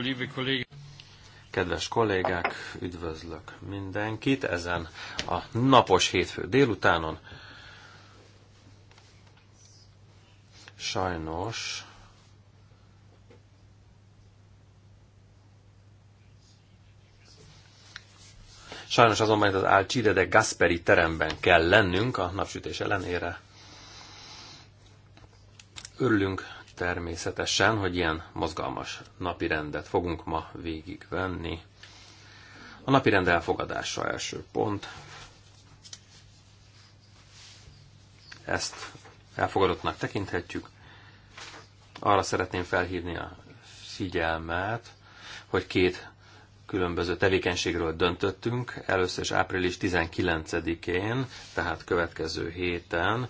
liebe Kedves kollégák, üdvözlök mindenkit ezen a napos hétfő délutánon. Sajnos Sajnos azonban itt az Alcide de Gasperi teremben kell lennünk a napsütés ellenére. Örülünk természetesen, hogy ilyen mozgalmas napirendet fogunk ma végigvenni. A napirend elfogadása első pont. Ezt elfogadottnak tekinthetjük. Arra szeretném felhívni a figyelmet, hogy két különböző tevékenységről döntöttünk. Először is április 19-én, tehát következő héten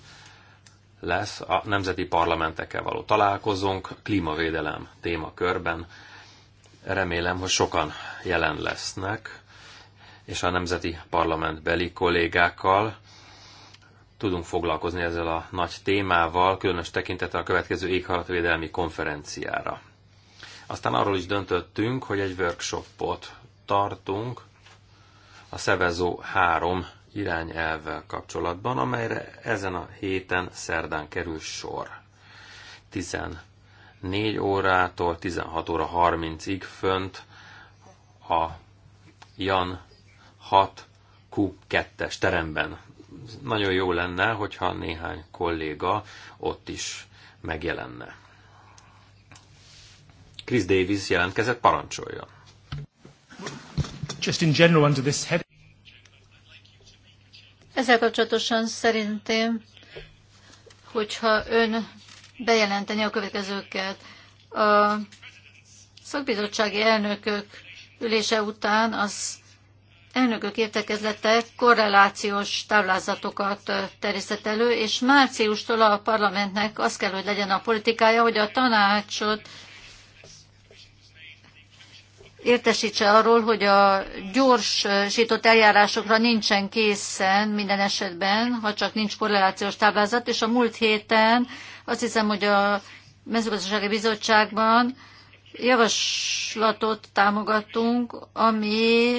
lesz a nemzeti parlamentekkel való találkozónk klímavédelem témakörben. Remélem, hogy sokan jelen lesznek, és a nemzeti parlamentbeli kollégákkal tudunk foglalkozni ezzel a nagy témával, különös tekintettel a következő éghajlatvédelmi konferenciára. Aztán arról is döntöttünk, hogy egy workshopot tartunk a Szevezó 3 irányelvvel kapcsolatban, amelyre ezen a héten szerdán kerül sor. 14 órától 16 óra 30-ig fönt a Jan 6Q2-es teremben. Nagyon jó lenne, hogyha néhány kolléga ott is megjelenne. Chris Davis jelentkezett, parancsoljon. Just in general under this head. Ezzel kapcsolatosan szerintem, hogyha ön bejelenteni a következőket, a szakbizottsági elnökök ülése után az elnökök értekezlete korrelációs táblázatokat terjesztett elő, és márciustól a parlamentnek az kell, hogy legyen a politikája, hogy a tanácsot értesítse arról, hogy a gyorsított eljárásokra nincsen készen minden esetben, ha csak nincs korrelációs táblázat, és a múlt héten azt hiszem, hogy a mezőgazdasági bizottságban javaslatot támogatunk, ami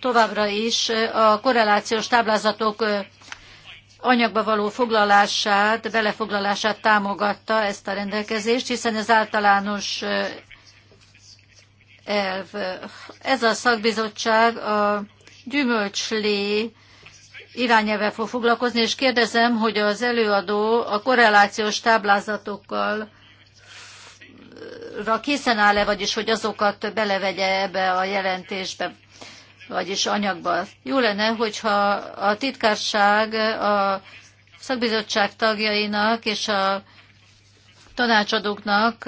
továbbra is a korrelációs táblázatok anyagba való foglalását, belefoglalását támogatta ezt a rendelkezést, hiszen az általános elv. Ez a szakbizottság a gyümölcslé irányelve fog foglalkozni, és kérdezem, hogy az előadó a korrelációs táblázatokkal készen áll-e, vagyis hogy azokat belevegye ebbe a jelentésbe, vagyis anyagba. Jó lenne, hogyha a titkárság a szakbizottság tagjainak és a tanácsadóknak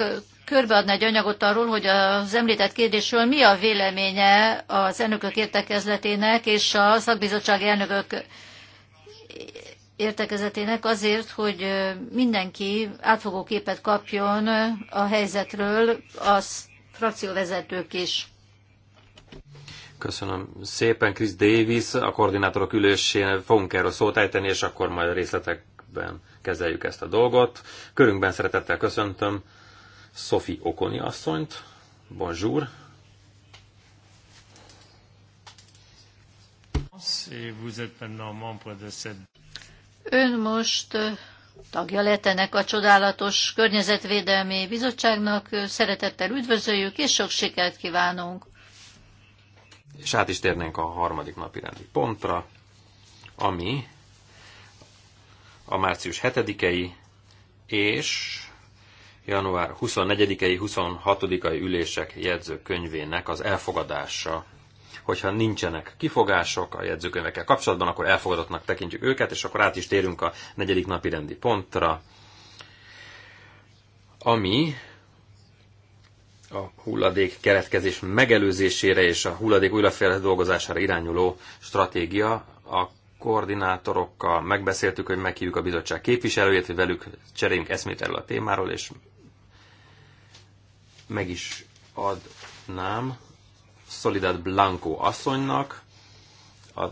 körbeadni egy anyagot arról, hogy az említett kérdésről mi a véleménye az elnökök értekezletének és a szakbizottság elnökök értekezetének azért, hogy mindenki átfogó képet kapjon a helyzetről, az frakcióvezetők is. Köszönöm szépen, Chris Davis, a koordinátorok ülésén fogunk erről szót ejteni, és akkor majd részletekben kezeljük ezt a dolgot. Körünkben szeretettel köszöntöm Sophie Okoni asszonyt. Bonjour! Ön most tagja lett ennek a csodálatos környezetvédelmi bizottságnak. Szeretettel üdvözöljük, és sok sikert kívánunk! És át is térnénk a harmadik napi rendi pontra, ami a március 7-ei és január 24-i, 26-ai ülések jegyzőkönyvének az elfogadása. Hogyha nincsenek kifogások a jegyzőkönyvekkel kapcsolatban, akkor elfogadottnak tekintjük őket, és akkor át is térünk a negyedik napi rendi pontra, ami a hulladék keletkezés megelőzésére és a hulladék újrafeldolgozására irányuló stratégia a koordinátorokkal megbeszéltük, hogy meghívjuk a bizottság képviselőjét, hogy velük cseréljünk eszmét erről a témáról, és meg is adnám Solidad Blanco asszonynak, a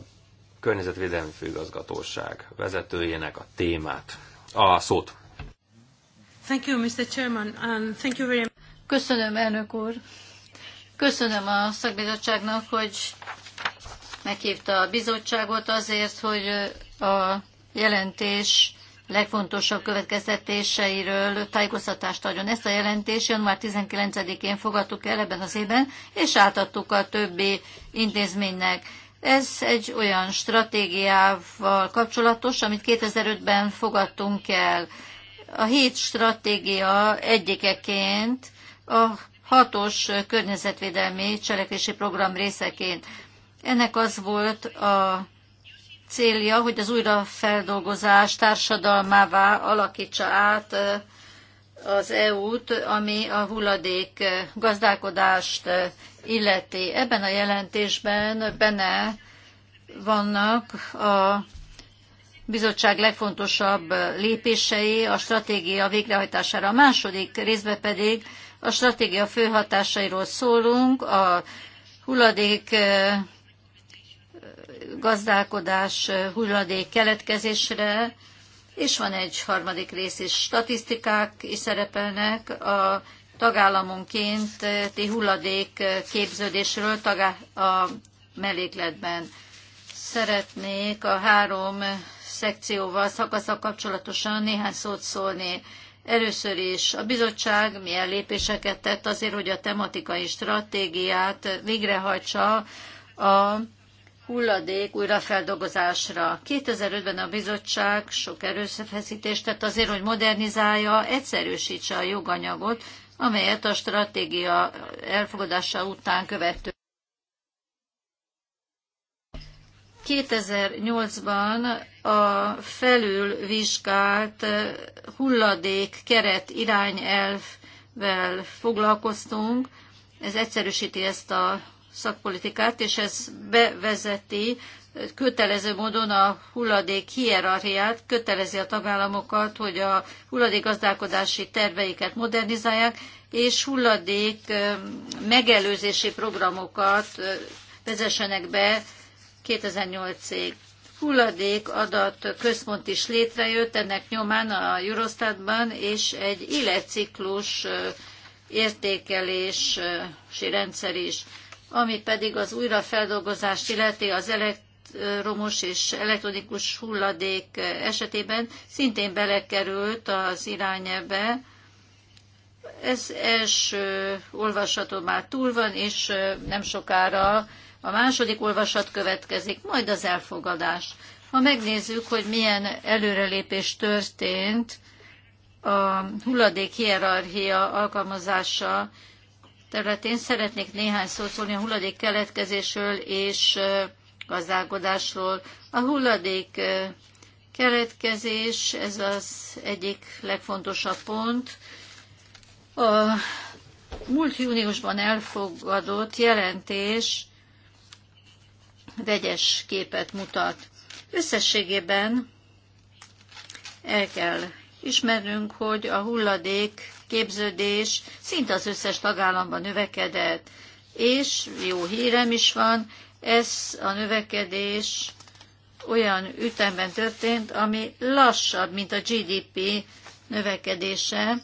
Környezetvédelmi Főigazgatóság vezetőjének a témát, a szót. Thank you, Mr. Chairman, and thank you very much. Köszönöm, elnök úr. Köszönöm a szakbizottságnak, hogy meghívta a bizottságot azért, hogy a jelentés legfontosabb következtetéseiről tájékoztatást adjon. Ezt a jelentést január 19-én fogadtuk el ebben az évben, és átadtuk a többi intézménynek. Ez egy olyan stratégiával kapcsolatos, amit 2005-ben fogadtunk el. A hét stratégia egyikeként a hatos környezetvédelmi cselekvési program részeként. Ennek az volt a célja, hogy az újrafeldolgozás társadalmává alakítsa át az EU-t, ami a hulladék gazdálkodást illeti. Ebben a jelentésben benne vannak a bizottság legfontosabb lépései a stratégia végrehajtására. A második részben pedig a stratégia főhatásairól szólunk, a hulladék gazdálkodás hulladék keletkezésre, és van egy harmadik rész is, statisztikák is szerepelnek a ti hulladék képződésről a mellékletben. Szeretnék a három szekcióval, szakaszak kapcsolatosan néhány szót szólni. Először is a bizottság milyen lépéseket tett azért, hogy a tematikai stratégiát végrehajtsa a hulladék újrafeldolgozásra. 2005-ben a bizottság sok erőfeszítést tett azért, hogy modernizálja, egyszerűsítse a joganyagot, amelyet a stratégia elfogadása után követő. 2008-ban a felülvizsgált hulladék keret irányelvvel foglalkoztunk. Ez egyszerűsíti ezt a szakpolitikát, és ez bevezeti kötelező módon a hulladék hierarchiát, kötelezi a tagállamokat, hogy a gazdálkodási terveiket modernizálják, és hulladék megelőzési programokat vezessenek be 2008-ig. Hulladék adat központ is létrejött, ennek nyomán a Eurostatban, és egy életciklus értékelési rendszer is ami pedig az újrafeldolgozást illeti az elektromos és elektronikus hulladék esetében szintén belekerült az irányelbe. Ez első olvasató már túl van, és nem sokára a második olvasat következik, majd az elfogadás. Ha megnézzük, hogy milyen előrelépés történt a hulladék hierarchia alkalmazása területén. Szeretnék néhány szót szólni a hulladék keletkezésről és gazdálkodásról. A hulladék keletkezés, ez az egyik legfontosabb pont. A múlt júniusban elfogadott jelentés vegyes képet mutat. Összességében el kell ismernünk, hogy a hulladék képződés szinte az összes tagállamban növekedett, és jó hírem is van, ez a növekedés olyan ütemben történt, ami lassabb, mint a GDP növekedése.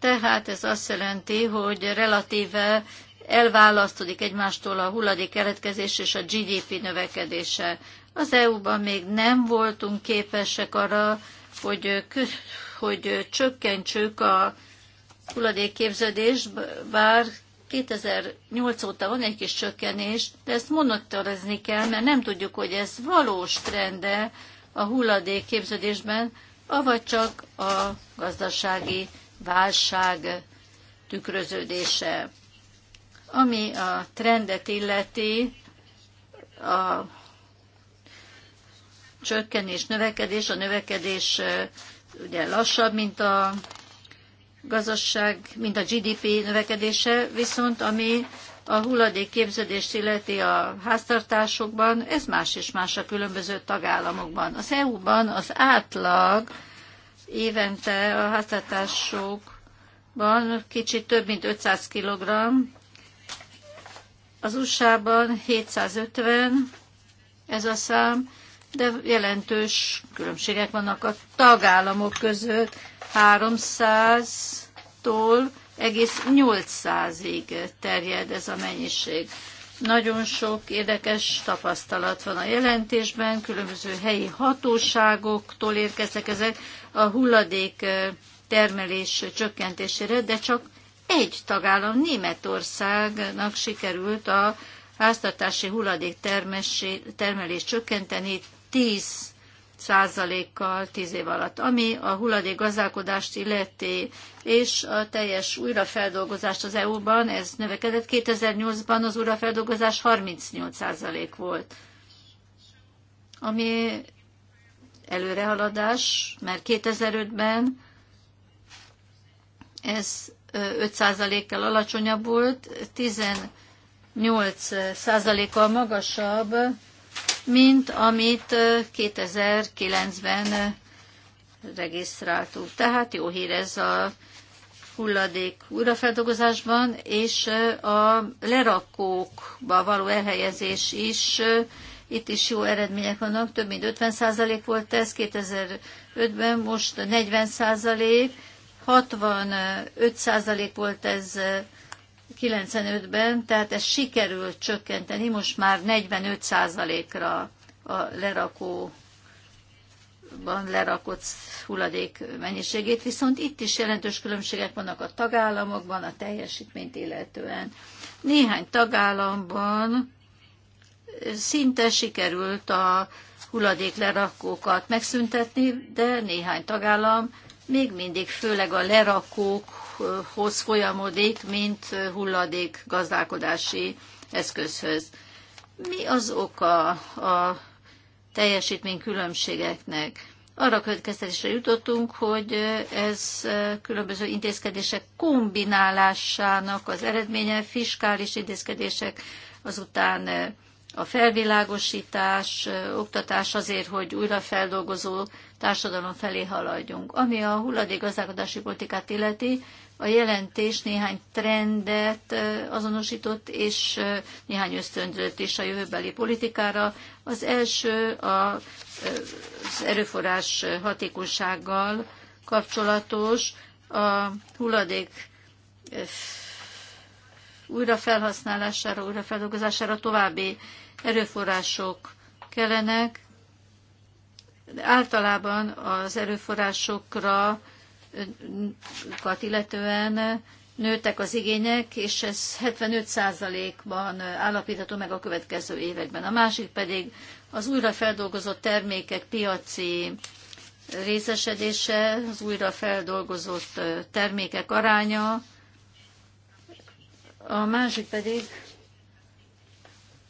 Tehát ez azt jelenti, hogy relatíve elválasztódik egymástól a hulladék keletkezés és a GDP növekedése. Az EU-ban még nem voltunk képesek arra, hogy, hogy csökkentsük a hulladékképződés, bár 2008 óta van egy kis csökkenés, de ezt monitorozni kell, mert nem tudjuk, hogy ez valós trende a hulladékképződésben, avagy csak a gazdasági válság tükröződése. Ami a trendet illeti, a csökkenés, növekedés, a növekedés ugye lassabb, mint a gazdaság, mint a GDP növekedése, viszont ami a hulladék képződést illeti a háztartásokban, ez más és más a különböző tagállamokban. Az EU-ban az átlag évente a háztartásokban kicsit több mint 500 kg, az USA-ban 750 ez a szám, de jelentős különbségek vannak a tagállamok között, 300-tól egész 800-ig terjed ez a mennyiség. Nagyon sok érdekes tapasztalat van a jelentésben, különböző helyi hatóságoktól érkeztek ezek a hulladék termelés csökkentésére, de csak egy tagállam, Németországnak sikerült a háztartási hulladék termelés csökkenteni 10 százalékkal tíz év alatt, ami a hulladék gazdálkodást illeti, és a teljes újrafeldolgozást az EU-ban, ez növekedett. 2008-ban az újrafeldolgozás 38 százalék volt, ami előrehaladás, mert 2005-ben ez 5%-kal alacsonyabb volt, 18%-kal magasabb mint amit 2009-ben regisztráltuk. Tehát jó hír ez a hulladék újrafeldolgozásban, és a lerakókba való elhelyezés is, itt is jó eredmények vannak, több mint 50% volt ez 2005-ben, most 40%, 65% volt ez 95-ben, tehát ez sikerült csökkenteni most már 45%-ra a lerakó lerakott hulladék mennyiségét, viszont itt is jelentős különbségek vannak a tagállamokban, a teljesítményt illetően. Néhány tagállamban szinte sikerült a hulladék lerakókat megszüntetni, de néhány tagállam még mindig főleg a lerakókhoz folyamodik, mint hulladék gazdálkodási eszközhöz. Mi az oka a teljesítmény különbségeknek? Arra következtetésre jutottunk, hogy ez különböző intézkedések kombinálásának az eredménye, fiskális intézkedések, azután a felvilágosítás, oktatás azért, hogy újrafeldolgozó társadalom felé haladjunk. Ami a hulladékgazdálkodási politikát illeti, a jelentés néhány trendet azonosított, és néhány ösztönzött is a jövőbeli politikára. Az első a, az erőforrás hatékonysággal kapcsolatos, a hulladék újrafelhasználására, újrafeldolgozására további erőforrások kellenek, általában az erőforrásokra illetően nőttek az igények, és ez 75%-ban állapítható meg a következő években. A másik pedig az újrafeldolgozott termékek piaci részesedése, az újrafeldolgozott termékek aránya, a másik pedig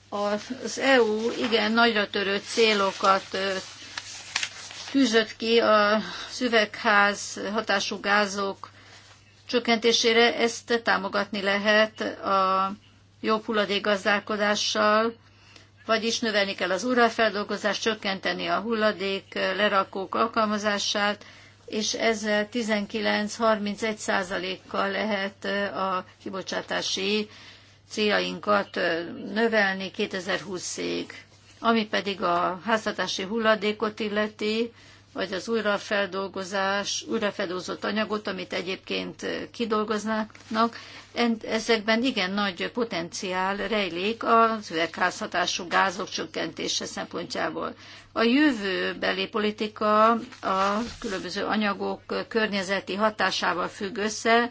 az EU igen nagyra törő célokat fűzött ki a szüvegház hatású gázok csökkentésére, ezt támogatni lehet a jobb hulladékgazdálkodással, vagyis növelni kell az újrafeldolgozást, csökkenteni a hulladék lerakók alkalmazását, és ezzel 19-31%-kal lehet a kibocsátási céljainkat növelni 2020-ig. Ami pedig a háztartási hulladékot illeti, vagy az újrafeldolgozás, újrafeldolgozott anyagot, amit egyébként kidolgoznának, ezekben igen nagy potenciál rejlik az üvegházhatású gázok csökkentése szempontjából. A jövőbeli politika a különböző anyagok környezeti hatásával függ össze,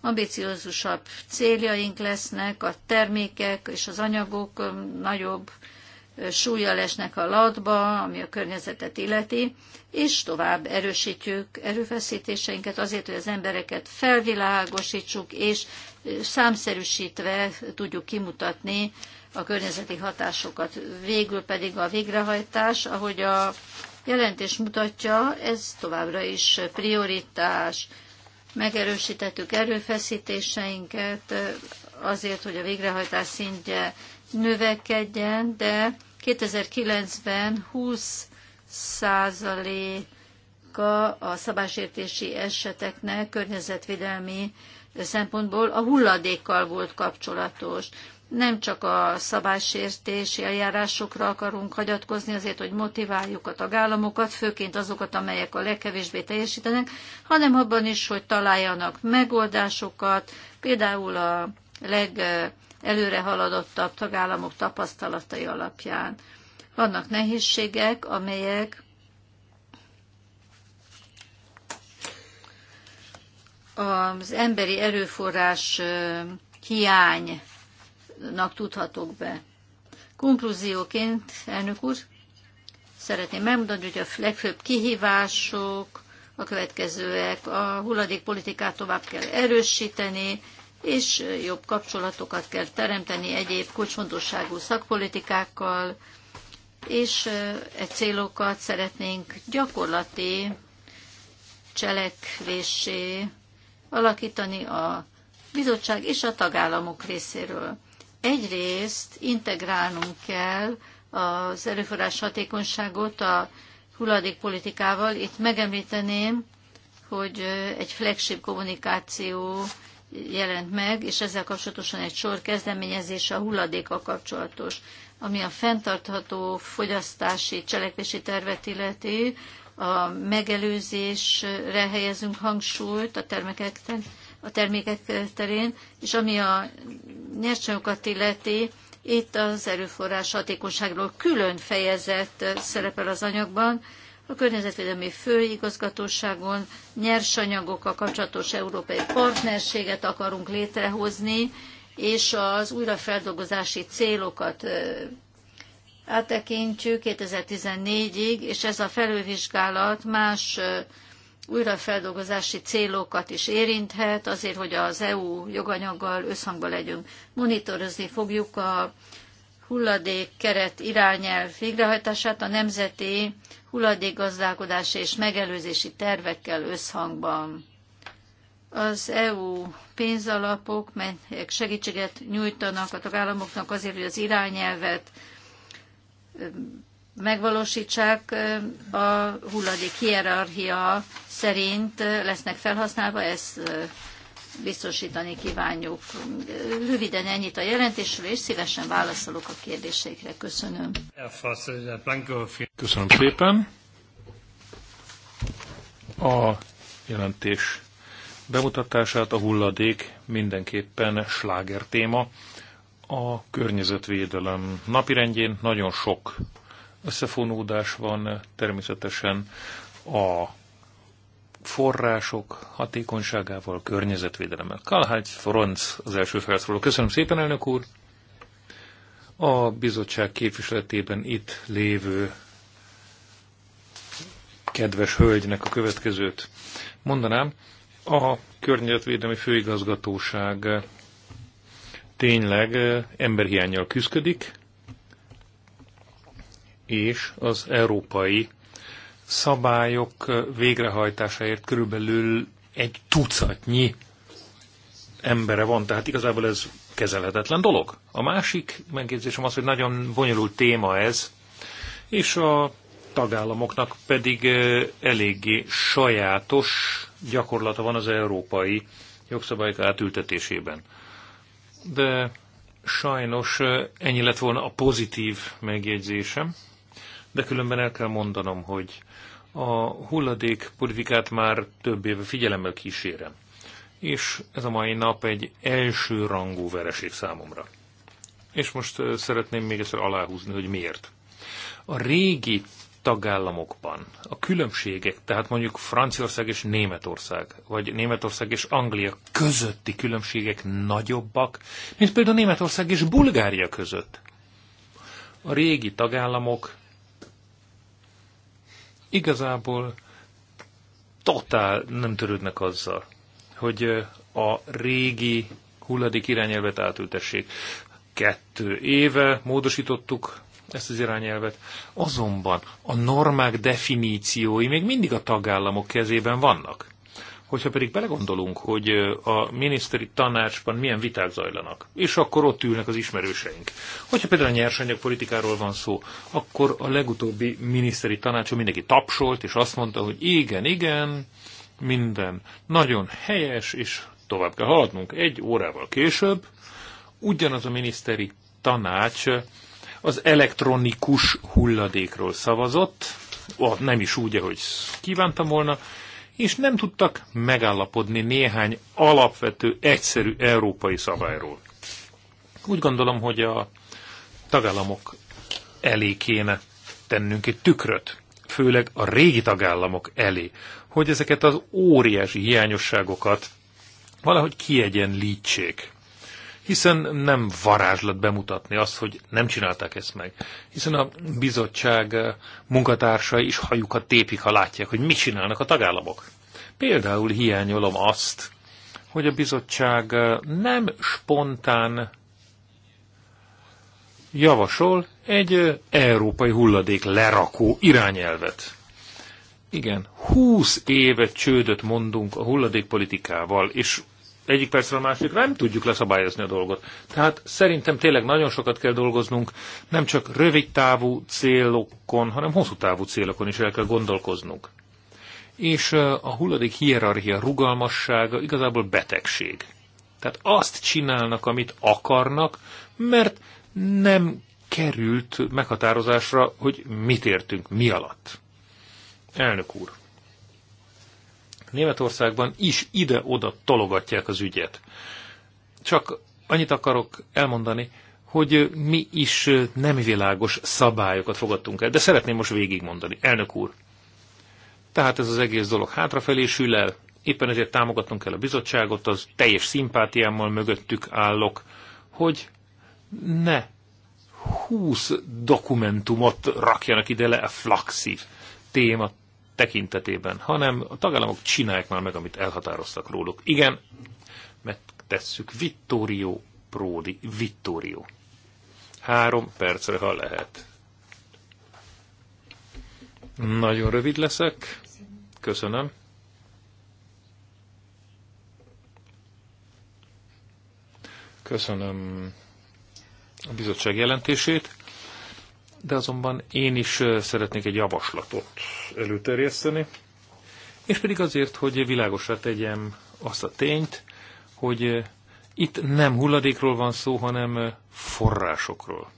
ambiciózusabb céljaink lesznek, a termékek és az anyagok um, nagyobb súlyjal esnek a latba, ami a környezetet illeti, és tovább erősítjük erőfeszítéseinket azért, hogy az embereket felvilágosítsuk, és számszerűsítve tudjuk kimutatni a környezeti hatásokat. Végül pedig a végrehajtás, ahogy a jelentés mutatja, ez továbbra is prioritás. Megerősítettük erőfeszítéseinket azért, hogy a végrehajtás szintje növekedjen, de 2009-ben 20 százaléka a szabásértési eseteknek környezetvédelmi szempontból a hulladékkal volt kapcsolatos. Nem csak a szabásértési eljárásokra akarunk hagyatkozni azért, hogy motiváljuk a tagállamokat, főként azokat, amelyek a legkevésbé teljesítenek, hanem abban is, hogy találjanak megoldásokat, például a leg előre haladottabb tagállamok tapasztalatai alapján. Vannak nehézségek, amelyek az emberi erőforrás hiánynak tudhatók be. Konklúzióként, elnök úr, szeretném megmondani, hogy a legfőbb kihívások a következőek. A hulladékpolitikát tovább kell erősíteni, és jobb kapcsolatokat kell teremteni egyéb kocsfontosságú szakpolitikákkal, és e célokat szeretnénk gyakorlati cselekvésé alakítani a bizottság és a tagállamok részéről. Egyrészt integrálnunk kell az erőforrás hatékonyságot a hulladékpolitikával. Itt megemlíteném, hogy egy flagship kommunikáció jelent meg, és ezzel kapcsolatosan egy sor kezdeményezés a hulladékkal kapcsolatos, ami a fenntartható fogyasztási cselekvési tervet illeti, a megelőzésre helyezünk hangsúlyt a termékek, a termékek terén, és ami a nyersanyagokat illeti, itt az erőforrás hatékonyságról külön fejezet szerepel az anyagban, a Környezetvédelmi Főigazgatóságon nyersanyagokkal kapcsolatos európai partnerséget akarunk létrehozni, és az újrafeldolgozási célokat áttekintjük 2014-ig, és ez a felülvizsgálat más újrafeldolgozási célokat is érinthet, azért, hogy az EU joganyaggal összhangba legyünk. Monitorozni fogjuk a hulladék keret irányelv végrehajtását a nemzeti hulladékgazdálkodási és megelőzési tervekkel összhangban. Az EU pénzalapok, melyek segítséget nyújtanak a tagállamoknak azért, hogy az irányelvet megvalósítsák, a hulladék hierarchia szerint lesznek felhasználva, ez biztosítani kívánjuk. Röviden ennyit a jelentésről, és szívesen válaszolok a kérdéseikre. Köszönöm. Köszönöm szépen. A jelentés bemutatását a hulladék mindenképpen sláger téma. A környezetvédelem napirendjén nagyon sok összefonódás van, természetesen a források hatékonyságával, környezetvédelemmel. Kalhágy Franz az első felszóló. Köszönöm szépen, elnök úr! A bizottság képviseletében itt lévő kedves hölgynek a következőt mondanám. A Környezetvédelmi Főigazgatóság tényleg emberhiányjal küzdik, és az európai szabályok végrehajtásáért körülbelül egy tucatnyi embere van, tehát igazából ez kezelhetetlen dolog. A másik megjegyzésem az, hogy nagyon bonyolult téma ez, és a tagállamoknak pedig eléggé sajátos gyakorlata van az európai jogszabályok átültetésében. De sajnos ennyi lett volna a pozitív megjegyzésem de különben el kell mondanom, hogy a hulladék politikát már több éve figyelemmel kísérem. És ez a mai nap egy első rangú vereség számomra. És most szeretném még egyszer aláhúzni, hogy miért. A régi tagállamokban a különbségek, tehát mondjuk Franciaország és Németország, vagy Németország és Anglia közötti különbségek nagyobbak, mint például Németország és Bulgária között. A régi tagállamok igazából totál nem törődnek azzal, hogy a régi hulladék irányelvet átültessék. Kettő éve módosítottuk ezt az irányelvet. Azonban a normák definíciói még mindig a tagállamok kezében vannak. Hogyha pedig belegondolunk, hogy a miniszteri tanácsban milyen viták zajlanak, és akkor ott ülnek az ismerőseink. Hogyha például a nyersanyagpolitikáról van szó, akkor a legutóbbi miniszteri tanácson mindenki tapsolt, és azt mondta, hogy igen, igen, minden nagyon helyes, és tovább kell haladnunk. Egy órával később ugyanaz a miniszteri tanács az elektronikus hulladékról szavazott, nem is úgy, ahogy kívántam volna, és nem tudtak megállapodni néhány alapvető, egyszerű európai szabályról. Úgy gondolom, hogy a tagállamok elé kéne tennünk egy tükröt, főleg a régi tagállamok elé, hogy ezeket az óriási hiányosságokat valahogy kiegyenlítsék hiszen nem varázslat bemutatni azt, hogy nem csinálták ezt meg. Hiszen a bizottság eh, munkatársai is hajukat tépik, ha látják, hogy mit csinálnak a tagállamok. Például hiányolom azt, hogy a bizottság eh, nem spontán javasol egy eh, európai hulladék lerakó irányelvet. Igen, 20 évet csődöt mondunk a hulladékpolitikával, és egyik percről a másikra nem tudjuk leszabályozni a dolgot. Tehát szerintem tényleg nagyon sokat kell dolgoznunk, nem csak rövid távú célokon, hanem hosszú távú célokon is el kell gondolkoznunk. És a hulladék hierarchia rugalmassága igazából betegség. Tehát azt csinálnak, amit akarnak, mert nem került meghatározásra, hogy mit értünk mi alatt. Elnök úr. Németországban is ide-oda tologatják az ügyet. Csak annyit akarok elmondani, hogy mi is nem világos szabályokat fogadtunk el, de szeretném most végigmondani. Elnök úr, tehát ez az egész dolog hátrafelé sül el, éppen ezért támogatnunk kell a bizottságot, az teljes szimpátiámmal mögöttük állok, hogy ne 20 dokumentumot rakjanak ide le a flaxív téma tekintetében, hanem a tagállamok csinálják már meg, amit elhatároztak róluk. Igen, mert tesszük. Vittorio Pródi. Vittorio. Három percre, ha lehet. Nagyon rövid leszek. Köszönöm. Köszönöm a bizottság jelentését de azonban én is szeretnék egy javaslatot előterjeszteni, és pedig azért, hogy világosra tegyem azt a tényt, hogy itt nem hulladékról van szó, hanem forrásokról.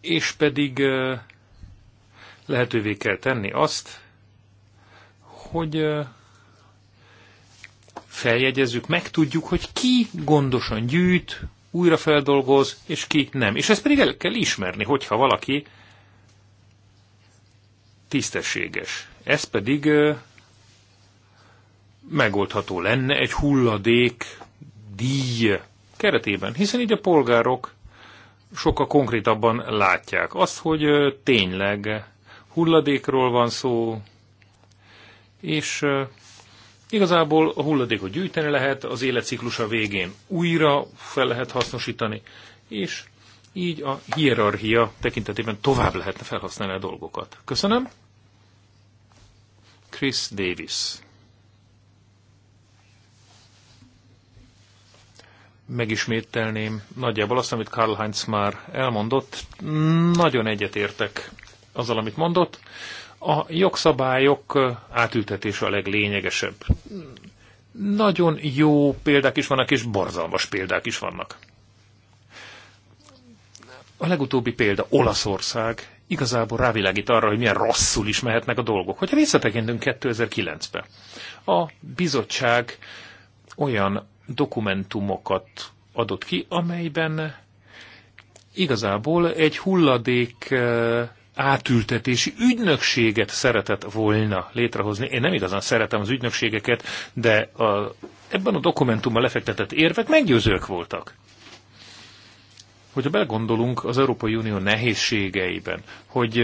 És pedig lehetővé kell tenni azt, hogy feljegyezzük, megtudjuk, hogy ki gondosan gyűjt, újra feldolgoz, és ki nem. És ezt pedig el kell ismerni, hogyha valaki tisztességes. Ez pedig megoldható lenne egy hulladék díj keretében, hiszen így a polgárok sokkal konkrétabban látják azt, hogy tényleg hulladékról van szó, és Igazából a hulladékot gyűjteni lehet, az életciklusa végén újra fel lehet hasznosítani, és így a hierarchia tekintetében tovább lehetne felhasználni a dolgokat. Köszönöm. Chris Davis. Megismételném nagyjából azt, amit Karl Heinz már elmondott. Nagyon egyetértek azzal, amit mondott a jogszabályok átültetése a leglényegesebb. Nagyon jó példák is vannak, és borzalmas példák is vannak. A legutóbbi példa Olaszország igazából rávilágít arra, hogy milyen rosszul is mehetnek a dolgok. Hogyha visszatekintünk 2009-be, a bizottság olyan dokumentumokat adott ki, amelyben igazából egy hulladék eh, átültetési ügynökséget szeretett volna létrehozni. Én nem igazán szeretem az ügynökségeket, de a, ebben a dokumentumban lefektetett érvek meggyőzők voltak. Hogyha belegondolunk az Európai Unió nehézségeiben, hogy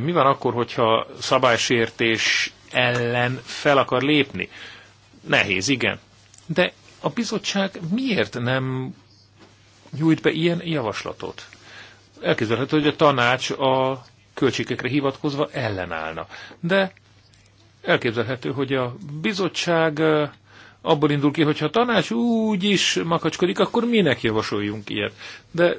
mi van akkor, hogyha szabálysértés ellen fel akar lépni? Nehéz, igen. De a bizottság miért nem nyújt be ilyen javaslatot? Elképzelhető, hogy a tanács a költségekre hivatkozva ellenállna. De elképzelhető, hogy a bizottság abból indul ki, hogyha a tanács úgy is makacskodik, akkor minek javasoljunk ilyet. De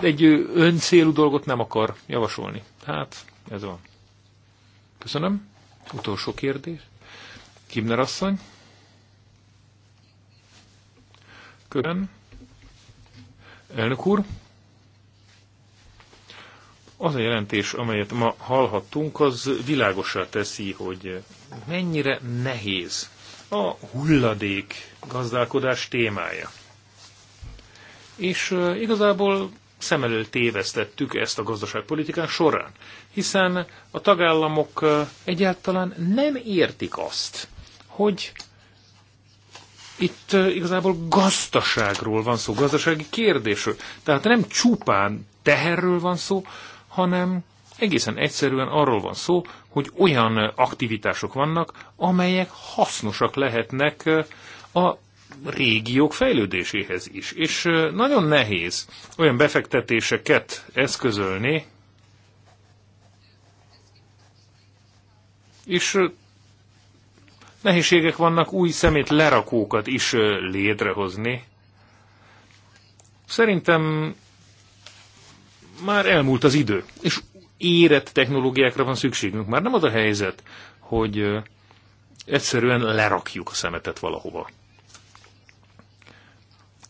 egy öncélú dolgot nem akar javasolni. Hát, ez van. Köszönöm. Utolsó kérdés. Kimner asszony. Köszönöm. Elnök úr. Az a jelentés, amelyet ma hallhattunk, az világosá teszi, hogy mennyire nehéz a hulladék gazdálkodás témája. És igazából szem elől tévesztettük ezt a gazdaságpolitikán során, hiszen a tagállamok egyáltalán nem értik azt, hogy itt igazából gazdaságról van szó, gazdasági kérdésről. Tehát nem csupán teherről van szó, hanem egészen egyszerűen arról van szó, hogy olyan aktivitások vannak, amelyek hasznosak lehetnek a régiók fejlődéséhez is. És nagyon nehéz olyan befektetéseket eszközölni, és nehézségek vannak új szemét lerakókat is létrehozni. Szerintem már elmúlt az idő, és érett technológiákra van szükségünk. Már nem az a helyzet, hogy egyszerűen lerakjuk a szemetet valahova.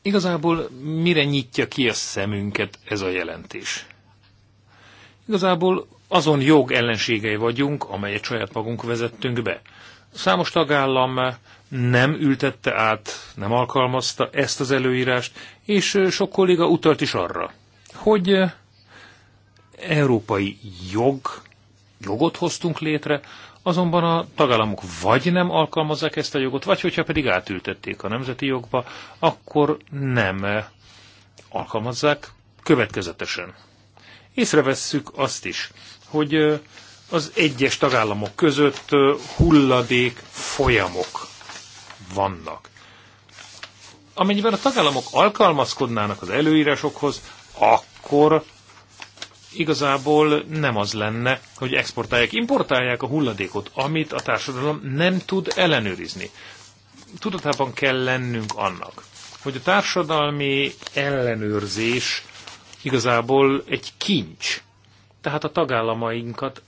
Igazából mire nyitja ki a szemünket ez a jelentés? Igazából azon jog ellenségei vagyunk, amelyet saját magunk vezettünk be. Számos tagállam nem ültette át, nem alkalmazta ezt az előírást, és sok kolléga utalt is arra, hogy európai jog, jogot hoztunk létre, azonban a tagállamok vagy nem alkalmazzák ezt a jogot, vagy hogyha pedig átültették a nemzeti jogba, akkor nem eh, alkalmazzák következetesen. Észrevesszük azt is, hogy eh, az egyes tagállamok között eh, hulladék folyamok vannak. Amennyiben a tagállamok alkalmazkodnának az előírásokhoz, akkor igazából nem az lenne, hogy exportálják, importálják a hulladékot, amit a társadalom nem tud ellenőrizni. Tudatában kell lennünk annak, hogy a társadalmi ellenőrzés igazából egy kincs. Tehát a tagállamainkat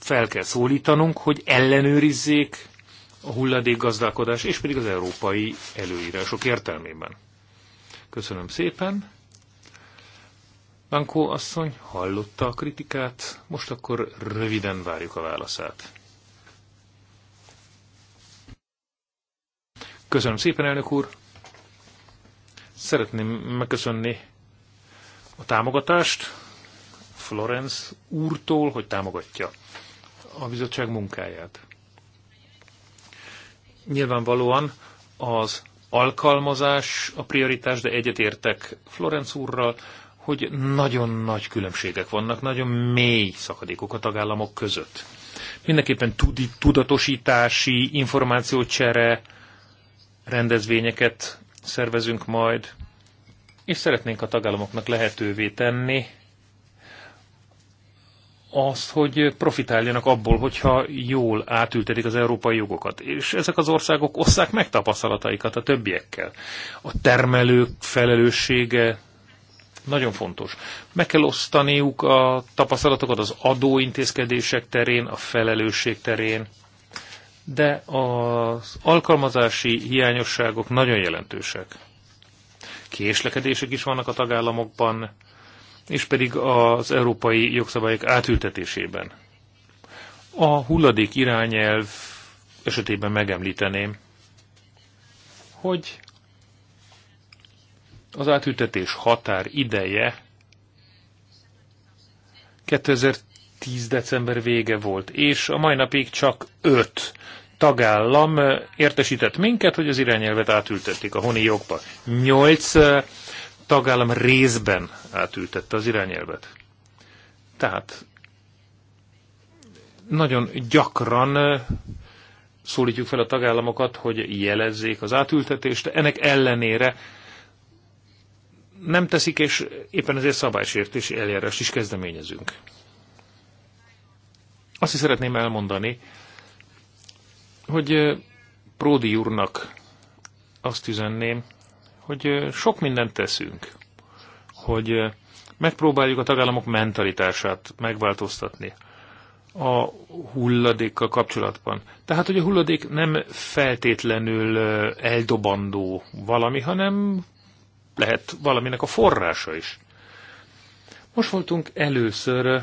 fel kell szólítanunk, hogy ellenőrizzék a hulladékgazdálkodás, és pedig az európai előírások értelmében. Köszönöm szépen! Bankó asszony hallotta a kritikát, most akkor röviden várjuk a válaszát. Köszönöm szépen, elnök úr! Szeretném megköszönni a támogatást Florence úrtól, hogy támogatja a bizottság munkáját. Nyilvánvalóan az alkalmazás a prioritás, de egyetértek Florence úrral, hogy nagyon nagy különbségek vannak, nagyon mély szakadékok a tagállamok között. Mindenképpen tudatosítási, információcsere, rendezvényeket szervezünk majd, és szeretnénk a tagállamoknak lehetővé tenni azt, hogy profitáljanak abból, hogyha jól átültetik az európai jogokat. És ezek az országok osszák meg tapasztalataikat a többiekkel. A termelők felelőssége nagyon fontos. Meg kell osztaniuk a tapasztalatokat az adóintézkedések terén, a felelősség terén, de az alkalmazási hiányosságok nagyon jelentősek. Késlekedések is vannak a tagállamokban, és pedig az európai jogszabályok átültetésében. A hulladék irányelv esetében megemlíteném, hogy az átültetés határ ideje 2010. december vége volt, és a mai napig csak öt tagállam értesített minket, hogy az irányelvet átültették a honi jogba. Nyolc eh, tagállam részben átültette az irányelvet. Tehát nagyon gyakran eh, szólítjuk fel a tagállamokat, hogy jelezzék az átültetést, ennek ellenére nem teszik, és éppen ezért szabálysértési eljárás is kezdeményezünk. Azt is szeretném elmondani, hogy Pródi úrnak azt üzenném, hogy sok mindent teszünk, hogy megpróbáljuk a tagállamok mentalitását megváltoztatni a hulladékkal kapcsolatban. Tehát, hogy a hulladék nem feltétlenül eldobandó valami, hanem lehet valaminek a forrása is. Most voltunk először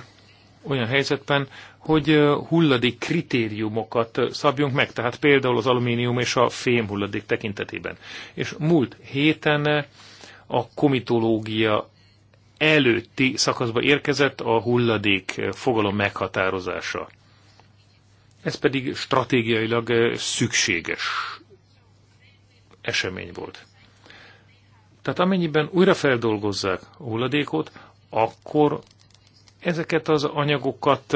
olyan helyzetben, hogy hulladék kritériumokat szabjunk meg, tehát például az alumínium és a fém hulladék tekintetében. És múlt héten a komitológia előtti szakaszba érkezett a hulladék fogalom meghatározása. Ez pedig stratégiailag szükséges esemény volt. Tehát amennyiben újra feldolgozzák a hulladékot, akkor ezeket az anyagokat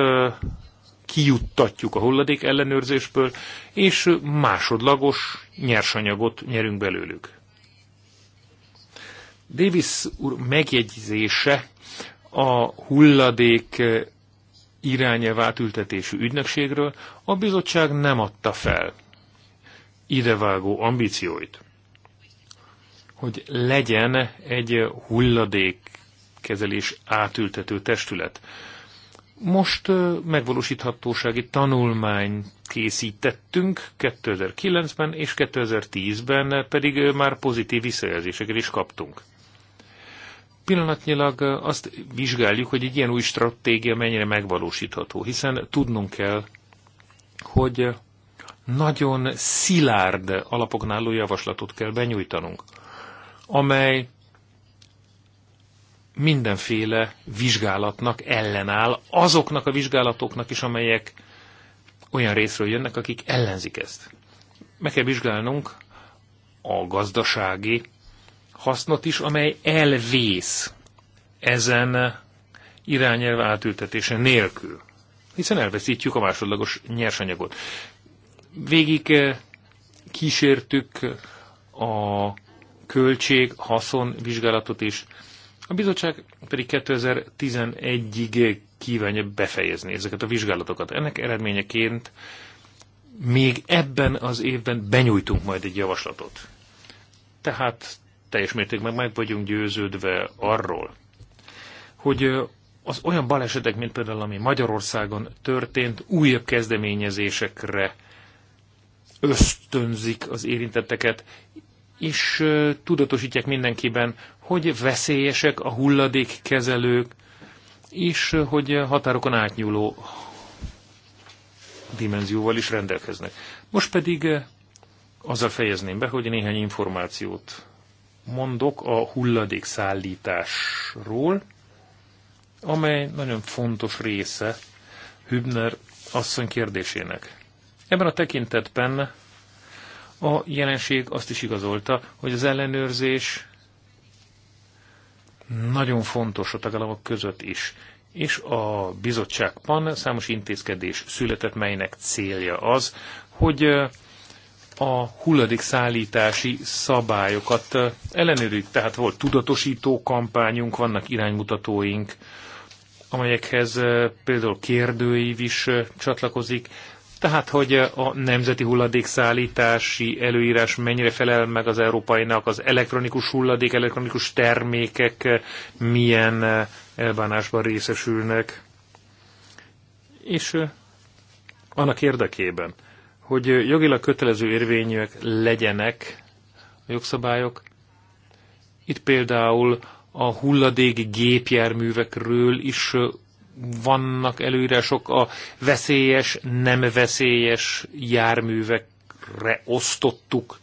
kijuttatjuk a hulladék ellenőrzésből, és másodlagos nyersanyagot nyerünk belőlük. Davis úr megjegyzése a hulladék irányelv átültetésű ügynökségről a bizottság nem adta fel idevágó ambícióit hogy legyen egy hulladékkezelés átültető testület. Most megvalósíthatósági tanulmány készítettünk 2009-ben és 2010-ben pedig már pozitív visszajelzéseket is kaptunk. Pillanatnyilag azt vizsgáljuk, hogy egy ilyen új stratégia mennyire megvalósítható, hiszen tudnunk kell, hogy nagyon szilárd alapoknál javaslatot kell benyújtanunk amely mindenféle vizsgálatnak ellenáll, azoknak a vizsgálatoknak is, amelyek olyan részről jönnek, akik ellenzik ezt. Meg kell vizsgálnunk a gazdasági hasznot is, amely elvész ezen irányelv átültetése nélkül. Hiszen elveszítjük a másodlagos nyersanyagot. Végig eh, kísértük a költség-haszon vizsgálatot is. A bizottság pedig 2011-ig kívánja befejezni ezeket a vizsgálatokat. Ennek eredményeként még ebben az évben benyújtunk majd egy javaslatot. Tehát teljes mértékben meg vagyunk győződve arról, hogy az olyan balesetek, mint például ami Magyarországon történt, újabb kezdeményezésekre ösztönzik az érintetteket, és tudatosítják mindenkiben, hogy veszélyesek a hulladékkezelők, és hogy határokon átnyúló dimenzióval is rendelkeznek. Most pedig azzal fejezném be, hogy néhány információt mondok a hulladékszállításról, amely nagyon fontos része Hübner asszony kérdésének. Ebben a tekintetben a jelenség azt is igazolta, hogy az ellenőrzés nagyon fontos a tagállamok között is, és a bizottságban számos intézkedés született, melynek célja az, hogy a hulladékszállítási szabályokat ellenőrizzük. Tehát volt tudatosító kampányunk, vannak iránymutatóink, amelyekhez például kérdőív is csatlakozik, tehát, hogy a nemzeti hulladékszállítási előírás mennyire felel meg az európainak, az elektronikus hulladék, elektronikus termékek milyen elbánásban részesülnek. És eh, annak érdekében, hogy jogilag kötelező érvényűek legyenek a jogszabályok, itt például a hulladék gépjárművekről is eh, vannak előírások a veszélyes, nem veszélyes járművekre osztottuk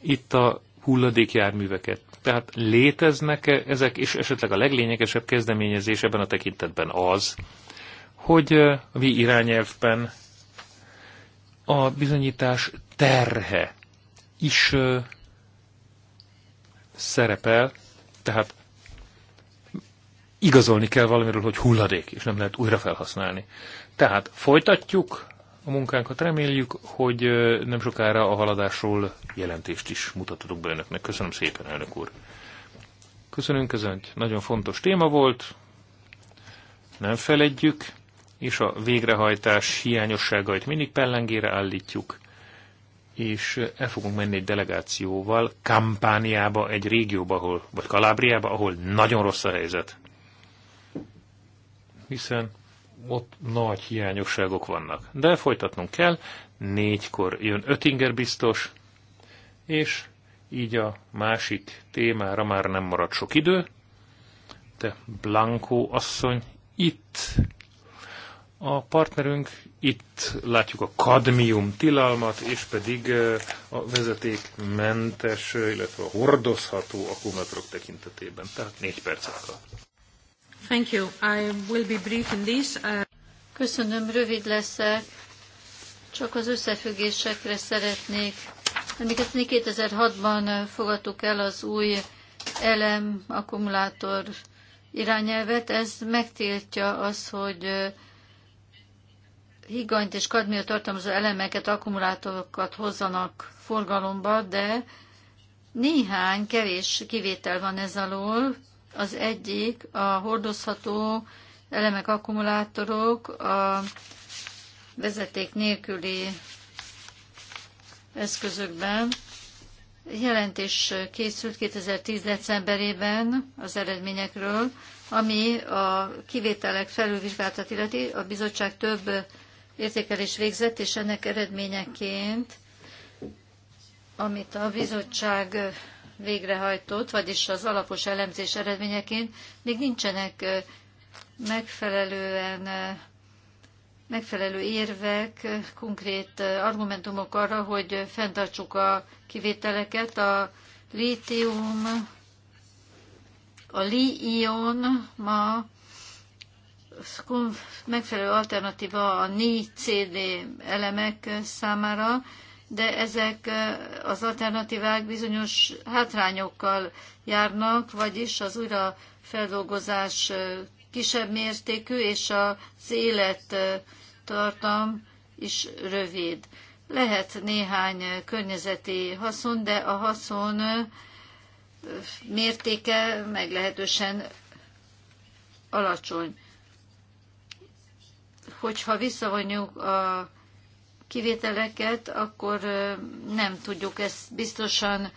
itt a hulladékjárműveket. Tehát léteznek -e ezek, és esetleg a leglényegesebb kezdeményezés ebben a tekintetben az, hogy a mi irányelvben a bizonyítás terhe is szerepel, tehát igazolni kell valamiről, hogy hulladék, és nem lehet újra felhasználni. Tehát folytatjuk a munkánkat, reméljük, hogy nem sokára a haladásról jelentést is mutatunk be önöknek. Köszönöm szépen, elnök úr. Köszönünk, ez egy nagyon fontos téma volt, nem feledjük, és a végrehajtás hiányosságait mindig pellengére állítjuk, és el fogunk menni egy delegációval Kampániába, egy régióba, ahol, vagy Kalábriába, ahol nagyon rossz a helyzet hiszen ott nagy hiányosságok vannak. De folytatnunk kell, négykor jön Ötinger biztos, és így a másik témára már nem marad sok idő, de Blanco asszony itt a partnerünk, itt látjuk a kadmium tilalmat, és pedig a vezetékmentes, illetve a hordozható akkumulátorok tekintetében. Tehát négy perc alatt. Thank you. I will be brief in this. Uh, Köszönöm, rövid leszek. Csak az összefüggésekre szeretnék. Amiket 2006-ban uh, fogadtuk el az új elem akkumulátor irányelvet, ez megtiltja az, hogy uh, higanyt és kadmiot tartalmazó elemeket, akkumulátorokat hozzanak forgalomba, de néhány kevés kivétel van ez alól, az egyik a hordozható elemek akkumulátorok, a vezeték nélküli eszközökben. Jelentés készült 2010. decemberében az eredményekről, ami a kivételek felülvizsgáltat illeti. A bizottság több értékelés végzett, és ennek eredményeként, amit a bizottság végrehajtott, vagyis az alapos elemzés eredményeként még nincsenek megfelelően megfelelő érvek, konkrét argumentumok arra, hogy fenntartsuk a kivételeket. A lítium, a li-ion ma megfelelő alternatíva a NiCd cd elemek számára, de ezek az alternatívák bizonyos hátrányokkal járnak, vagyis az újrafeldolgozás kisebb mértékű, és az élettartam is rövid. Lehet néhány környezeti haszon, de a haszon mértéke meglehetősen alacsony. Hogyha visszavonjuk a kivételeket, akkor nem tudjuk ezt biztosan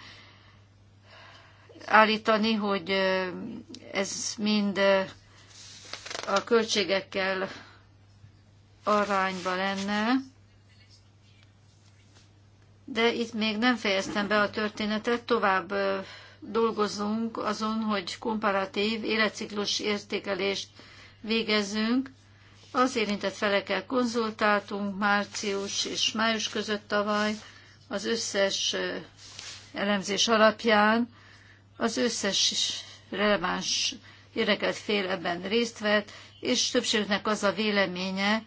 állítani, hogy ez mind a költségekkel arányba lenne. De itt még nem fejeztem be a történetet, tovább dolgozunk azon, hogy komparatív életciklus értékelést végezzünk, az érintett felekkel konzultáltunk március és május között tavaly az összes elemzés alapján. Az összes releváns érdekelt fél ebben részt vett, és többségnek az a véleménye,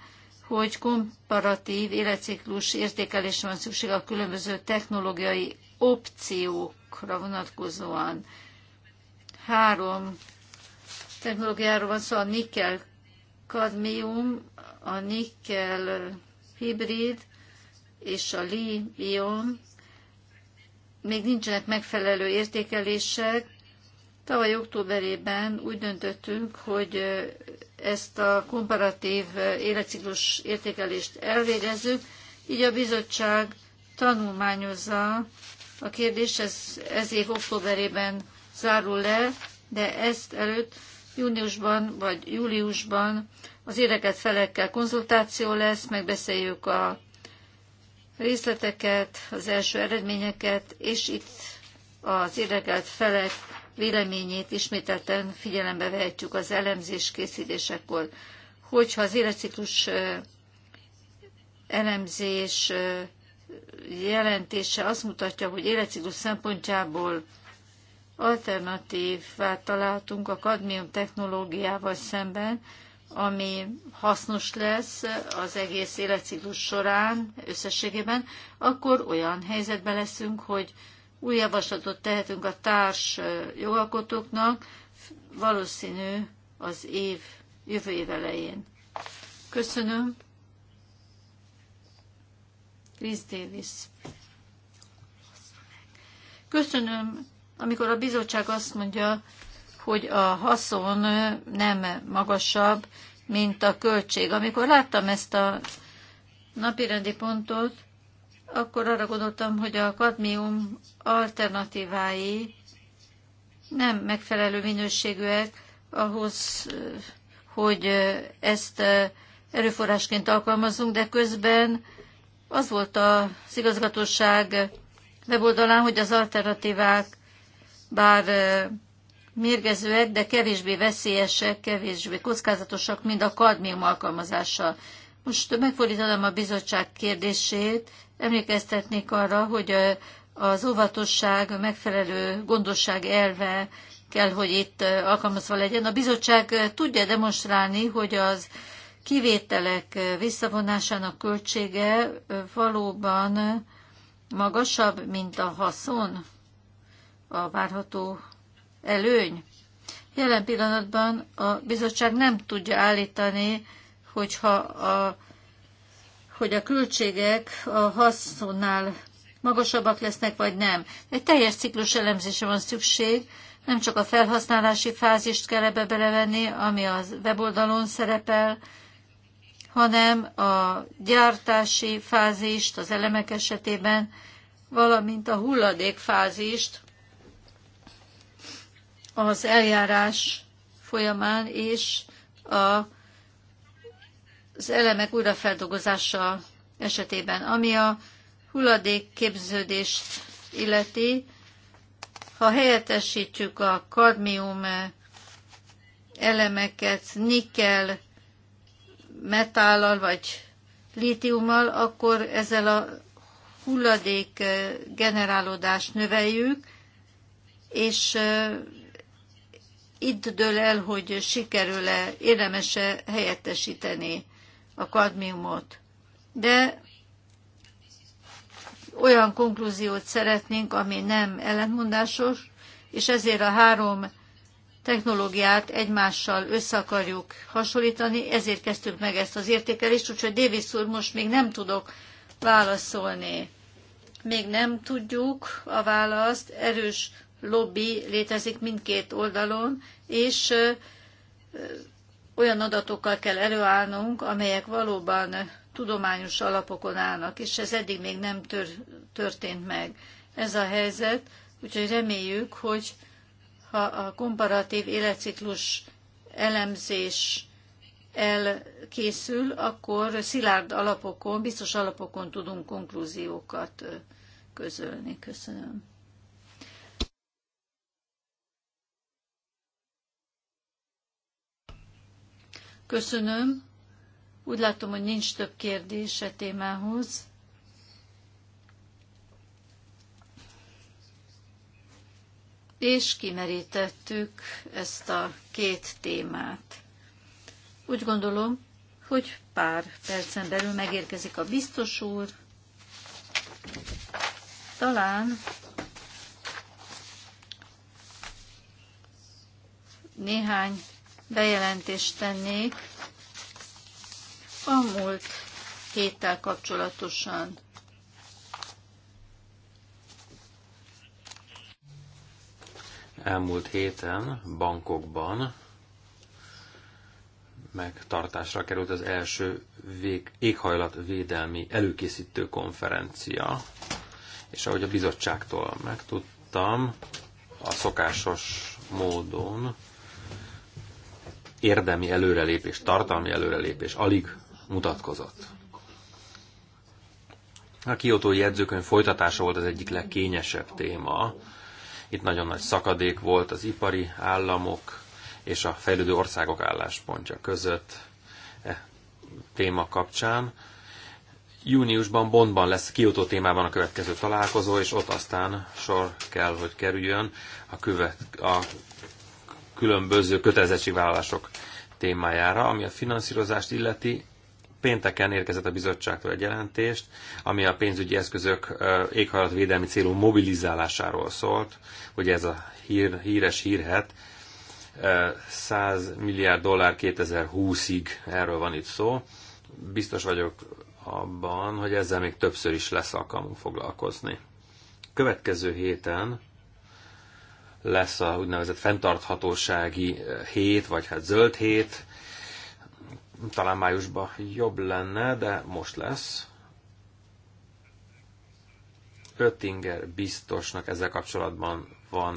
hogy komparatív életciklus értékelésre van szükség a különböző technológiai opciókra vonatkozóan. Három technológiáról van szó, a nikkel kadmium, a nikkel hibrid és a líbium még nincsenek megfelelő értékelések. Tavaly októberében úgy döntöttünk, hogy ezt a komparatív életciklus értékelést elvégezzük, így a bizottság tanulmányozza a kérdés, ez, ez év októberében zárul le, de ezt előtt júniusban vagy júliusban az érdekelt felekkel konzultáció lesz, megbeszéljük a részleteket, az első eredményeket, és itt az érdekelt felek véleményét ismételten figyelembe vehetjük az elemzés készítésekor. Hogyha az életciklus elemzés jelentése azt mutatja, hogy életciklus szempontjából alternatívát találtunk a kadmium technológiával szemben, ami hasznos lesz az egész életciklus során összességében, akkor olyan helyzetben leszünk, hogy új javaslatot tehetünk a társ jogalkotóknak, valószínű az év, jövő év elején. Köszönöm. Chris Davis. Köszönöm amikor a bizottság azt mondja, hogy a haszon nem magasabb, mint a költség. Amikor láttam ezt a napirendi pontot, akkor arra gondoltam, hogy a kadmium alternatívái nem megfelelő minőségűek ahhoz, hogy ezt erőforrásként alkalmazzunk, de közben az volt az igazgatóság weboldalán, hogy az alternatívák bár mérgezőek, de kevésbé veszélyesek, kevésbé kockázatosak, mint a kadmium alkalmazása. Most megfordítanám a bizottság kérdését, emlékeztetnék arra, hogy az óvatosság, a megfelelő gondosság elve kell, hogy itt alkalmazva legyen. A bizottság tudja demonstrálni, hogy az kivételek visszavonásának költsége valóban magasabb, mint a haszon? a várható előny? Jelen pillanatban a bizottság nem tudja állítani, hogyha a, hogy a költségek a haszonnál magasabbak lesznek, vagy nem. Egy teljes ciklus elemzése van szükség, nem csak a felhasználási fázist kell ebbe belevenni, ami a weboldalon szerepel, hanem a gyártási fázist az elemek esetében, valamint a hulladékfázist, az eljárás folyamán és a, az elemek újrafeldolgozása esetében. Ami a hulladék képződést illeti, ha helyettesítjük a kadmium elemeket nikkel, metállal vagy lítiummal, akkor ezzel a hulladék generálódást növeljük, és itt dől el, hogy sikerül-e, érdemese helyettesíteni a kadmiumot. De olyan konklúziót szeretnénk, ami nem ellentmondásos, és ezért a három technológiát egymással össze akarjuk hasonlítani, ezért kezdtük meg ezt az értékelést, úgyhogy Davis úr, most még nem tudok válaszolni. Még nem tudjuk a választ, erős lobby létezik mindkét oldalon, és olyan adatokkal kell előállnunk, amelyek valóban tudományos alapokon állnak, és ez eddig még nem tör, történt meg. Ez a helyzet, úgyhogy reméljük, hogy ha a komparatív életciklus elemzés elkészül, akkor szilárd alapokon, biztos alapokon tudunk konklúziókat közölni. Köszönöm. Köszönöm. Úgy látom, hogy nincs több kérdés a témához. És kimerítettük ezt a két témát. Úgy gondolom, hogy pár percen belül megérkezik a biztos úr. Talán néhány bejelentést tennék a múlt héttel kapcsolatosan. Elmúlt héten bankokban megtartásra került az első vég, éghajlatvédelmi előkészítő konferencia, és ahogy a bizottságtól megtudtam, a szokásos módon érdemi előrelépés, tartalmi előrelépés alig mutatkozott. A kiotói jegyzőkönyv folytatása volt az egyik legkényesebb téma. Itt nagyon nagy szakadék volt az ipari államok és a fejlődő országok álláspontja között e téma kapcsán. Júniusban Bondban lesz Kyoto témában a következő találkozó, és ott aztán sor kell, hogy kerüljön a, követ, a különböző kötelezettségvállalások témájára, ami a finanszírozást illeti. Pénteken érkezett a bizottságtól egy jelentést, ami a pénzügyi eszközök éghajlatvédelmi célú mobilizálásáról szólt. hogy ez a hír, híres hírhet, 100 milliárd dollár 2020-ig, erről van itt szó. Biztos vagyok abban, hogy ezzel még többször is lesz alkalmunk foglalkozni. Következő héten lesz a úgynevezett fenntarthatósági eh, hét, vagy hát zöld hét. Talán májusban jobb lenne, de most lesz. Öttinger biztosnak ezzel kapcsolatban van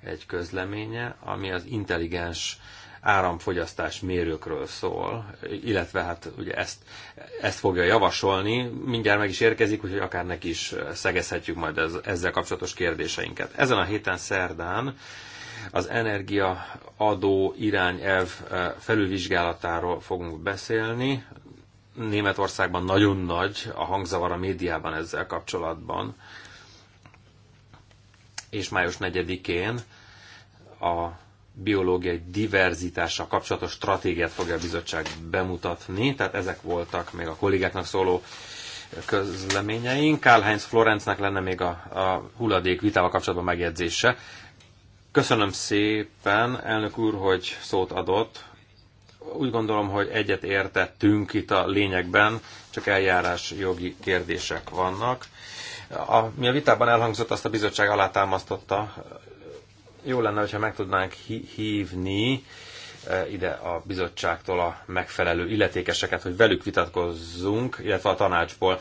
egy közleménye, ami az intelligens áramfogyasztás mérőkről szól, illetve hát ugye ezt, ezt fogja javasolni, mindjárt meg is érkezik, úgyhogy akár neki is szegezhetjük majd ez, ezzel kapcsolatos kérdéseinket. Ezen a héten szerdán az energiaadó irányelv eh, felülvizsgálatáról fogunk beszélni. Németországban nagyon nagy a hangzavar a médiában ezzel kapcsolatban. És május 4-én a biológiai diverzitással kapcsolatos stratégiát fogja a bizottság bemutatni, tehát ezek voltak még a kollégáknak szóló közleményeink. Karl-Heinz Florencnek lenne még a, a hulladék vitával kapcsolatban megjegyzése. Köszönöm szépen, elnök úr, hogy szót adott. Úgy gondolom, hogy egyet értettünk itt a lényegben, csak eljárás jogi kérdések vannak. A, mi a vitában elhangzott, azt a bizottság alátámasztotta jó lenne, hogyha meg tudnánk hívni e, ide a bizottságtól a megfelelő illetékeseket, hogy velük vitatkozzunk, illetve a tanácsból.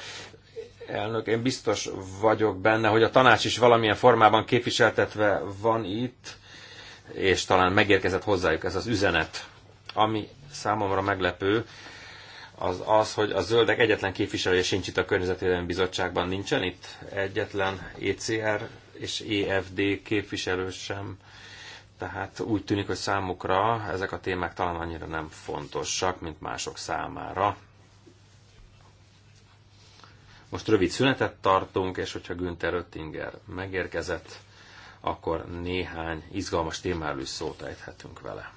Elnök, én biztos vagyok benne, hogy a tanács is valamilyen formában képviseltetve van itt, és talán megérkezett hozzájuk ez az üzenet. Ami számomra meglepő, az az, hogy a zöldek egyetlen képviselője sincs itt a környezetvédelmi bizottságban, nincsen itt egyetlen ECR és EFD képviselő sem. Tehát úgy tűnik, hogy számukra ezek a témák talán annyira nem fontosak, mint mások számára. Most rövid szünetet tartunk, és hogyha Günther Öttinger megérkezett, akkor néhány izgalmas témáról is szót ejthetünk vele.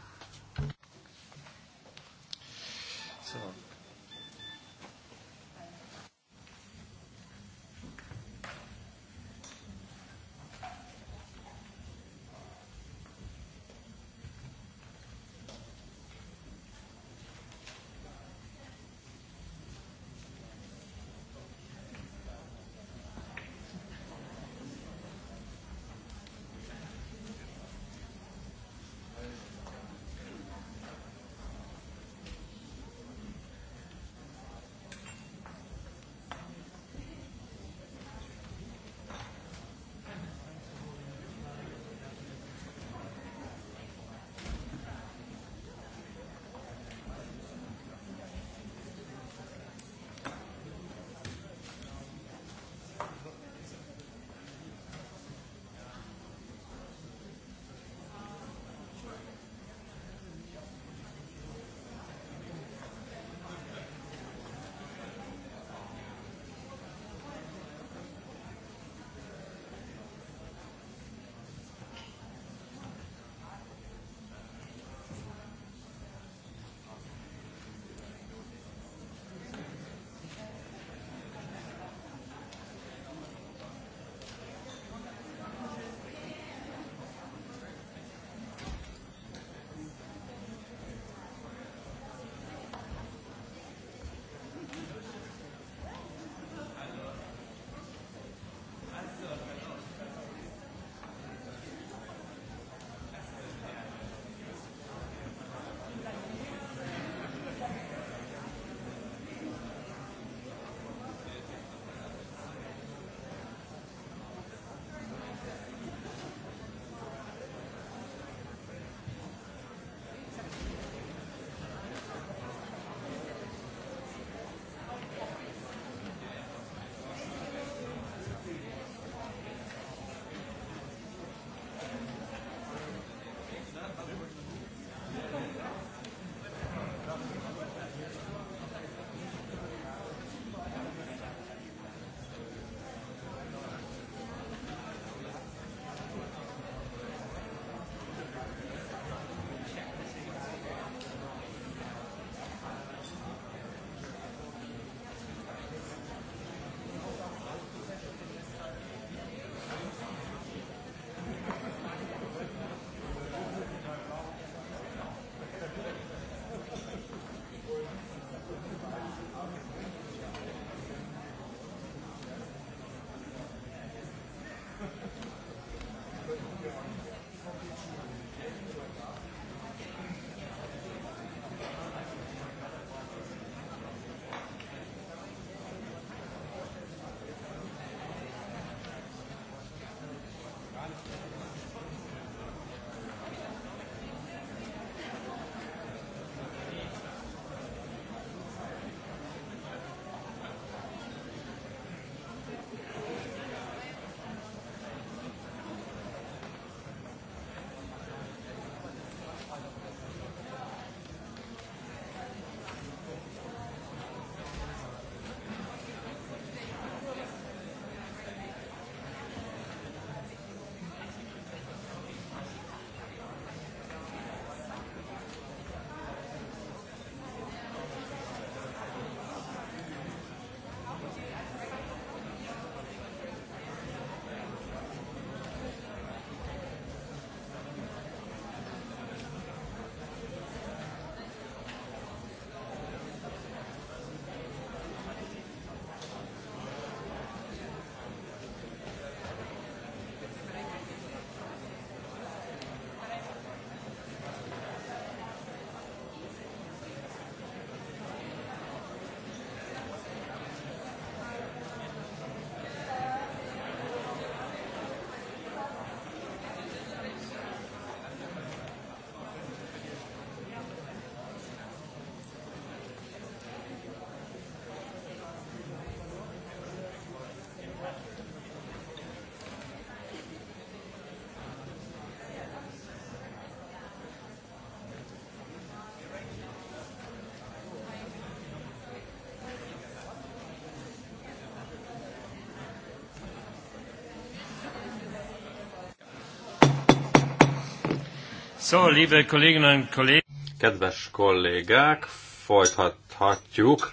So, liebe Kolleginnen und Kollegen. Kedves kollégák, folytathatjuk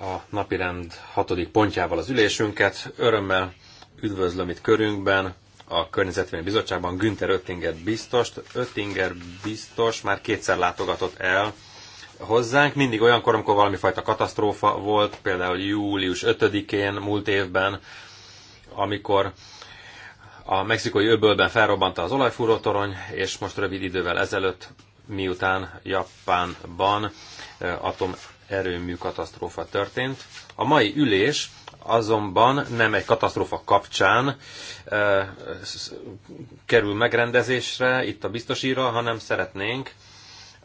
a napirend hatodik pontjával az ülésünket. Örömmel üdvözlöm itt körünkben a Környezetvédelmi Bizottságban Günther Öttinger biztost. Öttinger biztos már kétszer látogatott el hozzánk, mindig olyankor, amikor valami fajta katasztrófa volt, például július 5-én múlt évben, amikor a mexikai öbölben felrobbant az olajfúrótorony, és most rövid idővel ezelőtt, miután Japánban eh, atomerőmű katasztrófa történt. A mai ülés azonban nem egy katasztrófa kapcsán e, kerül megrendezésre itt a biztosíra, hanem szeretnénk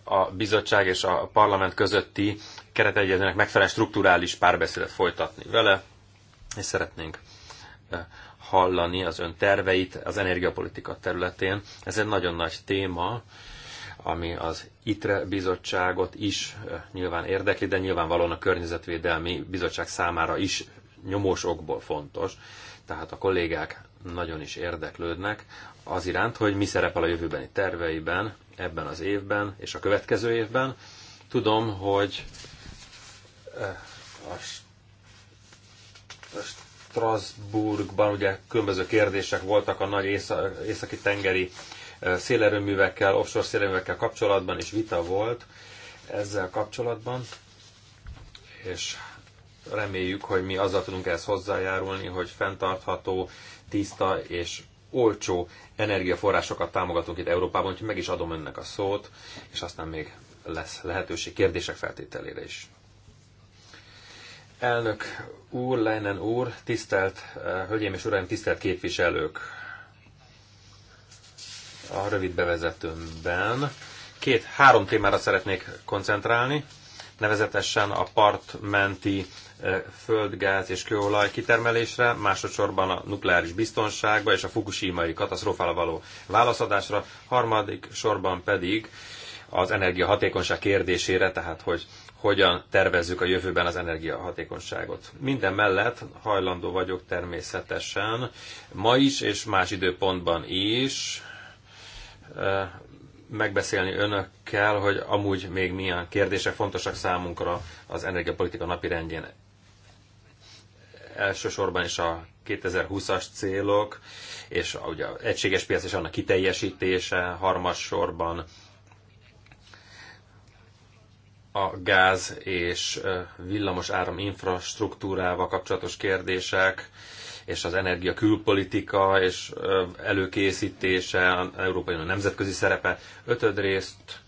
a bizottság és a parlament közötti keretegyezőnek megfelelően strukturális párbeszédet folytatni vele, és szeretnénk eh, hallani az ön terveit az energiapolitika területén. Ez egy nagyon nagy téma, ami az ITRE bizottságot is eh, nyilván érdekli, de nyilvánvalóan a környezetvédelmi bizottság számára is nyomós okból fontos. Tehát a kollégák nagyon is érdeklődnek az iránt, hogy mi szerepel a jövőbeni terveiben, ebben az évben és a következő évben. Tudom, hogy eh, a Strasbourgban ugye különböző kérdések voltak a nagy északi tengeri szélerőművekkel, offshore szélerőművekkel kapcsolatban, és vita volt ezzel kapcsolatban, és reméljük, hogy mi azzal tudunk ehhez hozzájárulni, hogy fenntartható, tiszta és olcsó energiaforrásokat támogatunk itt Európában, úgyhogy meg is adom önnek a szót, és aztán még lesz lehetőség kérdések feltételére is. Elnök úr, Leinen úr, tisztelt eh, Hölgyeim és Uraim, tisztelt képviselők! A rövid bevezetőmben két-három témára szeretnék koncentrálni, nevezetesen a partmenti eh, földgáz és kőolaj kitermelésre, másodszorban a nukleáris biztonságba és a fukushimai katasztrófára való válaszadásra, harmadik sorban pedig az energiahatékonyság kérdésére, tehát hogy hogyan tervezzük a jövőben az energiahatékonyságot. Minden mellett hajlandó vagyok természetesen ma is és más időpontban is megbeszélni önökkel, hogy amúgy még milyen kérdések fontosak számunkra az energiapolitika napirendjén. Elsősorban is a 2020-as célok, és ugye az egységes piac és annak kiteljesítése, sorban a gáz és villamos áram infrastruktúrával kapcsolatos kérdések, és az energia külpolitika és előkészítése, az Európai Unió nemzetközi szerepe ötödrészt,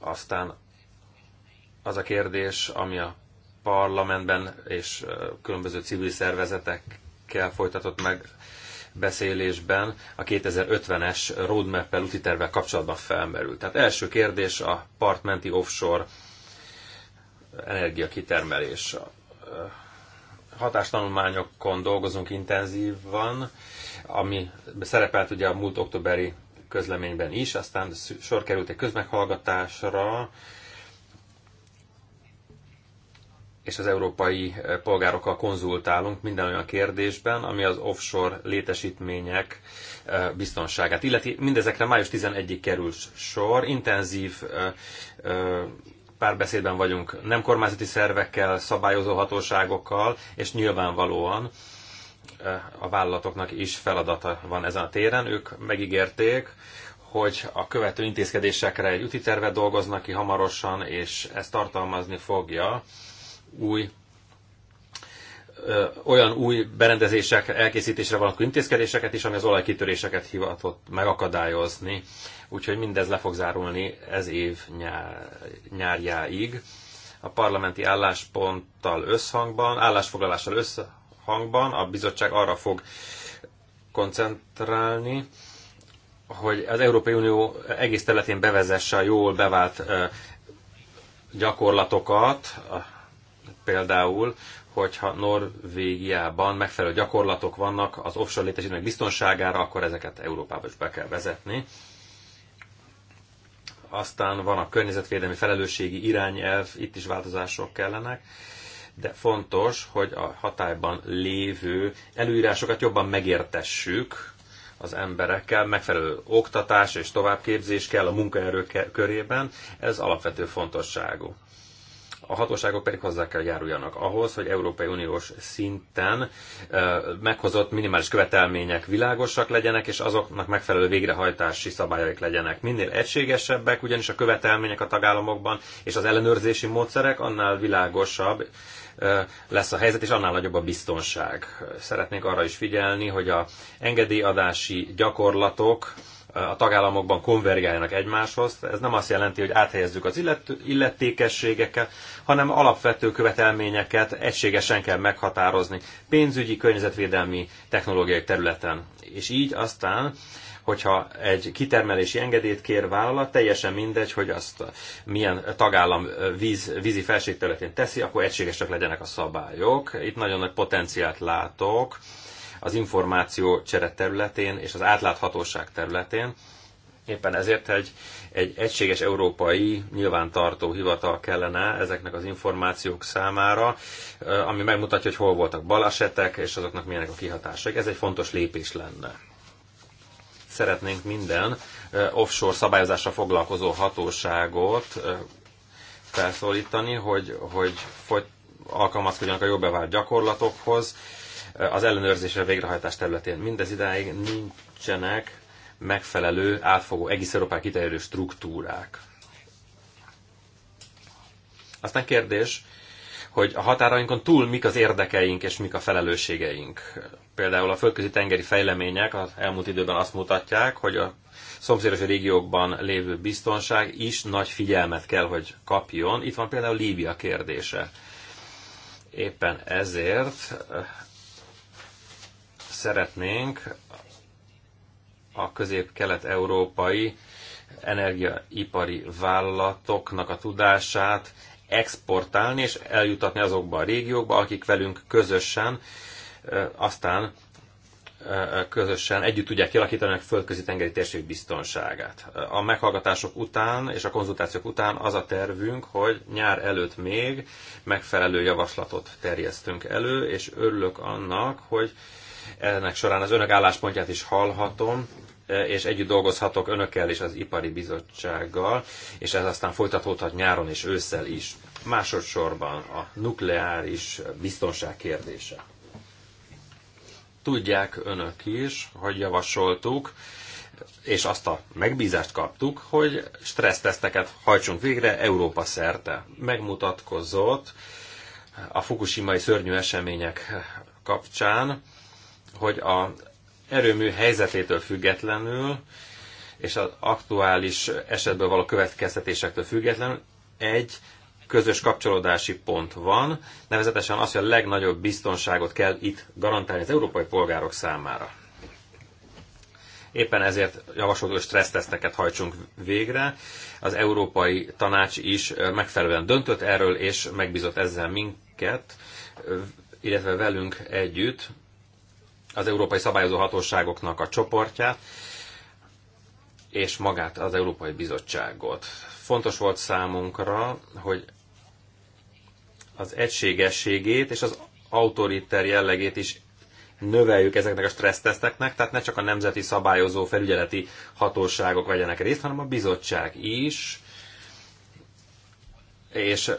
aztán az a kérdés, ami a parlamentben és különböző civil szervezetekkel folytatott meg megbeszélésben a 2050-es roadmap-el útitervvel kapcsolatban felmerült. Tehát első kérdés a partmenti offshore energiakitermelés. Hatástanulmányokon dolgozunk intenzívan, ami szerepelt ugye a múlt októberi közleményben is, aztán sor került egy közmeghallgatásra, és az európai eh, polgárokkal konzultálunk minden olyan kérdésben, ami az offshore létesítmények eh, biztonságát illeti. Mindezekre május 11-ig kerül sor. Intenzív eh, párbeszédben vagyunk nem kormányzati szervekkel, szabályozó hatóságokkal, és nyilvánvalóan a vállalatoknak is feladata van ezen a téren. Ők megígérték, hogy a követő intézkedésekre egy útitervet dolgoznak ki hamarosan, és ez tartalmazni fogja új olyan új berendezések elkészítésre vonatkozó intézkedéseket is, ami az olajkitöréseket hivatott megakadályozni. Úgyhogy mindez le fog zárulni ez év nyár, nyárjáig. A parlamenti állásponttal összhangban, állásfoglalással összhangban a bizottság arra fog koncentrálni, hogy az Európai Unió egész területén bevezesse a jól bevált gyakorlatokat például, hogyha Norvégiában megfelelő gyakorlatok vannak az offshore létesítmények biztonságára, akkor ezeket Európába is be kell vezetni. Aztán van a környezetvédelmi felelősségi irányelv, itt is változások kellenek, de fontos, hogy a hatályban lévő előírásokat jobban megértessük az emberekkel, megfelelő oktatás és továbbképzés kell a munkaerő körében, ez alapvető fontosságú a hatóságok pedig hozzá kell járuljanak ahhoz, hogy Európai Uniós szinten meghozott minimális követelmények világosak legyenek, és azoknak megfelelő végrehajtási szabályaik legyenek. Minél egységesebbek, ugyanis a követelmények a tagállamokban, és az ellenőrzési módszerek, annál világosabb lesz a helyzet, és annál nagyobb a biztonság. Szeretnék arra is figyelni, hogy a engedélyadási gyakorlatok a tagállamokban konvergáljanak egymáshoz. Ez nem azt jelenti, hogy áthelyezzük az illetékességeket, hanem alapvető követelményeket egységesen kell meghatározni pénzügyi, környezetvédelmi, technológiai területen. És így aztán hogyha egy kitermelési engedélyt kér vállalat, teljesen mindegy, hogy azt milyen tagállam víz, vízi felségterületén teszi, akkor egységesek legyenek a szabályok. Itt nagyon nagy potenciált látok az információ csere területén és az átláthatóság területén. Éppen ezért egy, egy egységes európai nyilvántartó hivatal kellene ezeknek az információk számára, ami megmutatja, hogy hol voltak balesetek, és azoknak milyenek a kihatásai. Ez egy fontos lépés lenne. Szeretnénk minden offshore szabályozásra foglalkozó hatóságot felszólítani, hogy, hogy alkalmazkodjanak a jobb bevált gyakorlatokhoz, az ellenőrzésre végrehajtás területén. Mindez idáig nincsenek megfelelő, átfogó, egész Európán kiterjedő struktúrák. Aztán kérdés, hogy a határainkon túl mik az érdekeink és mik a felelősségeink. Például a földközi tengeri fejlemények az elmúlt időben azt mutatják, hogy a szomszédos régiókban lévő biztonság is nagy figyelmet kell, hogy kapjon. Itt van például Líbia kérdése. Éppen ezért szeretnénk a közép-kelet-európai energiaipari vállalatoknak a tudását exportálni és eljutatni azokba a régiókba, akik velünk közösen aztán közösen együtt tudják kialakítani a földközi tengeri térség biztonságát. A meghallgatások után és a konzultációk után az a tervünk, hogy nyár előtt még megfelelő javaslatot terjesztünk elő, és örülök annak, hogy ennek során az önök álláspontját is hallhatom, e, és együtt dolgozhatok önökkel és az ipari bizottsággal, és ez aztán folytatódhat nyáron és ősszel is. Másodszorban a nukleáris biztonság kérdése. Tudják önök is, hogy javasoltuk, és azt a megbízást kaptuk, hogy stresszteszteket hajtsunk végre Európa szerte. Megmutatkozott a fukushima szörnyű események kapcsán, hogy a erőmű helyzetétől függetlenül és az aktuális esetből való következtetésektől függetlenül egy közös kapcsolódási pont van, nevezetesen az, hogy a legnagyobb biztonságot kell itt garantálni az európai polgárok számára. Éppen ezért javasolt, hogy stresszteszteket hajtsunk végre. Az Európai Tanács is megfelelően döntött erről, és megbízott ezzel minket, illetve velünk együtt az Európai Szabályozó Hatóságoknak a csoportját, és magát az Európai Bizottságot. Fontos volt számunkra, hogy az egységességét és az autoriter jellegét is növeljük ezeknek a stresszteszteknek, tehát ne csak a nemzeti szabályozó felügyeleti hatóságok vegyenek részt, hanem a bizottság is, és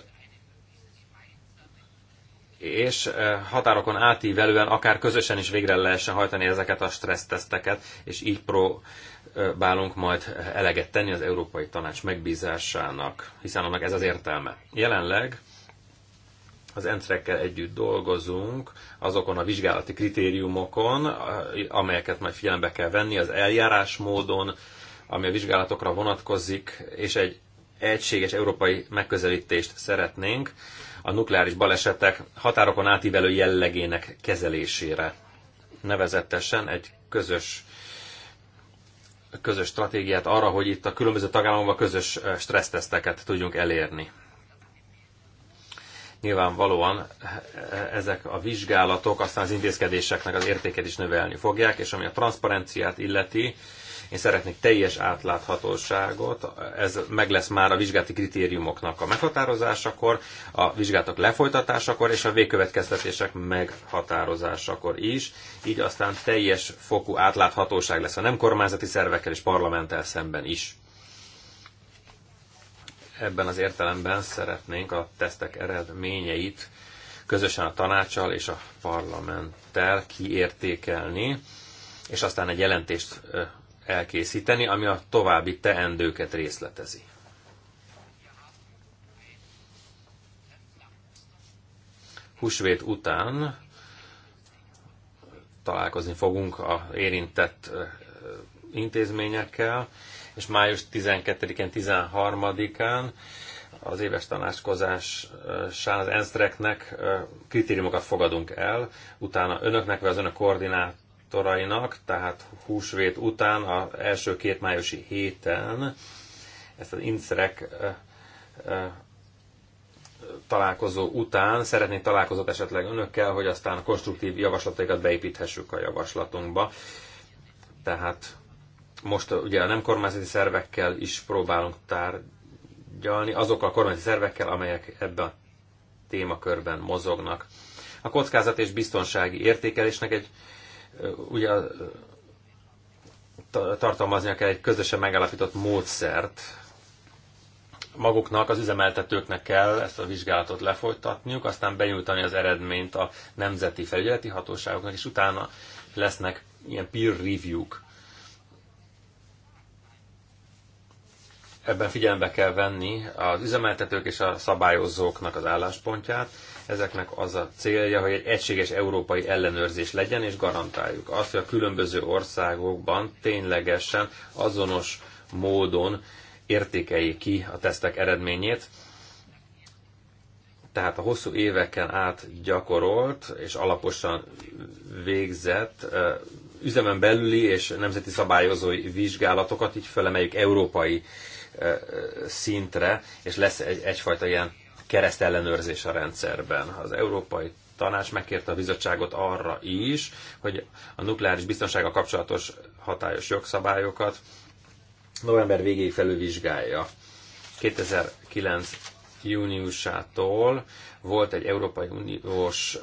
és eh, határokon átívelően akár közösen is végre lehessen hajtani ezeket a stresszteszteket, és így próbálunk majd eleget tenni az Európai Tanács megbízásának, hiszen annak ez az értelme. Jelenleg az entrekkel együtt dolgozunk azokon a vizsgálati kritériumokon, eh, amelyeket majd figyelembe kell venni az eljárásmódon, ami a vizsgálatokra vonatkozik, és egy egységes európai megközelítést szeretnénk a nukleáris balesetek határokon átívelő jellegének kezelésére. Nevezetesen egy közös közös stratégiát arra, hogy itt a különböző tagállamokban közös stresszteszteket tudjunk elérni. Nyilvánvalóan e, e, ezek a vizsgálatok aztán az intézkedéseknek az értéket is növelni fogják, és ami a transzparenciát illeti, én szeretnék teljes átláthatóságot, ez meg lesz már a vizsgálati kritériumoknak a meghatározásakor, a vizsgálatok lefolytatásakor és a végkövetkeztetések meghatározásakor is, így aztán teljes fokú átláthatóság lesz a nem kormányzati szervekkel és parlamenttel szemben is ebben az értelemben szeretnénk a tesztek eredményeit közösen a tanácsal és a parlamenttel kiértékelni, és aztán egy jelentést elkészíteni, ami a további teendőket részletezi. Húsvét után találkozni fogunk a érintett intézményekkel, és május 12-én, 13-án az éves tanácskozásán az ENSZTREK-nek kritériumokat fogadunk el, utána önöknek, vagy az önök koordinát, koordinátorainak, tehát húsvét után, az első két májusi héten ezt az inszerek találkozó után szeretnék találkozott esetleg önökkel, hogy aztán a konstruktív javaslataikat beépíthessük a javaslatunkba. Tehát most ugye a nem kormányzati szervekkel is próbálunk tárgyalni, azokkal a kormányzati szervekkel, amelyek ebben a témakörben mozognak. A kockázat és biztonsági értékelésnek egy ugye tartalmaznia kell egy közösen megállapított módszert, maguknak, az üzemeltetőknek kell ezt a vizsgálatot lefolytatniuk, aztán benyújtani az eredményt a nemzeti felügyeleti hatóságoknak, és utána lesznek ilyen peer review-k. Ebben figyelembe kell venni az üzemeltetők és a szabályozóknak az álláspontját. Ezeknek az a célja, hogy egy egységes európai ellenőrzés legyen, és garantáljuk azt, hogy a különböző országokban ténylegesen azonos módon értékeljék ki a tesztek eredményét. Tehát a hosszú éveken át gyakorolt és alaposan végzett üzemen belüli és nemzeti szabályozói vizsgálatokat így felemeljük európai szintre, és lesz egy, egyfajta ilyen keresztellenőrzés a rendszerben. Az Európai Tanács megkérte a bizottságot arra is, hogy a nukleáris biztonsága kapcsolatos hatályos jogszabályokat november végéig felülvizsgálja. 2009 júniusától volt egy Európai Uniós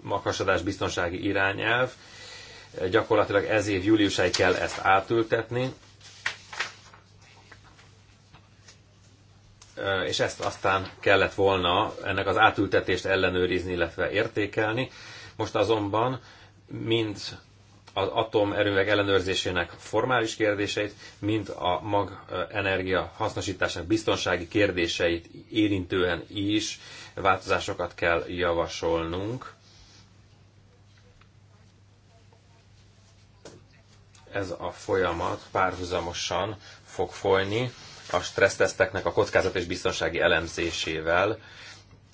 makasadás biztonsági irányelv, gyakorlatilag ez év júliusáig kell ezt átültetni, Eh, és ezt aztán kellett volna ennek az átültetést ellenőrizni, illetve értékelni. Most azonban mind az atomerőművek ellenőrzésének formális kérdéseit, mint a mag eh, energia hasznosításának biztonsági kérdéseit érintően is változásokat kell javasolnunk. Ez a folyamat párhuzamosan fog folyni a stresszteszteknek a kockázat és biztonsági elemzésével,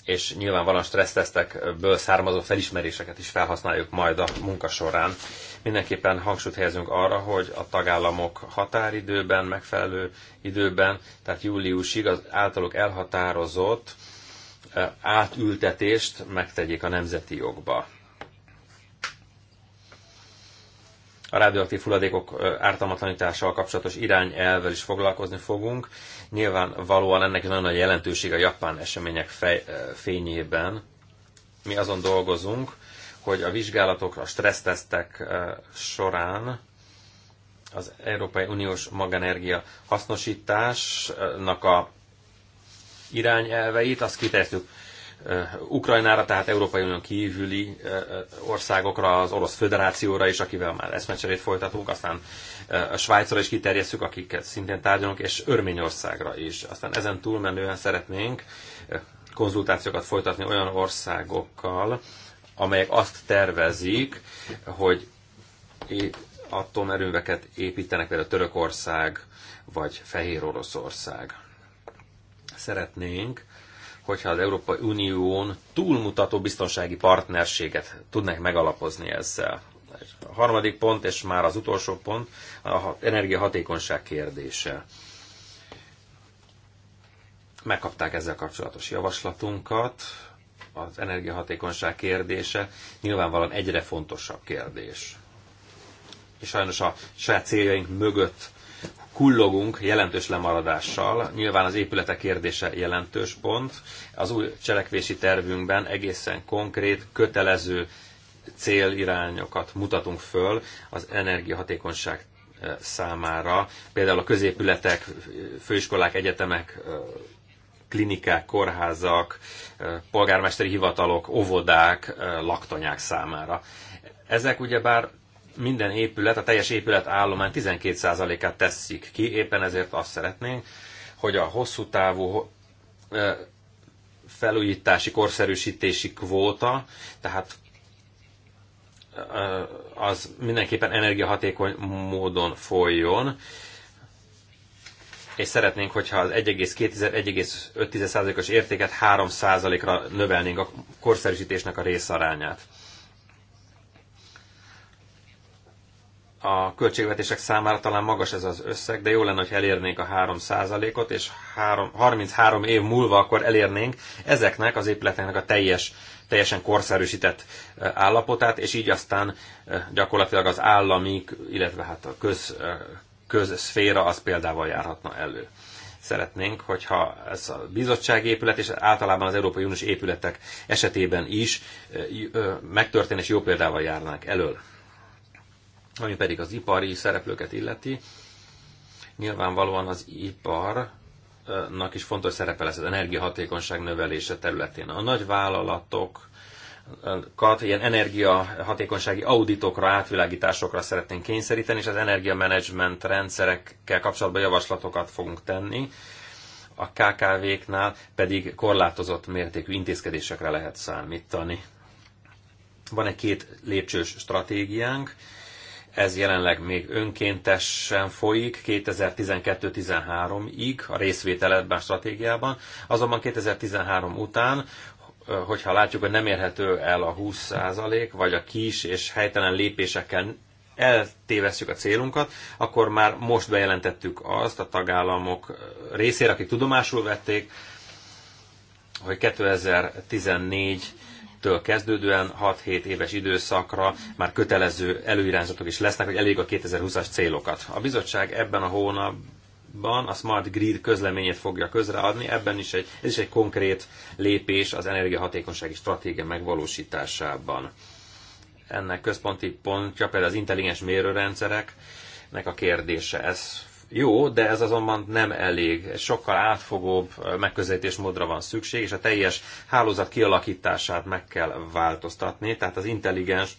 és nyilvánvalóan stressztesztekből származó felismeréseket is felhasználjuk majd a munka során. Mindenképpen hangsúlyt helyezünk arra, hogy a tagállamok határidőben, megfelelő időben, tehát júliusig az általuk elhatározott eh, átültetést megtegyék a nemzeti jogba. a radioaktív hulladékok ártalmatlanítással kapcsolatos irányelvvel is foglalkozni fogunk. Nyilvánvalóan ennek nagyon nagy jelentőség a japán események fej, fényében. Mi azon dolgozunk, hogy a vizsgálatokra, a stressztesztek során az Európai Uniós magenergia hasznosításnak a irányelveit, azt kiterjesztjük Eh, Ukrajnára, tehát Európai Unión kívüli eh, országokra, az Orosz Föderációra is, akivel már eszmecserét folytatunk, aztán eh, a Svájcra is kiterjesszük, akiket szintén tárgyalunk, és Örményországra is. Aztán ezen túlmenően szeretnénk konzultációkat folytatni olyan országokkal, amelyek azt tervezik, hogy atomerőveket építenek, például Törökország vagy Fehér Oroszország. Szeretnénk hogyha az Európai Unión túlmutató biztonsági partnerséget tudnak megalapozni ezzel. A harmadik pont, és már az utolsó pont, a energiahatékonyság kérdése. Megkapták ezzel kapcsolatos javaslatunkat. Az energiahatékonyság kérdése nyilvánvalóan egyre fontosabb kérdés. És sajnos a saját céljaink mögött kullogunk jelentős lemaradással. Nyilván az épületek kérdése jelentős pont. Az új cselekvési tervünkben egészen konkrét, kötelező célirányokat mutatunk föl az energiahatékonyság eh, számára. Például a középületek, főiskolák, egyetemek, eh, klinikák, kórházak, eh, polgármesteri hivatalok, óvodák, laktanyák számára. Ezek ugyebár minden épület, a teljes épület állomány 12%-át teszik ki, éppen ezért azt szeretnénk, hogy a hosszú távú eh, felújítási, korszerűsítési kvóta, tehát eh, az mindenképpen energiahatékony módon folyjon, és szeretnénk, hogyha az 1,2-1,5%-os értéket 3%-ra növelnénk a korszerűsítésnek a részarányát. a költségvetések számára talán magas ez az összeg, de jó lenne, hogy elérnénk a 3%-ot, és 3, 33 év múlva akkor elérnénk ezeknek az épületeknek a teljes, teljesen korszerűsített állapotát, és így aztán gyakorlatilag az állami, illetve hát a köz, közszféra az példával járhatna elő. Szeretnénk, hogyha ez a bizottság épület, és általában az Európai Uniós épületek esetében is megtörténés jó példával járnánk elől ami pedig az ipari szereplőket illeti, nyilvánvalóan az iparnak is fontos szerepe lesz az energiahatékonyság növelése területén. A nagy vállalatok ilyen energiahatékonysági auditokra, átvilágításokra szeretnénk kényszeríteni, és az energiamenedzsment rendszerekkel kapcsolatban javaslatokat fogunk tenni. A KKV-knál pedig korlátozott mértékű intézkedésekre lehet számítani. Van egy két lépcsős stratégiánk, ez jelenleg még önkéntesen folyik 2012-13-ig a részvétel ebben a stratégiában, azonban 2013 után hogyha látjuk, hogy nem érhető el a 20% vagy a kis és helytelen lépésekkel eltévesztjük a célunkat, akkor már most bejelentettük azt a tagállamok részére, akik tudomásul vették, hogy 2014 től kezdődően 6-7 éves időszakra már kötelező előirányzatok is lesznek, hogy elég a 2020-as célokat. A bizottság ebben a hónapban a Smart Grid közleményét fogja közreadni, ebben is egy, ez is egy konkrét lépés az energiahatékonysági stratégia megvalósításában. Ennek központi pontja például az intelligens mérőrendszereknek a kérdése. Ez jó, de ez azonban nem elég. sokkal átfogóbb megközelítésmódra van szükség, és a teljes hálózat kialakítását meg kell változtatni, tehát az intelligens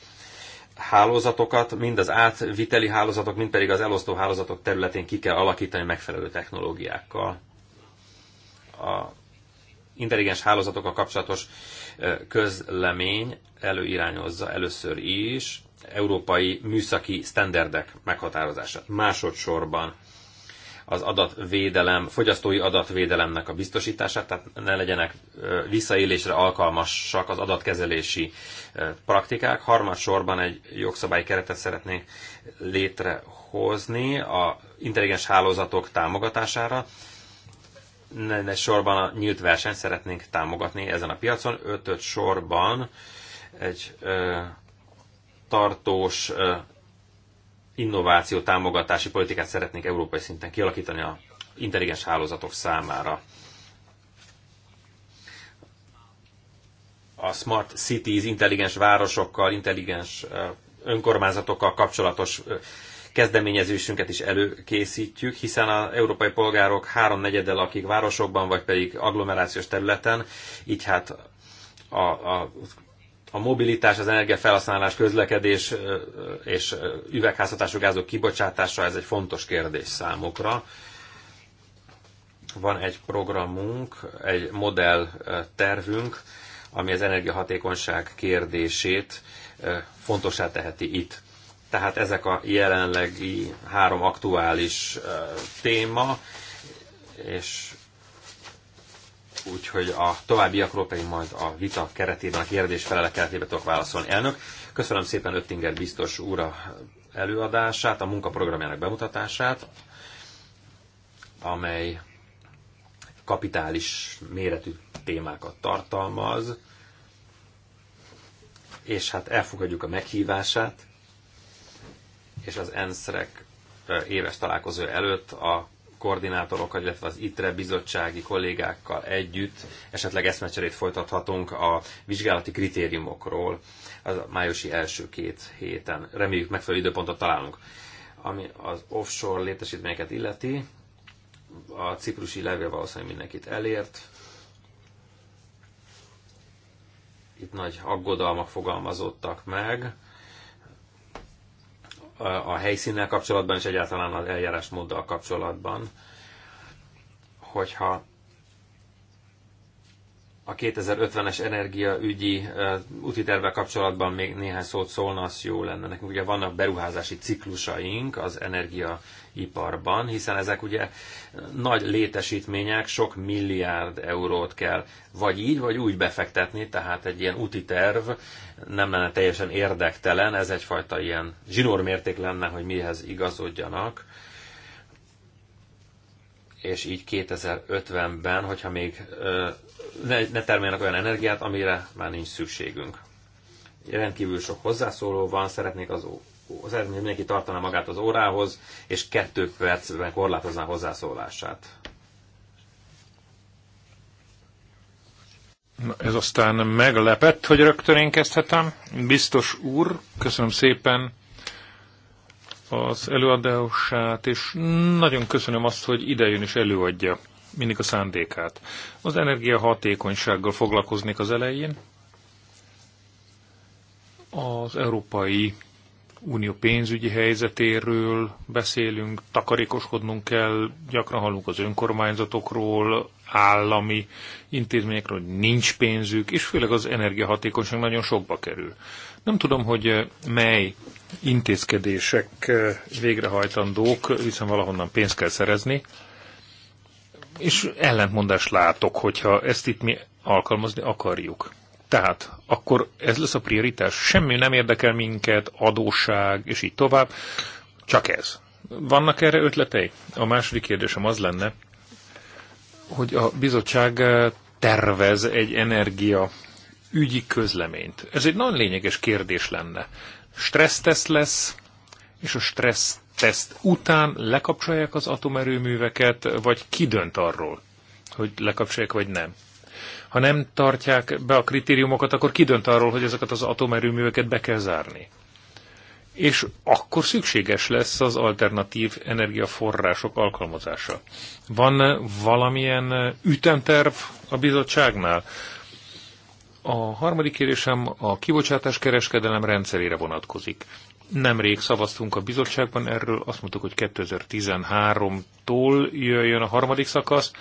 hálózatokat, mind az átviteli hálózatok, mind pedig az elosztó hálózatok területén ki kell alakítani megfelelő technológiákkal. A intelligens hálózatokkal kapcsolatos közlemény előirányozza először is európai műszaki sztenderdek meghatározását. Másodszorban az adatvédelem, fogyasztói adatvédelemnek a biztosítását, tehát ne legyenek visszaélésre alkalmasak az adatkezelési praktikák. Harmadsorban egy jogszabályi keretet szeretnénk létrehozni a intelligens hálózatok támogatására, ne sorban a nyílt versenyt szeretnénk támogatni ezen a piacon, ötöt sorban egy ö, tartós ö, innováció támogatási politikát szeretnénk európai szinten kialakítani a intelligens hálózatok számára. A Smart Cities, intelligens városokkal, intelligens önkormányzatokkal kapcsolatos kezdeményezésünket is előkészítjük, hiszen az európai polgárok háromnegyedel, akik városokban vagy pedig agglomerációs területen, így hát a, a a mobilitás, az energiafelhasználás, közlekedés és üvegházhatású gázok kibocsátása, ez egy fontos kérdés számokra. Van egy programunk, egy modell tervünk, ami az energiahatékonyság kérdését fontosá teheti itt. Tehát ezek a jelenlegi három aktuális téma, és úgyhogy a továbbiakról pedig majd a vita keretében, a kérdés felele keretében tudok válaszolni. Elnök, köszönöm szépen Öttinger biztos úra előadását, a munkaprogramjának bemutatását, amely kapitális méretű témákat tartalmaz, és hát elfogadjuk a meghívását, és az ENSZREK éves találkozó előtt a koordinátorokkal, illetve az ITRE bizottsági kollégákkal együtt esetleg eszmecserét folytathatunk a vizsgálati kritériumokról az májusi első két héten. Reméljük megfelelő időpontot találunk. Ami az offshore létesítményeket illeti, a ciprusi levél valószínűleg mindenkit elért. Itt nagy aggodalmak fogalmazottak meg a helyszínnel kapcsolatban, és egyáltalán az eljárásmóddal kapcsolatban, hogyha a 2050-es energiaügyi úti tervvel kapcsolatban még néhány szót szólna, az jó lenne. Nekünk ugye vannak beruházási ciklusaink az energia iparban, hiszen ezek ugye nagy létesítmények, sok milliárd eurót kell vagy így, vagy úgy befektetni, tehát egy ilyen úti terv nem lenne teljesen érdektelen, ez egyfajta ilyen zsinórmérték lenne, hogy mihez igazodjanak és így 2050-ben, hogyha még ne, ne termeljenek olyan energiát, amire már nincs szükségünk. Rendkívül sok hozzászóló van, szeretnék az szeretném, hogy mindenki tartaná magát az órához, és kettő percben korlátozná hozzászólását. Na, ez aztán meglepett, hogy rögtön én kezdhetem. Biztos úr, köszönöm szépen az előadását, és nagyon köszönöm azt, hogy idejön és előadja mindig a szándékát. Az energiahatékonysággal foglalkoznék az elején. Az európai unió pénzügyi helyzetéről beszélünk, takarékoskodnunk kell, gyakran hallunk az önkormányzatokról, állami intézményekről, hogy nincs pénzük, és főleg az energiahatékonyság nagyon sokba kerül. Nem tudom, hogy eh, mely intézkedések eh, végrehajtandók, hiszen valahonnan pénzt kell szerezni, és ellentmondást látok, hogyha ezt itt mi alkalmazni akarjuk. Tehát akkor ez lesz a prioritás. Semmi nem érdekel minket, adósság, és így tovább. Csak ez. Vannak erre ötletei? A második kérdésem az lenne, hogy a bizottság tervez egy energia ügyi közleményt. Ez egy nagyon lényeges kérdés lenne. Stressztesz lesz, és a stressztesz után lekapcsolják az atomerőműveket, vagy ki dönt arról, hogy lekapcsolják, vagy nem? Ha nem tartják be a kritériumokat, akkor kidönt arról, hogy ezeket az atomerőműveket be kell zárni. És akkor szükséges lesz az alternatív energiaforrások alkalmazása. Van valamilyen ütemterv a bizottságnál? A harmadik kérésem a kibocsátás kereskedelem rendszerére vonatkozik. Nemrég szavaztunk a bizottságban erről, azt mondtuk, hogy 2013-tól jöjjön a harmadik szakasz.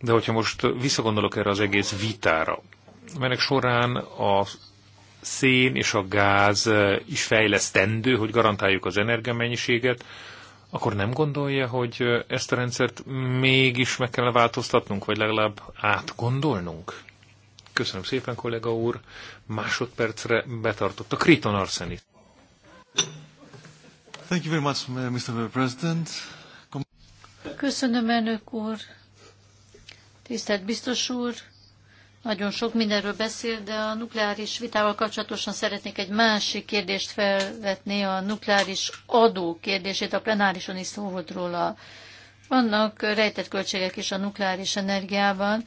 De hogyha most visszagondolok erre az egész vitára, melynek során a szén és a gáz eh, is fejlesztendő, hogy garantáljuk az energiamennyiséget, akkor nem gondolja, hogy eh, ezt a rendszert mégis meg kellene változtatnunk, vagy legalább átgondolnunk? Köszönöm szépen, kollega úr. Másodpercre betartott a Kriton Arsenit. Thank you very much, Mr. President. Köszönöm, elnök úr. Tisztelt biztos úr, nagyon sok mindenről beszél, de a nukleáris vitával kapcsolatosan szeretnék egy másik kérdést felvetni, a nukleáris adó kérdését, a plenárison is szó volt róla. Vannak rejtett költségek is a nukleáris energiában,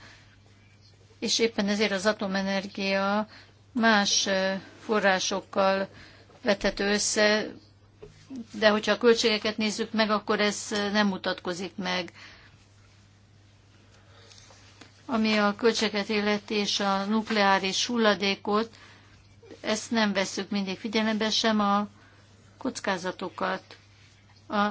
és éppen ezért az atomenergia más forrásokkal vethető össze, de hogyha a költségeket nézzük meg, akkor ez nem mutatkozik meg ami a költséget illeti és a nukleáris hulladékot, ezt nem veszük mindig figyelembe, sem a kockázatokat, a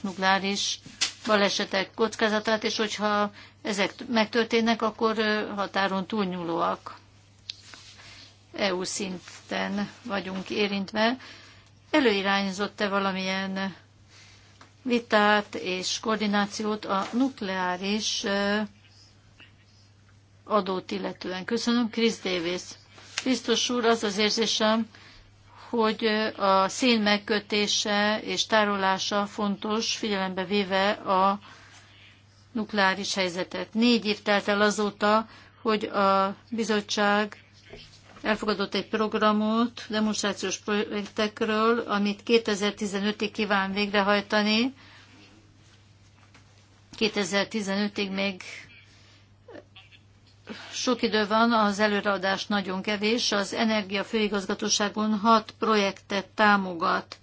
nukleáris balesetek kockázatát, és hogyha ezek megtörténnek, akkor határon túlnyúlóak. EU szinten vagyunk érintve. Előirányzott-e valamilyen vitát és koordinációt a nukleáris adót illetően. Köszönöm, Krisz Davis. Biztos úr, az az érzésem, hogy a szén megkötése és tárolása fontos, figyelembe véve a nukleáris helyzetet. Négy év telt el azóta, hogy a bizottság elfogadott egy programot demonstrációs projektekről, amit 2015-ig kíván végrehajtani. 2015-ig még sok idő van, az előreadás nagyon kevés. Az Energia Főigazgatóságon hat projektet támogat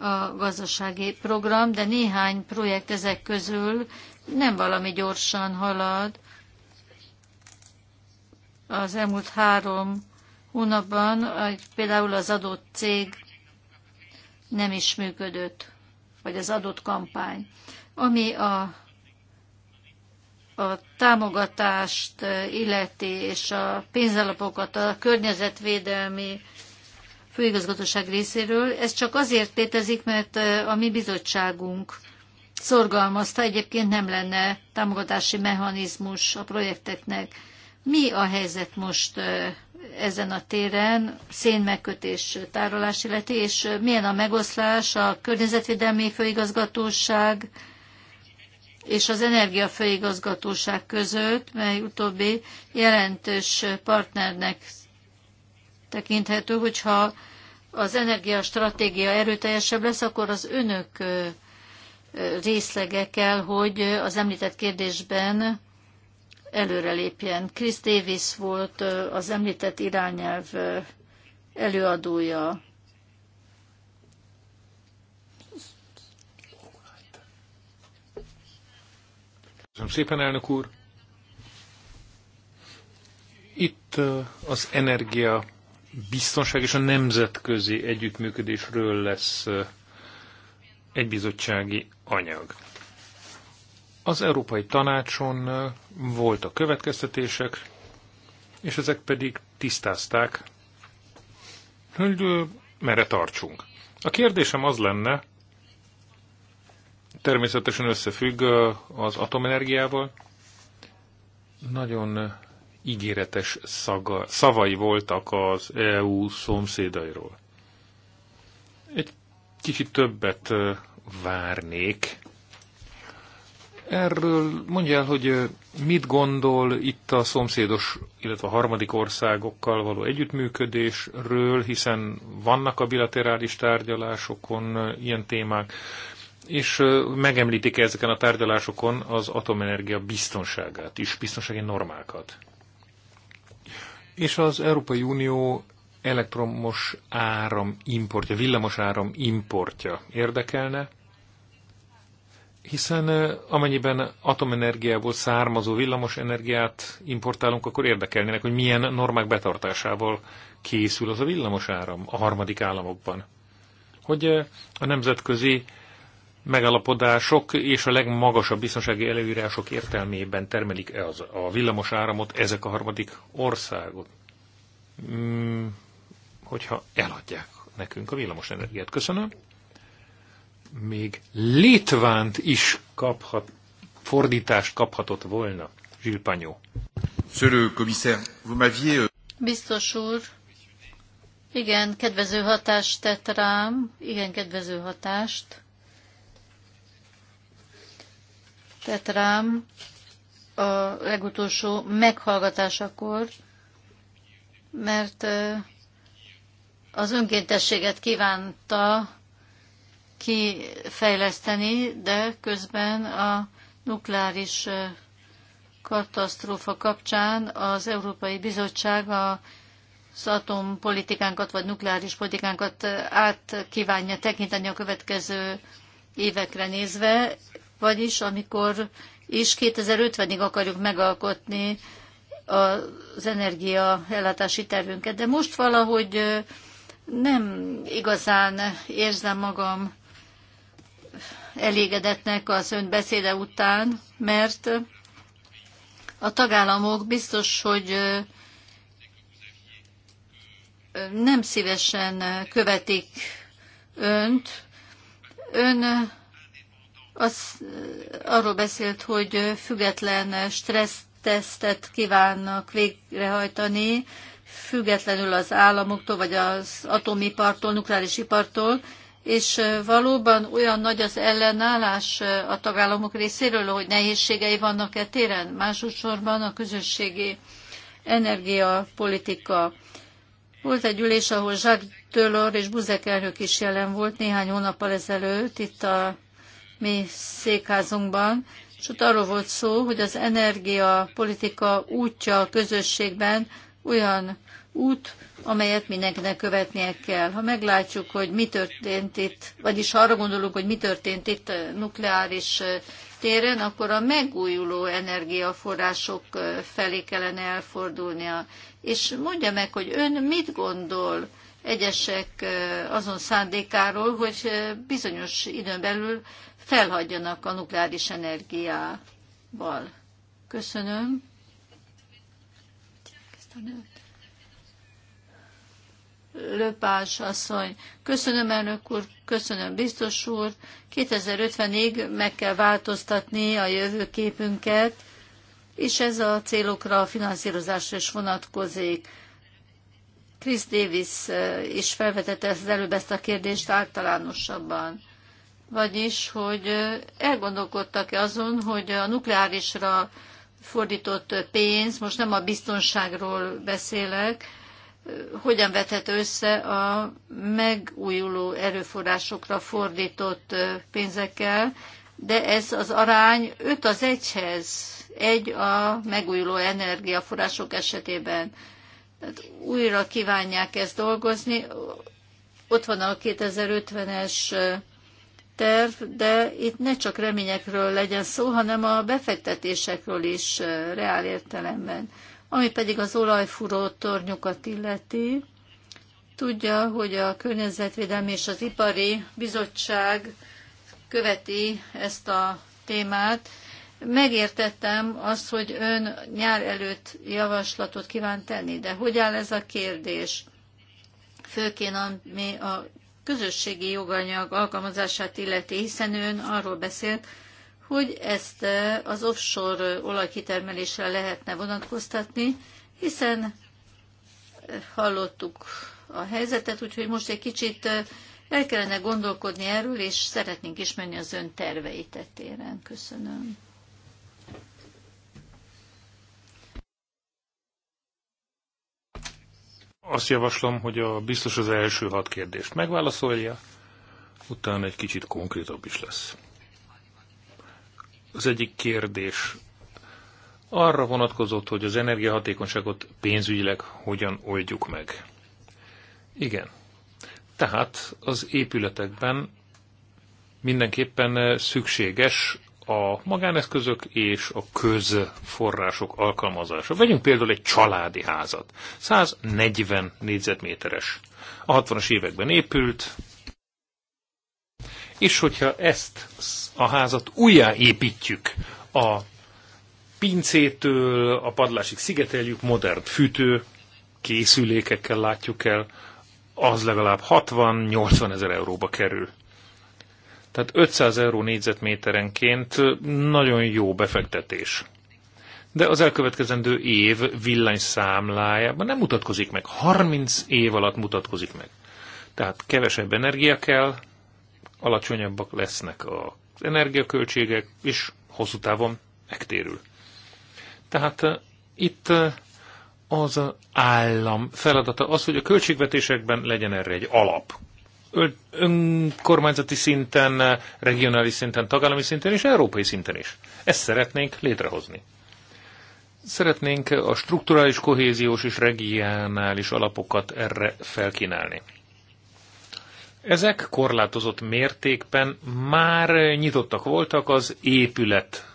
a gazdasági program, de néhány projekt ezek közül nem valami gyorsan halad. Az elmúlt három hónapban például az adott cég nem is működött, vagy az adott kampány. Ami a a támogatást illeti, és a pénzalapokat a környezetvédelmi főigazgatóság részéről. Ez csak azért létezik, mert a mi bizottságunk szorgalmazta, egyébként nem lenne támogatási mechanizmus a projekteknek. Mi a helyzet most ezen a téren, szénmegkötés tárolás illeti, és milyen a megoszlás a környezetvédelmi főigazgatóság, és az Energiafőigazgatóság között, mely utóbbi jelentős partnernek tekinthető, hogyha az energiastratégia erőteljesebb lesz, akkor az önök részlege kell, hogy az említett kérdésben előrelépjen. Chris Davis volt az említett irányelv előadója. Köszönöm szépen, elnök úr. Itt az energia biztonság és a nemzetközi együttműködésről lesz egy bizottsági anyag. Az Európai Tanácson voltak következtetések, és ezek pedig tisztázták, hogy merre tartsunk. A kérdésem az lenne, természetesen összefügg az atomenergiával. Nagyon ígéretes szaga, szavai voltak az EU szomszédairól. Egy kicsit többet várnék. Erről mondja el, hogy mit gondol itt a szomszédos, illetve a harmadik országokkal való együttműködésről, hiszen vannak a bilaterális tárgyalásokon ilyen témák és megemlítik ezeken a tárgyalásokon az atomenergia biztonságát is, biztonsági normákat. És az Európai Unió elektromos áram importja, villamos áram importja érdekelne, hiszen amennyiben atomenergiából származó villamos energiát importálunk, akkor érdekelnének, hogy milyen normák betartásával készül az a villamos áram a harmadik államokban. Hogy a nemzetközi megalapodások és a legmagasabb biztonsági előírások értelmében termelik -e az, a villamos áramot ezek a harmadik országok? Hmm, hogyha eladják nekünk a villamos energiát. Köszönöm. Még Litvánt is kaphat, fordítást kaphatott volna. Zsilpanyó. Euh, Biztos úr, igen, kedvező hatást tett rám, igen, kedvező hatást. tett rám a legutolsó meghallgatásakor, mert az önkéntességet kívánta kifejleszteni, de közben a nukleáris katasztrófa kapcsán az Európai Bizottság a az atompolitikánkat vagy nukleáris politikánkat át kívánja tekinteni a következő évekre nézve vagyis amikor is 2050-ig akarjuk megalkotni az energiaellátási tervünket. De most valahogy nem igazán érzem magam elégedetnek az ön beszéde után, mert a tagállamok biztos, hogy nem szívesen követik önt. Ön az, arról beszélt, hogy független stressztesztet kívánnak végrehajtani, függetlenül az államoktól, vagy az atomipartól, nukleáris ipartól, és valóban olyan nagy az ellenállás a tagállamok részéről, hogy nehézségei vannak-e téren? Másodszorban a közösségi energiapolitika. Volt egy ülés, ahol Jacques Delors és Buzek elnök is jelen volt néhány hónappal ezelőtt itt a mi székházunkban, és ott arról volt szó, hogy az energia politika útja a közösségben olyan út, amelyet mindenkinek követnie kell. Ha meglátjuk, hogy mi történt itt, vagyis ha arra gondolunk, hogy mi történt itt eh, nukleáris eh, téren, akkor a megújuló energiaforrások eh, felé kellene elfordulnia. És mondja meg, hogy ön mit gondol egyesek azon szándékáról, hogy bizonyos időn belül felhagyjanak a nukleáris energiával. Köszönöm. Löpás asszony, köszönöm elnök úr, köszönöm biztos úr. 2050-ig meg kell változtatni a jövőképünket, és ez a célokra, a finanszírozásra is vonatkozik. Chris Davis eh, is felvetette az előbb ezt a kérdést általánosabban vagyis, hogy elgondolkodtak-e azon, hogy a nukleárisra fordított pénz, most nem a biztonságról beszélek, hogyan vethető össze a megújuló erőforrásokra fordított pénzekkel, de ez az arány 5 az 1-hez, egy a megújuló energiaforrások esetében. Tehát újra kívánják ezt dolgozni. Ott van a 2050-es terv, de itt ne csak reményekről legyen szó, hanem a befektetésekről is eh, reál értelemben. Ami pedig az olajfúró tornyokat illeti, tudja, hogy a Környezetvédelmi és az Ipari Bizottság követi ezt a témát. Megértettem azt, hogy ön nyár előtt javaslatot kíván tenni, de hogy áll ez a kérdés? Főként ami a közösségi joganyag alkalmazását illeti, hiszen ön arról beszélt, hogy ezt az offshore olajkitermelésre lehetne vonatkoztatni, hiszen hallottuk a helyzetet, úgyhogy most egy kicsit el kellene gondolkodni erről, és szeretnénk ismerni az ön terveit tettéren. Köszönöm. Azt javaslom, hogy a biztos az első hat kérdést megválaszolja, utána egy kicsit konkrétabb is lesz. Az egyik kérdés arra vonatkozott, hogy az energiahatékonyságot pénzügyileg hogyan oldjuk meg. Igen. Tehát az épületekben mindenképpen szükséges a magáneszközök és a közforrások alkalmazása. Vegyünk például egy családi házat, 140 négyzetméteres. A 60-as években épült, és hogyha ezt a házat újjáépítjük a pincétől, a padlásig szigeteljük, modern fűtő, készülékekkel látjuk el, az legalább 60-80 ezer euróba kerül. Tehát 500 euró négyzetméterenként nagyon jó befektetés. De az elkövetkezendő év számlájában nem mutatkozik meg. 30 év alatt mutatkozik meg. Tehát kevesebb energia kell, alacsonyabbak lesznek az energiaköltségek, és hosszú távon megtérül. Tehát eh, itt eh, az állam feladata az, hogy a költségvetésekben legyen erre egy alap önkormányzati szinten, regionális szinten, tagállami szinten és európai szinten is. Ezt szeretnénk létrehozni. Szeretnénk a strukturális, kohéziós és regionális alapokat erre felkínálni. Ezek korlátozott mértékben már nyitottak voltak az épület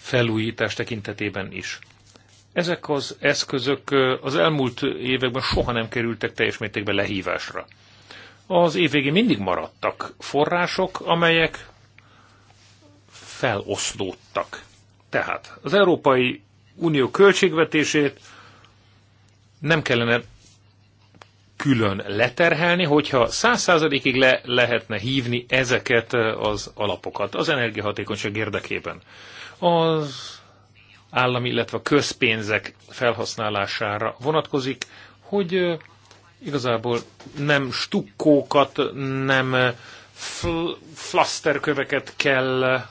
felújítás tekintetében is. Ezek az eszközök az elmúlt években soha nem kerültek teljes mértékben lehívásra az évvégén mindig maradtak források, amelyek feloszlódtak. Tehát az Európai Unió költségvetését nem kellene külön leterhelni, hogyha 100 százalékig le lehetne hívni ezeket az alapokat az energiahatékonyság érdekében. Az állami, illetve a közpénzek felhasználására vonatkozik, hogy Igazából nem stukkókat, nem eh, fl- flaszterköveket kell eh,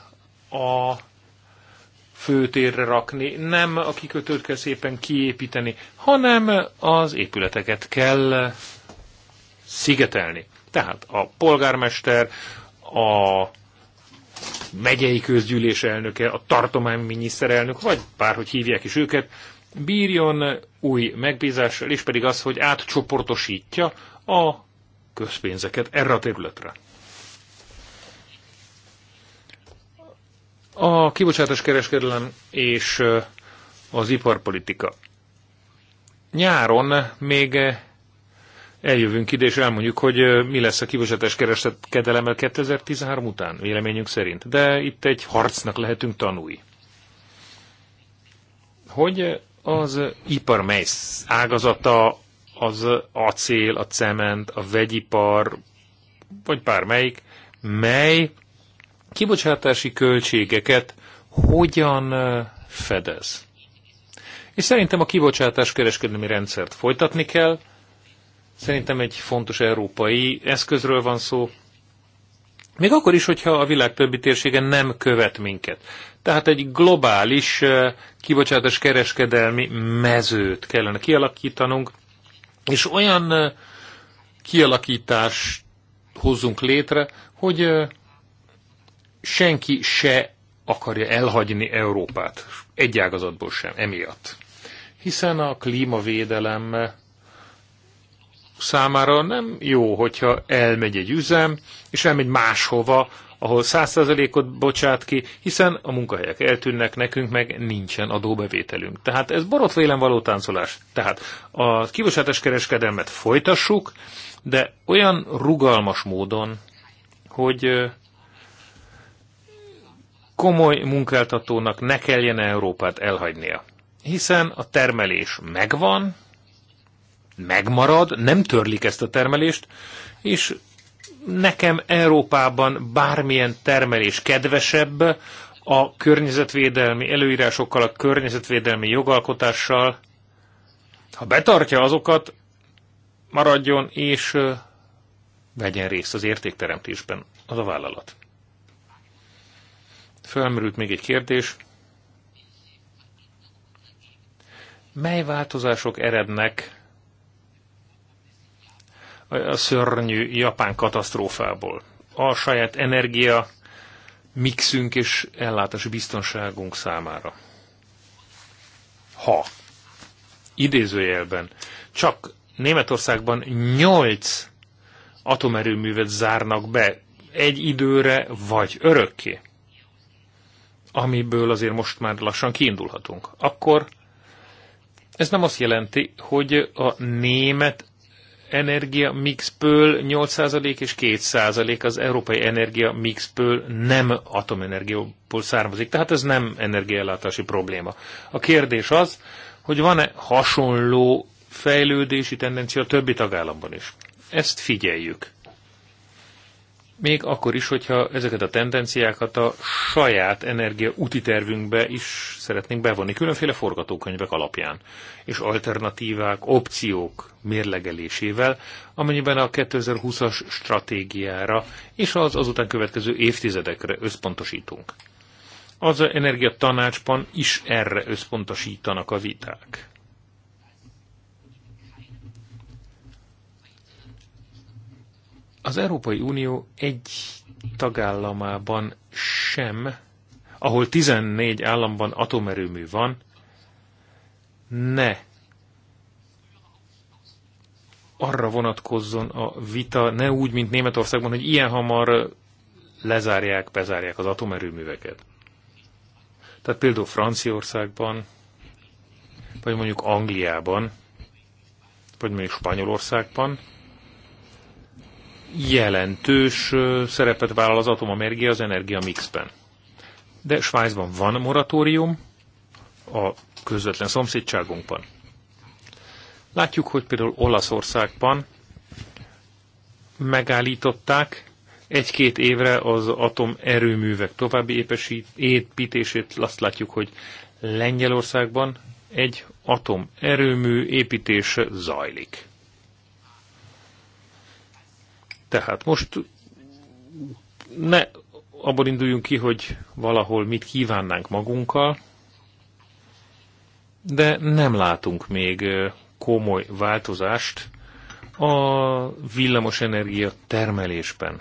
a főtérre rakni, nem a kikötőt kell szépen kiépíteni, hanem eh, az épületeket kell szigetelni. Tehát a polgármester, a megyei közgyűlés elnöke, a tartományminiszterelnök, vagy bárhogy hívják is őket, bírjon új megbízással, és pedig az, hogy átcsoportosítja a közpénzeket erre a területre. A kibocsátás kereskedelem és az iparpolitika. Nyáron még eljövünk ide, és elmondjuk, hogy mi lesz a kibocsátás kereskedelemmel 2013 után, véleményünk szerint. De itt egy harcnak lehetünk tanúi. Hogy az ipar mely ágazata, az acél, a cement, a vegyipar, vagy bármelyik, mely kibocsátási költségeket hogyan fedez. És szerintem a kibocsátás kereskedelmi rendszert folytatni kell. Szerintem egy fontos európai eszközről van szó. Még akkor is, hogyha a világ többi térsége nem követ minket. Tehát egy globális kibocsátás kereskedelmi mezőt kellene kialakítanunk, és olyan kialakítást hozzunk létre, hogy senki se akarja elhagyni Európát, egy ágazatból sem, emiatt. Hiszen a klímavédelem számára nem jó, hogyha elmegy egy üzem, és elmegy máshova, ahol 100%-ot bocsát ki, hiszen a munkahelyek eltűnnek, nekünk meg nincsen adóbevételünk. Tehát ez borotvélen való táncolás. Tehát a kibocsátás kereskedelmet folytassuk, de olyan rugalmas módon, hogy komoly munkáltatónak ne kelljen Európát elhagynia. Hiszen a termelés megvan, megmarad, nem törlik ezt a termelést, és nekem Európában bármilyen termelés kedvesebb a környezetvédelmi előírásokkal, a környezetvédelmi jogalkotással. Ha betartja azokat, maradjon és vegyen részt az értékteremtésben az a vállalat. Felmerült még egy kérdés. Mely változások erednek a szörnyű japán katasztrófából. A saját energia mixünk és ellátási biztonságunk számára. Ha idézőjelben csak Németországban nyolc atomerőművet zárnak be egy időre vagy örökké, amiből azért most már lassan kiindulhatunk, akkor ez nem azt jelenti, hogy a német energia mixből 8% és 2% az európai energia mixből nem atomenergiából származik. Tehát ez nem energiaellátási probléma. A kérdés az, hogy van-e hasonló fejlődési tendencia a többi tagállamban is. Ezt figyeljük még akkor is, hogyha ezeket a tendenciákat a saját energia úti tervünkbe is szeretnénk bevonni, különféle forgatókönyvek alapján, és alternatívák, opciók mérlegelésével, amennyiben a 2020-as stratégiára és az azután következő évtizedekre összpontosítunk. Az energia tanácsban is erre összpontosítanak a viták. Az Európai Unió egy tagállamában sem, ahol 14 államban atomerőmű van, ne arra vonatkozzon a vita, ne úgy, mint Németországban, hogy ilyen hamar lezárják, bezárják az atomerőműveket. Tehát például Franciaországban, vagy mondjuk Angliában, vagy mondjuk Spanyolországban jelentős szerepet vállal az atomenergia az mixben, De Svájcban van moratórium, a közvetlen szomszédságunkban. Látjuk, hogy például Olaszországban megállították egy-két évre az atomerőművek további építését. Azt látjuk, hogy Lengyelországban egy atomerőmű építése zajlik. Tehát most ne abból induljunk ki, hogy valahol mit kívánnánk magunkkal, de nem látunk még komoly változást a villamosenergia termelésben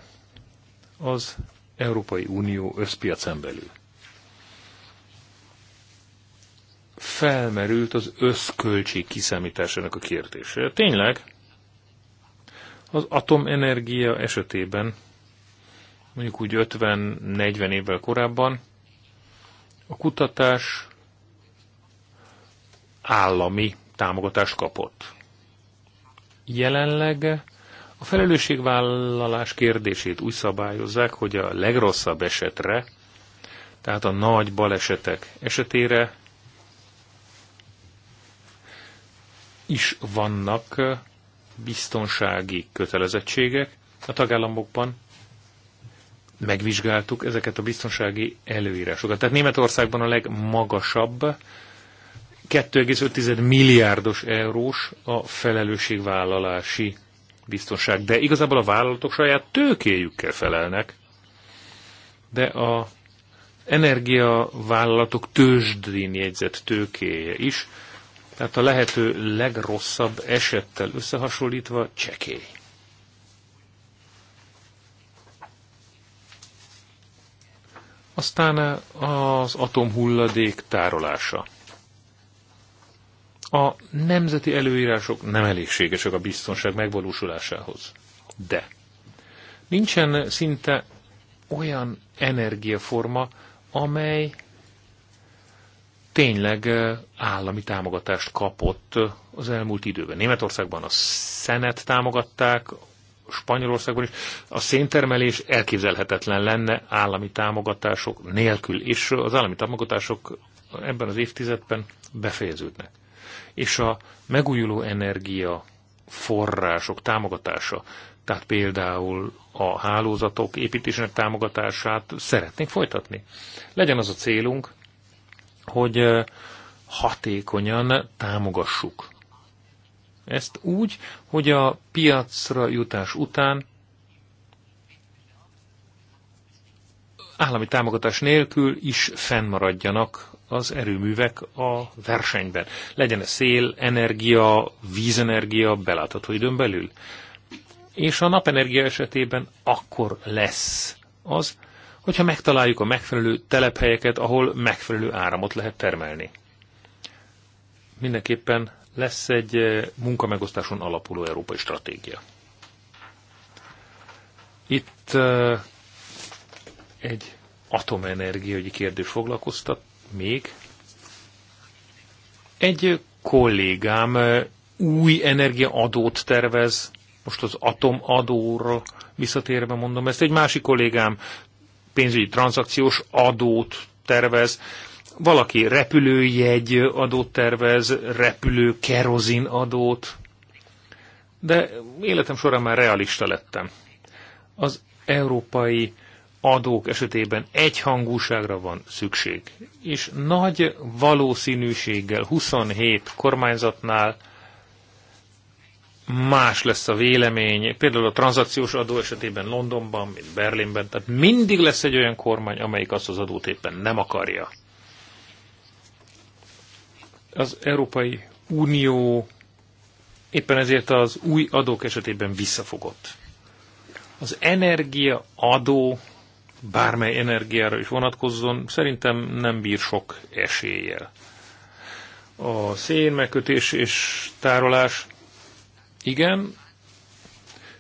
az Európai Unió összpiacen belül. Felmerült az összköltség kiszámításának a kérdése. Tényleg, az atomenergia esetében, mondjuk úgy 50-40 évvel korábban, a kutatás állami támogatást kapott. Jelenleg a felelősségvállalás kérdését úgy szabályozzák, hogy a legrosszabb esetre, tehát a nagy balesetek esetére is vannak biztonsági kötelezettségek a tagállamokban, megvizsgáltuk ezeket a biztonsági előírásokat. Tehát Németországban a legmagasabb 2,5 milliárdos eurós a felelősségvállalási biztonság. De igazából a vállalatok saját tőkéjükkel felelnek, de a energiavállalatok tőzsdén jegyzett tőkéje is tehát a lehető legrosszabb esettel összehasonlítva csekély. Aztán az atomhulladék tárolása. A nemzeti előírások nem elégségesek a biztonság megvalósulásához. De nincsen szinte olyan energiaforma, amely tényleg állami támogatást kapott az elmúlt időben. Németországban a szenet támogatták, Spanyolországban is. A széntermelés elképzelhetetlen lenne állami támogatások nélkül, és az állami támogatások ebben az évtizedben befejeződnek. És a megújuló energia források támogatása, tehát például a hálózatok építésének támogatását szeretnénk folytatni. Legyen az a célunk, hogy hatékonyan támogassuk. Ezt úgy, hogy a piacra jutás után állami támogatás nélkül is fennmaradjanak az erőművek a versenyben. Legyen ez szél, energia, vízenergia belátható időn belül. És a napenergia esetében akkor lesz az, hogyha megtaláljuk a megfelelő telephelyeket, ahol megfelelő áramot lehet termelni. Mindenképpen lesz egy eh, munkamegosztáson alapuló európai stratégia. Itt uh, egy atomenergiai kérdés foglalkoztat még. Egy eh, kollégám új energiaadót tervez, most az atomadóra visszatérve mondom ezt, egy másik kollégám pénzügyi tranzakciós adót tervez, valaki repülőjegy adót tervez, repülő kerozin adót, de életem során már realista lettem. Az európai adók esetében egyhangúságra van szükség, és nagy valószínűséggel 27 kormányzatnál más lesz a vélemény, például a tranzakciós adó esetében Londonban, mint Berlinben, tehát mindig lesz egy olyan kormány, amelyik azt az adót éppen nem akarja. Az Európai Unió éppen ezért az új adók esetében visszafogott. Az energia adó, bármely energiára is vonatkozzon, szerintem nem bír sok eséllyel. A szénmekötés és tárolás igen,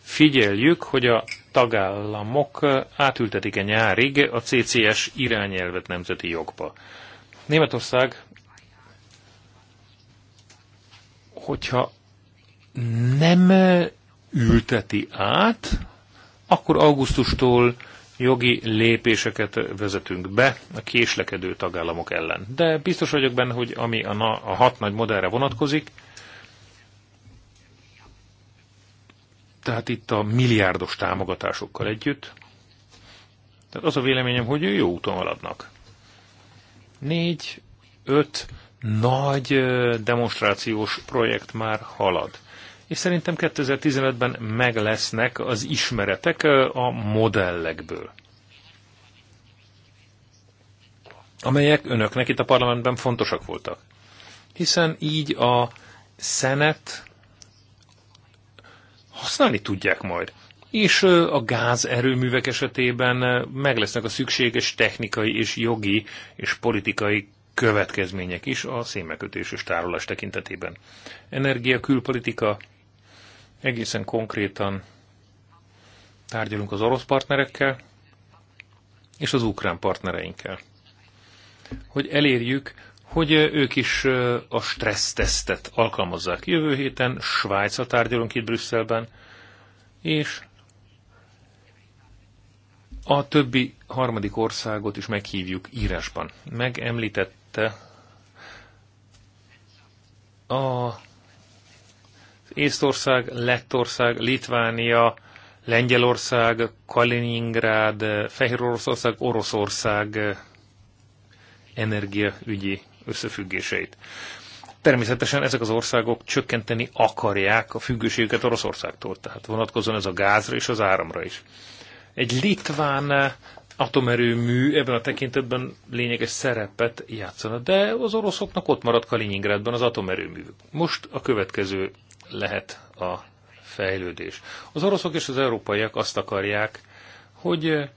figyeljük, hogy a tagállamok átültetik-e nyárig a CCS irányelvet nemzeti jogba. Németország, hogyha nem ülteti át, akkor augusztustól jogi lépéseket vezetünk be a késlekedő tagállamok ellen. De biztos vagyok benne, hogy ami a, na, a hat nagy modellre vonatkozik, tehát itt a milliárdos támogatásokkal együtt. Tehát az a véleményem, hogy jó úton haladnak. Négy, öt nagy demonstrációs projekt már halad. És szerintem 2015-ben meg lesznek az ismeretek a modellekből, amelyek önöknek itt a parlamentben fontosak voltak. Hiszen így a szenet használni tudják majd. És a gázerőművek esetében meg lesznek a szükséges technikai és jogi és politikai következmények is a és tárolás tekintetében. Energia, külpolitika, egészen konkrétan tárgyalunk az orosz partnerekkel és az ukrán partnereinkkel, hogy elérjük, hogy ők is a stressztesztet alkalmazzák. Jövő héten Svájca tárgyalunk itt Brüsszelben, és a többi harmadik országot is meghívjuk írásban. Megemlítette a Észtország, Lettország, Litvánia, Lengyelország, Kaliningrád, Fehér Oroszország, Oroszország energiaügyi összefüggéseit. Természetesen ezek az országok csökkenteni akarják a függőségüket Oroszországtól, tehát vonatkozóan ez a gázra és az áramra is. Egy litván atomerőmű ebben a tekintetben lényeges szerepet játszana, de az oroszoknak ott maradt Kaliningrádban az atomerőmű. Most a következő lehet a fejlődés. Az oroszok és az európaiak azt akarják, hogy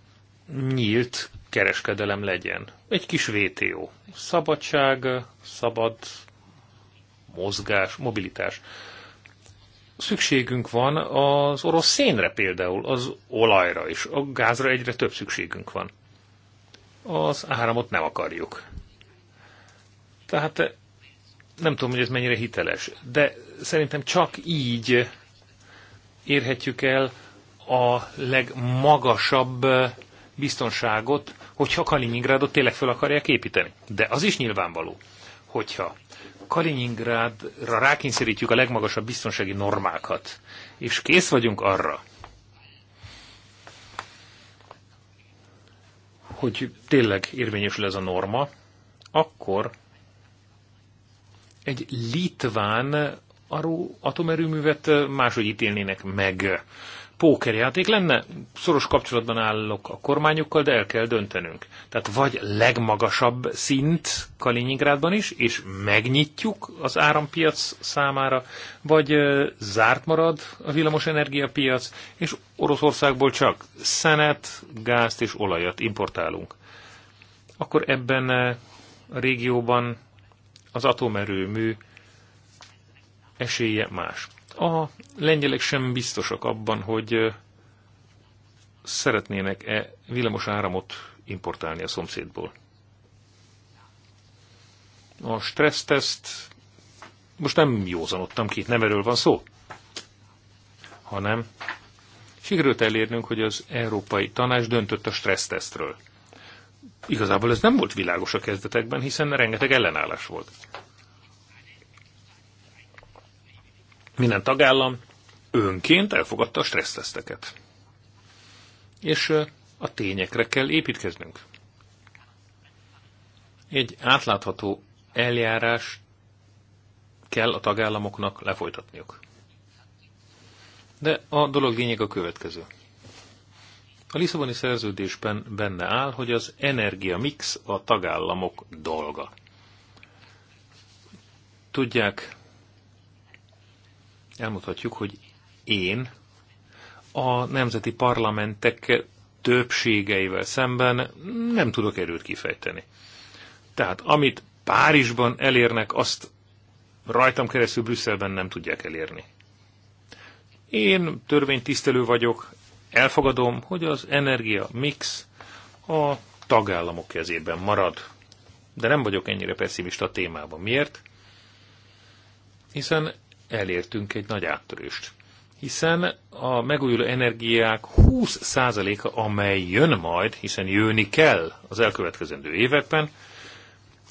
nyílt kereskedelem legyen. Egy kis VTO. Szabadság, szabad mozgás, mobilitás. Szükségünk van az orosz szénre például, az olajra is a gázra egyre több szükségünk van. Az áramot nem akarjuk. Tehát eh, nem tudom, hogy ez mennyire hiteles, de szerintem csak így érhetjük el a legmagasabb eh, biztonságot hogyha Kaliningrádot tényleg fel akarják építeni. De az is nyilvánvaló, hogyha Kaliningrádra rákényszerítjük a legmagasabb biztonsági normákat, és kész vagyunk arra, hogy tényleg érvényesül ez a norma, akkor egy litván arról atomerőművet máshogy ítélnének meg pókerjáték lenne, szoros kapcsolatban állok a kormányokkal, de el kell döntenünk. Tehát vagy legmagasabb szint Kaliningrádban is, és megnyitjuk az árampiac számára, vagy zárt marad a villamos energiapiac, és Oroszországból csak szenet, gázt és olajat importálunk. Akkor ebben a régióban az atomerőmű esélye más. A lengyelek sem biztosak abban, hogy szeretnének-e villamos áramot importálni a szomszédból. A stresszteszt most nem józanodtam ki, nem erről van szó, hanem sikerült elérnünk, hogy az Európai Tanács döntött a stressztesztről. Igazából ez nem volt világos a kezdetekben, hiszen rengeteg ellenállás volt. minden tagállam önként elfogadta a stresszteszteket. És a tényekre kell építkeznünk. Egy átlátható eljárás kell a tagállamoknak lefolytatniuk. De a dolog lényeg a következő. A Lisszaboni szerződésben benne áll, hogy az energia mix a tagállamok dolga. Tudják, elmutatjuk, hogy én a nemzeti parlamentek többségeivel szemben nem tudok erőt kifejteni. Tehát amit Párizsban elérnek, azt rajtam keresztül Brüsszelben nem tudják elérni. Én törvénytisztelő vagyok, elfogadom, hogy az energia mix a tagállamok kezében marad. De nem vagyok ennyire pessimista a témában. Miért? Hiszen elértünk egy nagy áttörést. Hiszen a megújuló energiák 20%-a, amely jön majd, hiszen jönni kell az elkövetkezendő években,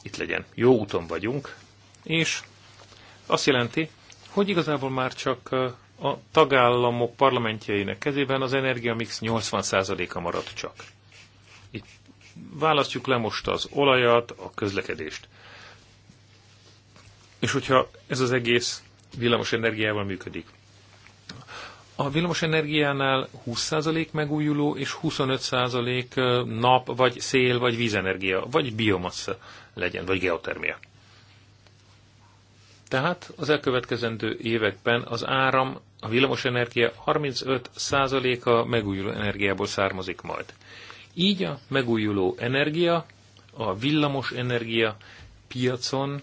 itt legyen, jó úton vagyunk, és azt jelenti, hogy igazából már csak uh, a tagállamok parlamentjeinek kezében az energiamix 80%-a marad csak. Itt választjuk le most az olajat, a közlekedést. És hogyha ez az egész villamos energiával működik. A villamos energiánál 20% megújuló és 25% nap, vagy szél, vagy vízenergia, vagy biomassa legyen, vagy geotermia. Tehát az elkövetkezendő években az áram, a energia 35%-a megújuló energiából származik majd. Így a megújuló energia, a villamos energia piacon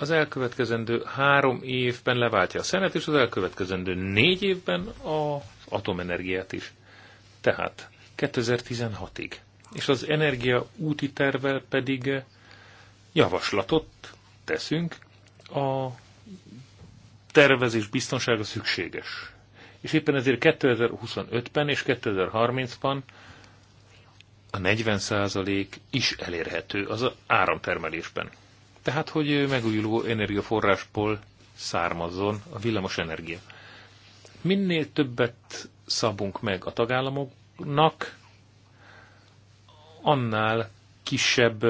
az elkövetkezendő három évben leváltja a szenet, és az elkövetkezendő négy évben az atomenergiát is. Tehát 2016-ig. És az energia úti tervel pedig javaslatot teszünk a tervezés biztonsága szükséges. És éppen ezért 2025-ben és 2030-ban a 40% is elérhető az áramtermelésben tehát hogy megújuló energiaforrásból származzon a villamos energia. Minél többet szabunk meg a tagállamoknak, annál kisebb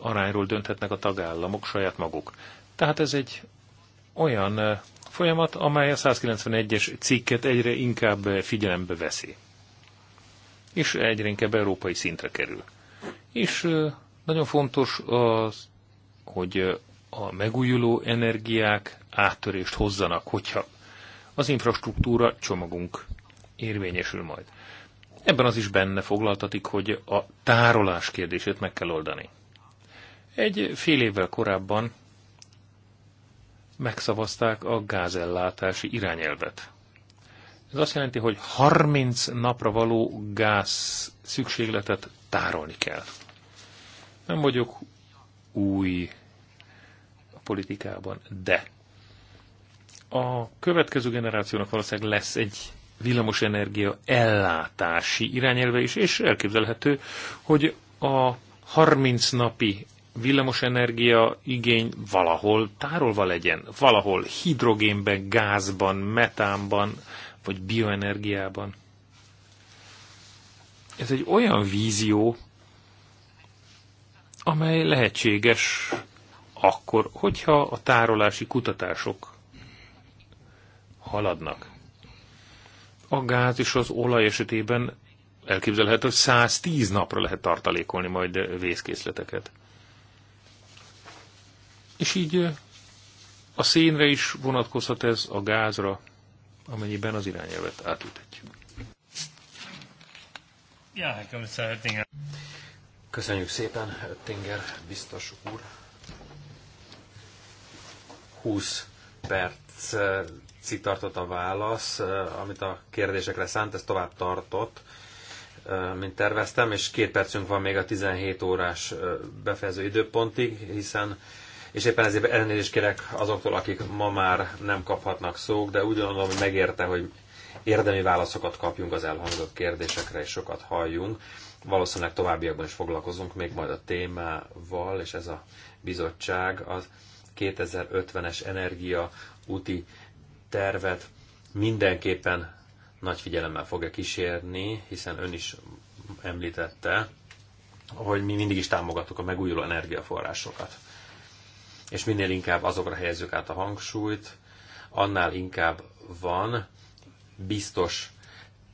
arányról dönthetnek a tagállamok saját maguk. Tehát ez egy olyan folyamat, amely a 191-es cikket egyre inkább figyelembe veszi. És egyre inkább európai szintre kerül. És nagyon fontos az hogy a megújuló energiák áttörést hozzanak, hogyha az infrastruktúra csomagunk érvényesül majd. Ebben az is benne foglaltatik, hogy a tárolás kérdését meg kell oldani. Egy fél évvel korábban megszavazták a gázellátási irányelvet. Ez azt jelenti, hogy 30 napra való gáz szükségletet tárolni kell. Nem vagyok új a politikában, de a következő generációnak valószínűleg lesz egy villamosenergia ellátási irányelve is, és elképzelhető, hogy a 30 napi villamosenergia igény valahol tárolva legyen, valahol hidrogénben, gázban, metánban, vagy bioenergiában. Ez egy olyan vízió, amely lehetséges akkor, hogyha a tárolási kutatások haladnak. A gáz és az olaj esetében elképzelhető, hogy 110 napra lehet tartalékolni majd vészkészleteket. És így a szénre is vonatkozhat ez, a gázra, amennyiben az irányelvet átültetjük. Ja, Herr Kommissar Oettinger. Köszönjük szépen, Öttinger, biztos úr. 20 perc eh, tartott a válasz, eh, amit a kérdésekre szánt, ez tovább tartott, eh, mint terveztem, és két percünk van még a 17 órás befejező időpontig, hiszen és éppen ezért elnézést kérek azoktól, akik ma már nem kaphatnak szók, de úgy gondolom, hogy megérte, hogy érdemi válaszokat kapjunk az elhangzott kérdésekre, és sokat halljunk. Valószínűleg továbbiakban is foglalkozunk még majd a témával, és ez a bizottság az 2050-es energia úti tervet mindenképpen nagy figyelemmel fogja kísérni, hiszen ön is említette, hogy mi mindig is támogattuk a megújuló energiaforrásokat. És minél inkább azokra helyezzük át a hangsúlyt, annál inkább van biztos,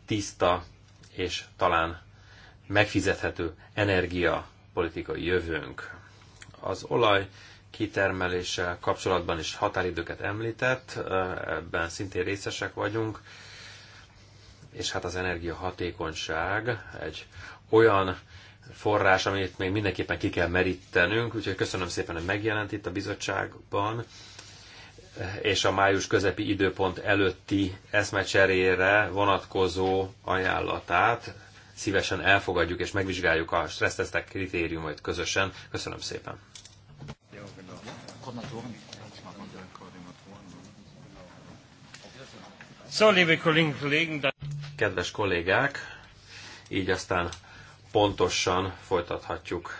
tiszta és talán megfizethető energiapolitikai jövőnk. Az olaj kitermeléssel kapcsolatban is határidőket említett, ebben szintén részesek vagyunk, és hát az energiahatékonyság egy olyan forrás, amit még mindenképpen ki kell merítenünk, úgyhogy köszönöm szépen, hogy megjelent itt a bizottságban, és a május közepi időpont előtti eszmecserére vonatkozó ajánlatát szívesen elfogadjuk és megvizsgáljuk a stressztesztek kritériumait közösen. Köszönöm szépen! Kedves kollégák, így aztán pontosan folytathatjuk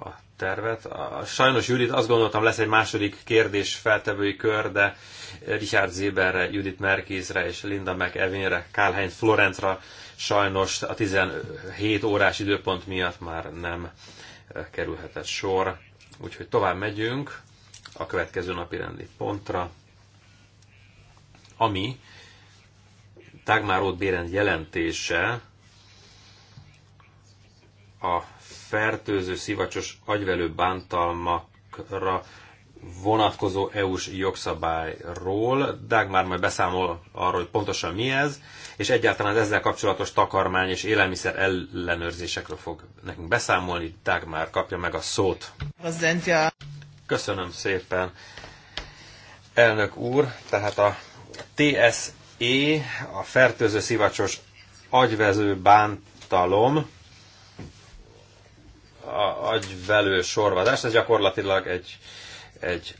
a tervet. A, sajnos Judit, azt gondoltam lesz egy második kérdés feltevői kör, de Richard Zéberre, Judit Merkizre és Linda McEvinre, Karl-Heinz Florencra sajnos a 17 órás időpont miatt már nem eh, kerülhetett sor. Úgyhogy tovább megyünk a következő napi rendi pontra, ami Tágmárót Bérend jelentése a fertőző szivacsos agyvelő bántalmakra vonatkozó EU-s jogszabályról. Dagmar majd beszámol arról, hogy pontosan mi ez, és egyáltalán az ezzel kapcsolatos takarmány és élelmiszer ellenőrzésekről fog nekünk beszámolni. Dagmar kapja meg a szót. Köszönöm szépen, elnök úr. Tehát a TSE, a fertőző szivacsos agyvező bántalom, a agyvelő sorvadás, ez gyakorlatilag egy egy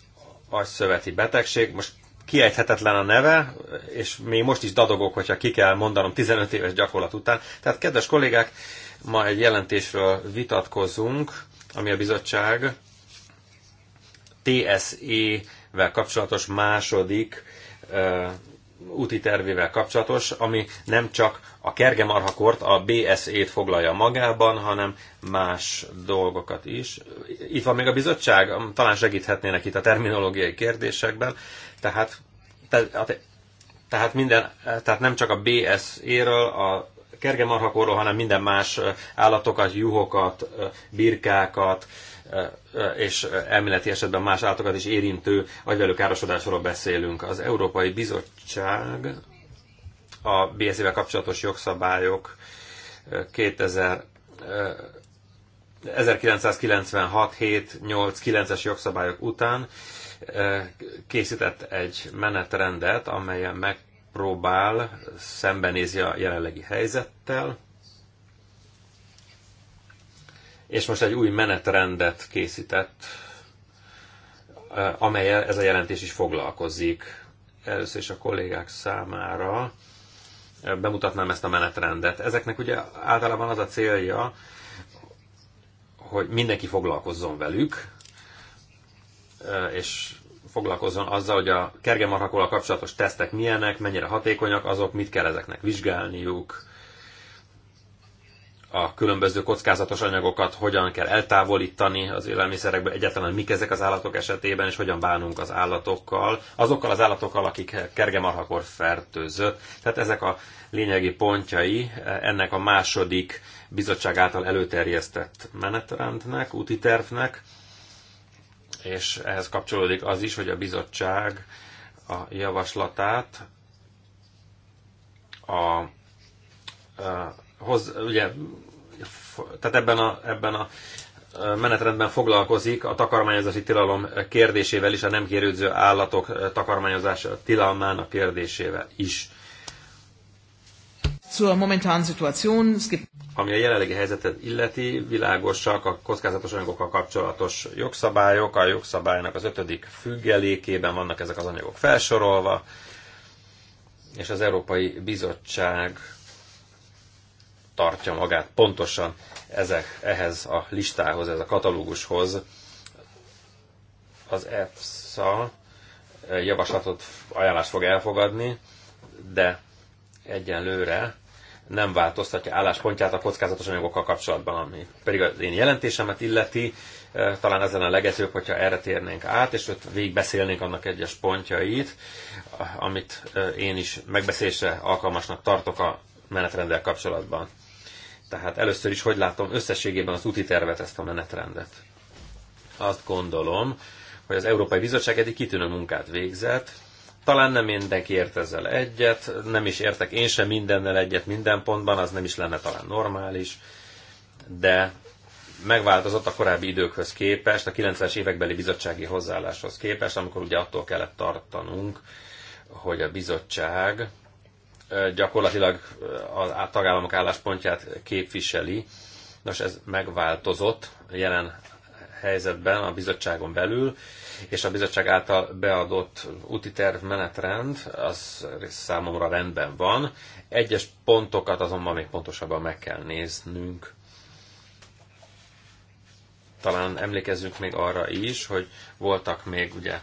agyszöveti betegség, most kiejthetetlen a neve, és még most is dadogok, hogyha ki kell mondanom 15 éves gyakorlat után. Tehát, kedves kollégák, ma egy jelentésről vitatkozunk, ami a bizottság TSE-vel kapcsolatos második úti tervével kapcsolatos, ami nem csak a kergemarhakort, a BSE-t foglalja magában, hanem más dolgokat is. Itt van még a bizottság, talán segíthetnének itt a terminológiai kérdésekben, tehát, tehát, tehát, minden, tehát nem csak a BSE-ről, a kergemarhakorról, hanem minden más állatokat, juhokat, birkákat, és elméleti esetben más állatokat is érintő agyvelőkárosodásról beszélünk. Az Európai Bizottság a BSZ-vel kapcsolatos jogszabályok 2000 1996 7 8 9-es jogszabályok után készített egy menetrendet, amelyen megpróbál szembenézni a jelenlegi helyzettel, és most egy új menetrendet készített, eh, amelyel ez a jelentés is foglalkozik. Először is a kollégák számára eh, bemutatnám ezt a menetrendet. Ezeknek ugye általában az a célja, hogy mindenki foglalkozzon velük, eh, és foglalkozzon azzal, hogy a kergemarhakóval kapcsolatos tesztek milyenek, mennyire hatékonyak azok, mit kell ezeknek vizsgálniuk, a különböző kockázatos anyagokat hogyan kell eltávolítani az élelmiszerekből, egyáltalán mik ezek az állatok esetében, és hogyan bánunk az állatokkal, azokkal az állatokkal, akik kergemarhakor fertőzött. Tehát ezek a lényegi pontjai ennek a második bizottság által előterjesztett menetrendnek, úti tervnek, és ehhez kapcsolódik az is, hogy a bizottság a javaslatát a, a hoz, ugye, tehát ebben a, ebben a menetrendben foglalkozik a takarmányozási tilalom kérdésével is, a nem kérődző állatok takarmányozása tilalmának kérdésével is. Zur momentanen Situation, es gibt ami a jelenlegi helyzetet illeti, világosak a kockázatos anyagokkal kapcsolatos jogszabályok, a jogszabálynak az ötödik függelékében vannak ezek az anyagok felsorolva, és az Európai Bizottság tartja magát pontosan ezek, ehhez a listához, ez a katalógushoz. Az EFSA javaslatot, ajánlást fog elfogadni, de egyenlőre nem változtatja álláspontját a kockázatos anyagokkal kapcsolatban, ami pedig az én jelentésemet illeti. Eh, talán ezen a legetőbb, hogyha erre térnénk át, és ott végigbeszélnénk annak egyes pontjait, amit eh, én is megbeszélésre alkalmasnak tartok a menetrenddel kapcsolatban. Tehát először is, hogy látom összességében az úti tervet, ezt a menetrendet. Azt gondolom, hogy az Európai Bizottság eddig kitűnő munkát végzett, talán nem mindenki ért ezzel egyet, nem is értek én sem mindennel egyet minden pontban, az nem is lenne talán normális, de megváltozott a korábbi időkhöz képest, a 90-es évekbeli bizottsági hozzáálláshoz képest, amikor ugye attól kellett tartanunk, hogy a bizottság gyakorlatilag a tagállamok álláspontját képviseli. Nos, ez megváltozott jelen helyzetben a bizottságon belül, és a bizottság által beadott úti terv menetrend az számomra rendben van. Egyes pontokat azonban még pontosabban meg kell néznünk. Talán emlékezzünk még arra is, hogy voltak még ugye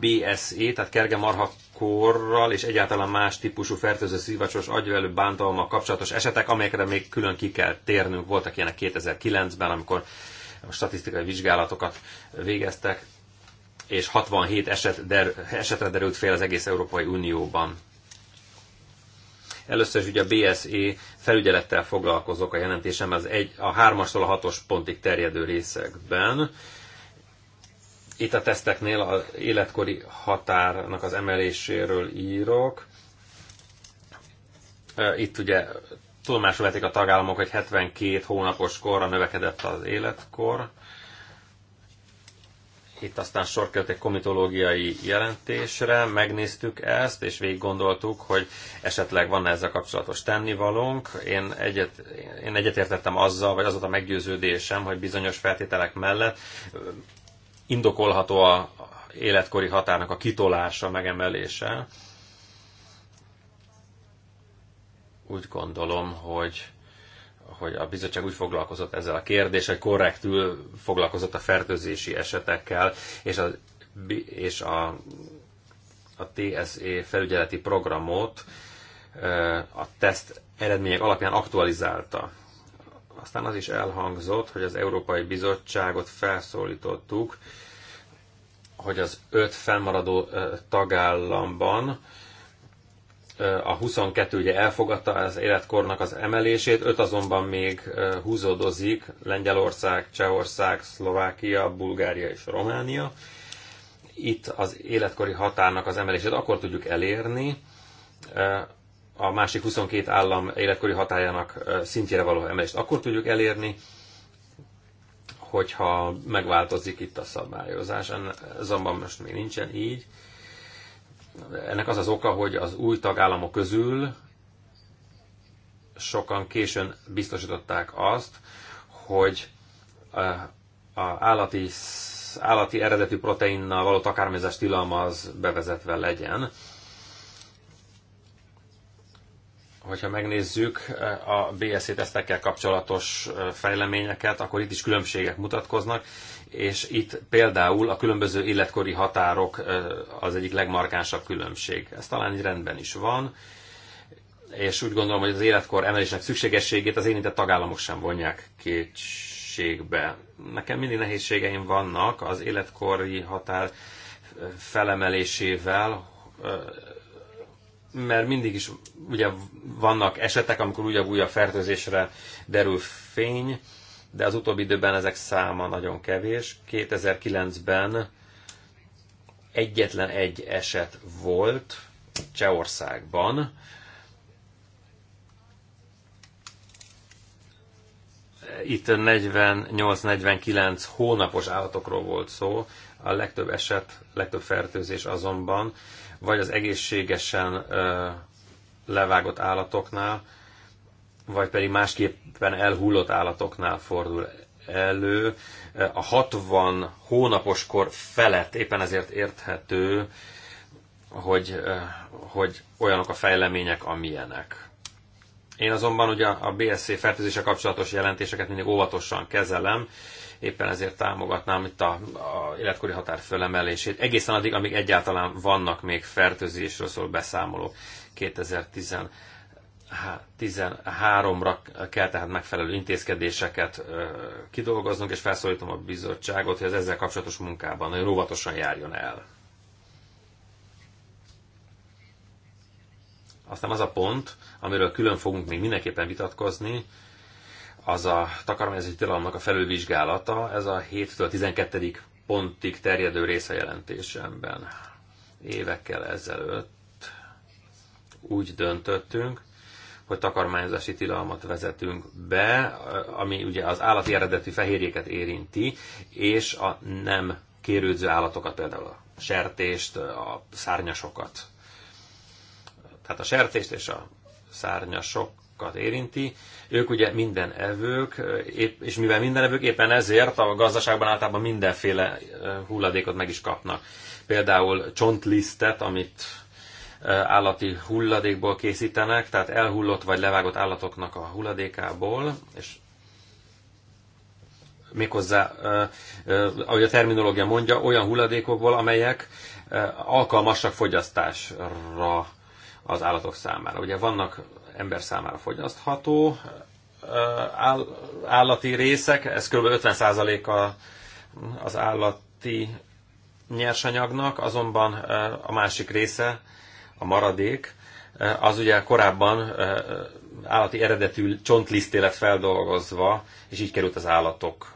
BSE, tehát Marha korral és egyáltalán más típusú fertőző szívacsos agyvelő bántalommal kapcsolatos esetek, amelyekre még külön ki kell térnünk. Voltak ilyenek 2009-ben, amikor a statisztikai vizsgálatokat végeztek, és 67 eset der, esetre derült fél az egész Európai Unióban. Először is ugye a BSE felügyelettel foglalkozok a jelentésemben az egy, a 3-astól a 6-os pontig terjedő részekben. Itt a teszteknél az életkori határnak az emeléséről írok. Itt ugye tudomásul vették a tagállamok, hogy 72 hónapos korra növekedett az életkor. Itt aztán sor került egy komitológiai jelentésre, megnéztük ezt, és végig gondoltuk, hogy esetleg van -e ezzel kapcsolatos tennivalónk. Én, egyet, én egyetértettem azzal, vagy az volt a meggyőződésem, hogy bizonyos feltételek mellett indokolható a életkori határnak a kitolása, megemelése. Úgy gondolom, hogy hogy a bizottság úgy foglalkozott ezzel a kérdéssel, hogy korrektül foglalkozott a fertőzési esetekkel, és a, és a, a TSE felügyeleti programot a teszt eredmények alapján aktualizálta. Aztán az is elhangzott, hogy az Európai Bizottságot felszólítottuk, hogy az öt fennmaradó tagállamban a 22 ugye elfogadta az életkornak az emelését, öt azonban még húzódozik, Lengyelország, Csehország, Szlovákia, Bulgária és Románia. Itt az életkori határnak az emelését akkor tudjuk elérni, a másik 22 állam életkori hatájának szintjére való emelést akkor tudjuk elérni, hogyha megváltozik itt a szabályozás. Azonban most még nincsen így. Ennek az az oka, hogy az új tagállamok közül sokan későn biztosították azt, hogy a állati, állati eredetű proteinnal való takármezás tilalma az bevezetve legyen hogyha megnézzük eh, a BSC tesztekkel kapcsolatos eh, fejleményeket, akkor itt is különbségek mutatkoznak, és itt például a különböző illetkori határok eh, az egyik legmarkánsabb különbség. Ez talán így rendben is van, és úgy gondolom, hogy az életkor emelésnek szükségességét az érintett tagállamok sem vonják kétségbe. Nekem mindig nehézségeim vannak az életkori határ felemelésével, mert mindig is ugye vannak esetek, amikor újabb újabb fertőzésre derül fény, de az utóbbi időben ezek száma nagyon kevés. 2009-ben egyetlen egy eset volt Csehországban, itt 48-49 hónapos állatokról volt szó, a legtöbb eset, legtöbb fertőzés azonban vagy az egészségesen levágott állatoknál, vagy pedig másképpen elhullott állatoknál fordul elő. A 60 hónapos kor felett éppen ezért érthető, hogy, hogy olyanok a fejlemények, amilyenek. Én azonban ugye a BSC fertőzése kapcsolatos jelentéseket mindig óvatosan kezelem, éppen ezért támogatnám itt a, a életkori határ fölemelését. Egészen addig, amíg egyáltalán vannak még fertőzésről szóló beszámolók 2010 13-ra kell tehát megfelelő intézkedéseket kidolgoznunk, és felszólítom a bizottságot, hogy az ezzel kapcsolatos munkában nagyon óvatosan járjon el. Aztán az a pont, amiről külön fogunk még mindenképpen vitatkozni, az a takarmányozási tilalomnak a felülvizsgálata, ez a 7-től 12. pontig terjedő része jelentésemben. Évekkel ezelőtt úgy döntöttünk, hogy takarmányozási tilalmat vezetünk be, ami ugye az állati eredetű fehérjéket érinti, és a nem kérődző állatokat, például a sertést, a szárnyasokat tehát a sertést és a szárnyasokat érinti. Ők ugye minden evők, és mivel minden evők, éppen ezért a gazdaságban általában mindenféle hulladékot meg is kapnak. Például csontlisztet, amit állati hulladékból készítenek, tehát elhullott vagy levágott állatoknak a hulladékából, és méghozzá, ahogy a terminológia mondja, olyan hulladékokból, amelyek alkalmasak fogyasztásra az állatok számára. Ugye vannak ember számára fogyasztható állati részek, ez kb. 50%-a az állati nyersanyagnak, azonban a másik része, a maradék, az ugye korábban állati eredetű csontliszté lett feldolgozva, és így került az állatok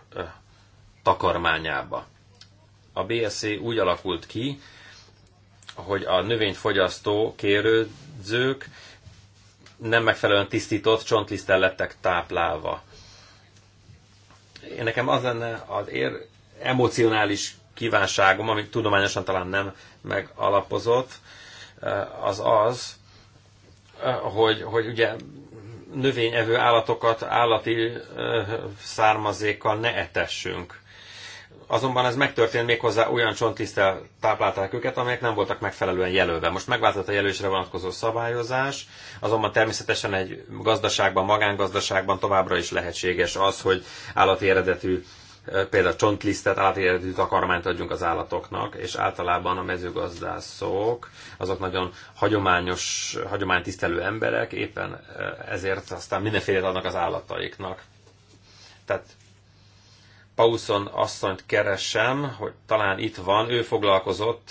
takarmányába. A BSC úgy alakult ki, hogy a növényfogyasztó fogyasztó kérődzők nem megfelelően tisztított csontlisztel lettek táplálva. Én nekem az lenne az ér, emocionális kívánságom, ami tudományosan talán nem megalapozott, eh, az az, eh, hogy, hogy ugye növényevő állatokat állati eh, származékkal ne etessünk azonban ez megtörtént méghozzá olyan csonttisztel táplálták őket, amelyek nem voltak megfelelően jelölve. Most megváltozott a jelölésre vonatkozó szabályozás, azonban természetesen egy gazdaságban, magángazdaságban továbbra is lehetséges az, hogy állati eredetű például csontlisztet, állati eredetű takarmányt adjunk az állatoknak, és általában a mezőgazdászok, azok nagyon hagyományos, hagyománytisztelő emberek, éppen ezért aztán mindenféle adnak az állataiknak. Tehát Pauson asszonyt keresem, hogy talán itt van, ő foglalkozott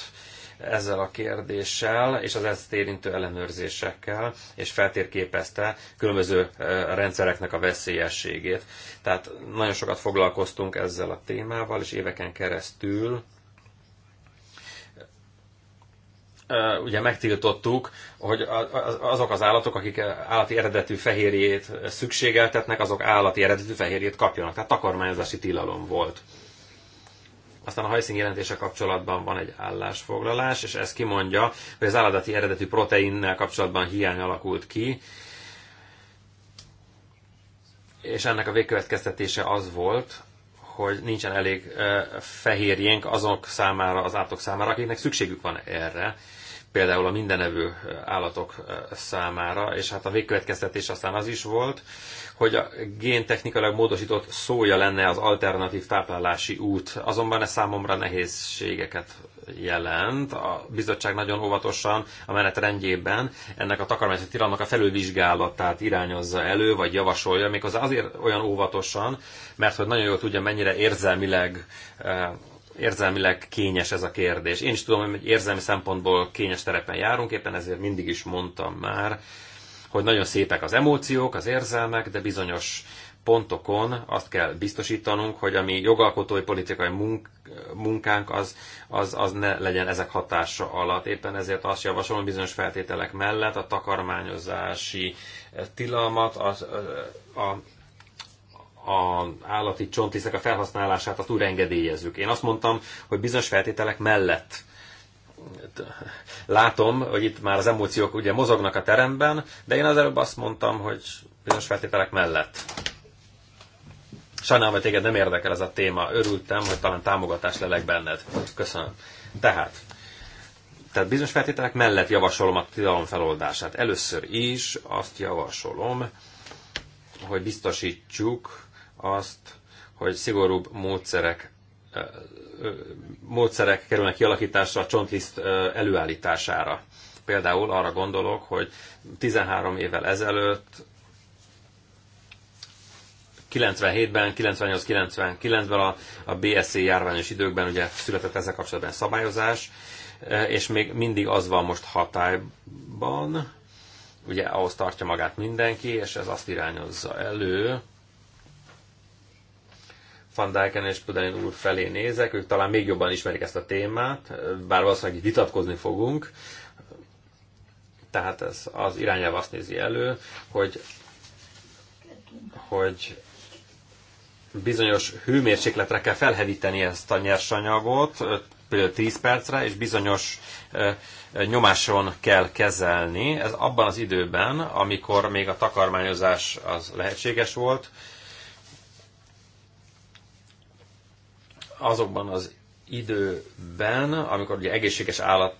ezzel a kérdéssel, és az ezt érintő ellenőrzésekkel, és feltérképezte különböző rendszereknek a veszélyességét. Tehát nagyon sokat foglalkoztunk ezzel a témával, és éveken keresztül ugye megtiltottuk, hogy azok az állatok, akik állati eredetű fehérjét szükségeltetnek, azok állati eredetű fehérjét kapjanak. Tehát takarmányozási tilalom volt. Aztán a hajszín jelentése kapcsolatban van egy állásfoglalás, és ez kimondja, hogy az állati eredetű proteinnel kapcsolatban hiány alakult ki, és ennek a végkövetkeztetése az volt, hogy nincsen elég fehérjénk azok számára, az állatok számára, akiknek szükségük van erre például a mindenevő állatok számára, és hát a végkövetkeztetés aztán az is volt, hogy a géntechnikailag módosított szója lenne az alternatív táplálási út, azonban ez számomra nehézségeket jelent. A bizottság nagyon óvatosan a rendjében, ennek a takarmányzati tilalomnak a felülvizsgálatát irányozza elő, vagy javasolja, méghozzá azért olyan óvatosan, mert hogy nagyon jól tudja, mennyire érzelmileg érzelmileg kényes ez a kérdés. Én is tudom, hogy érzelmi szempontból kényes terepen járunk, éppen ezért mindig is mondtam már, hogy nagyon szépek az emóciók, az érzelmek, de bizonyos pontokon azt kell biztosítanunk, hogy a mi jogalkotói politikai munk, munkánk az, az, az ne legyen ezek hatása alatt. Éppen ezért azt javasolom bizonyos feltételek mellett a takarmányozási tilalmat, az, a, a a állati csontiszek a felhasználását a újra engedélyezzük. Én azt mondtam, hogy bizonyos feltételek mellett látom, hogy itt már az emóciók ugye mozognak a teremben, de én az előbb azt mondtam, hogy bizonyos feltételek mellett. Sajnálom, hogy téged nem érdekel ez a téma. Örültem, hogy talán támogatás lelek benned. Köszönöm. Tehát, tehát bizonyos feltételek mellett javasolom a tilalom feloldását. Először is azt javasolom, hogy biztosítsuk, azt, hogy szigorúbb módszerek módszerek kerülnek kialakításra a csontliszt előállítására. Például arra gondolok, hogy 13 évvel ezelőtt 97-ben, 98-99-ben a, a BSC járványos időkben ugye született ezzel kapcsolatban szabályozás, és még mindig az van most hatályban, ugye ahhoz tartja magát mindenki, és ez azt irányozza elő, van Dijken és Pudelin úr felé nézek, ők talán még jobban ismerik ezt a témát, bár valószínűleg vitatkozni fogunk. Tehát ez az irányelv azt nézi elő, hogy, hogy bizonyos hőmérsékletre kell felhevíteni ezt a nyersanyagot, például 10 percre, és bizonyos nyomáson kell kezelni. Ez abban az időben, amikor még a takarmányozás az lehetséges volt, azokban az időben, amikor ugye egészséges állat,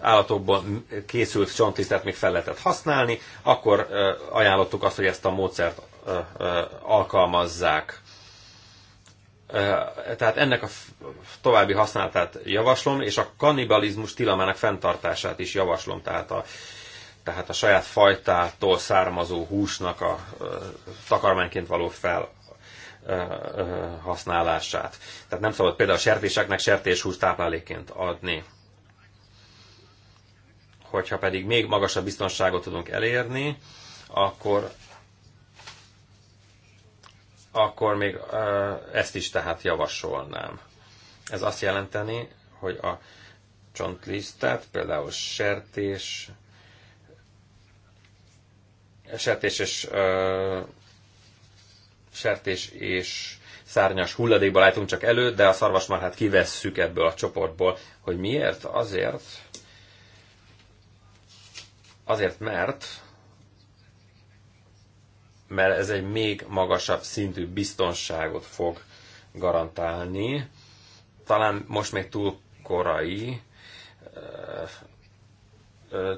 állatokban készült csontlisztet még fel lehetett használni, akkor ajánlottuk azt, hogy ezt a módszert alkalmazzák. Tehát ennek a további használatát javaslom, és a kannibalizmus tilamának fenntartását is javaslom, tehát a, tehát a saját fajtától származó húsnak a takarmányként való fel használását. Tehát nem szabad például a sertéseknek sertéshús táplálékként adni. Hogyha pedig még magasabb biztonságot tudunk elérni, akkor akkor még ezt is tehát javasolnám. Ez azt jelenteni, hogy a csontlisztet, például sertés, sertés és sertés és szárnyas hulladékba látunk csak elő, de a szarvasmarhát kivesszük ebből a csoportból. Hogy miért? Azért, azért mert, mert ez egy még magasabb szintű biztonságot fog garantálni. Talán most még túl korai,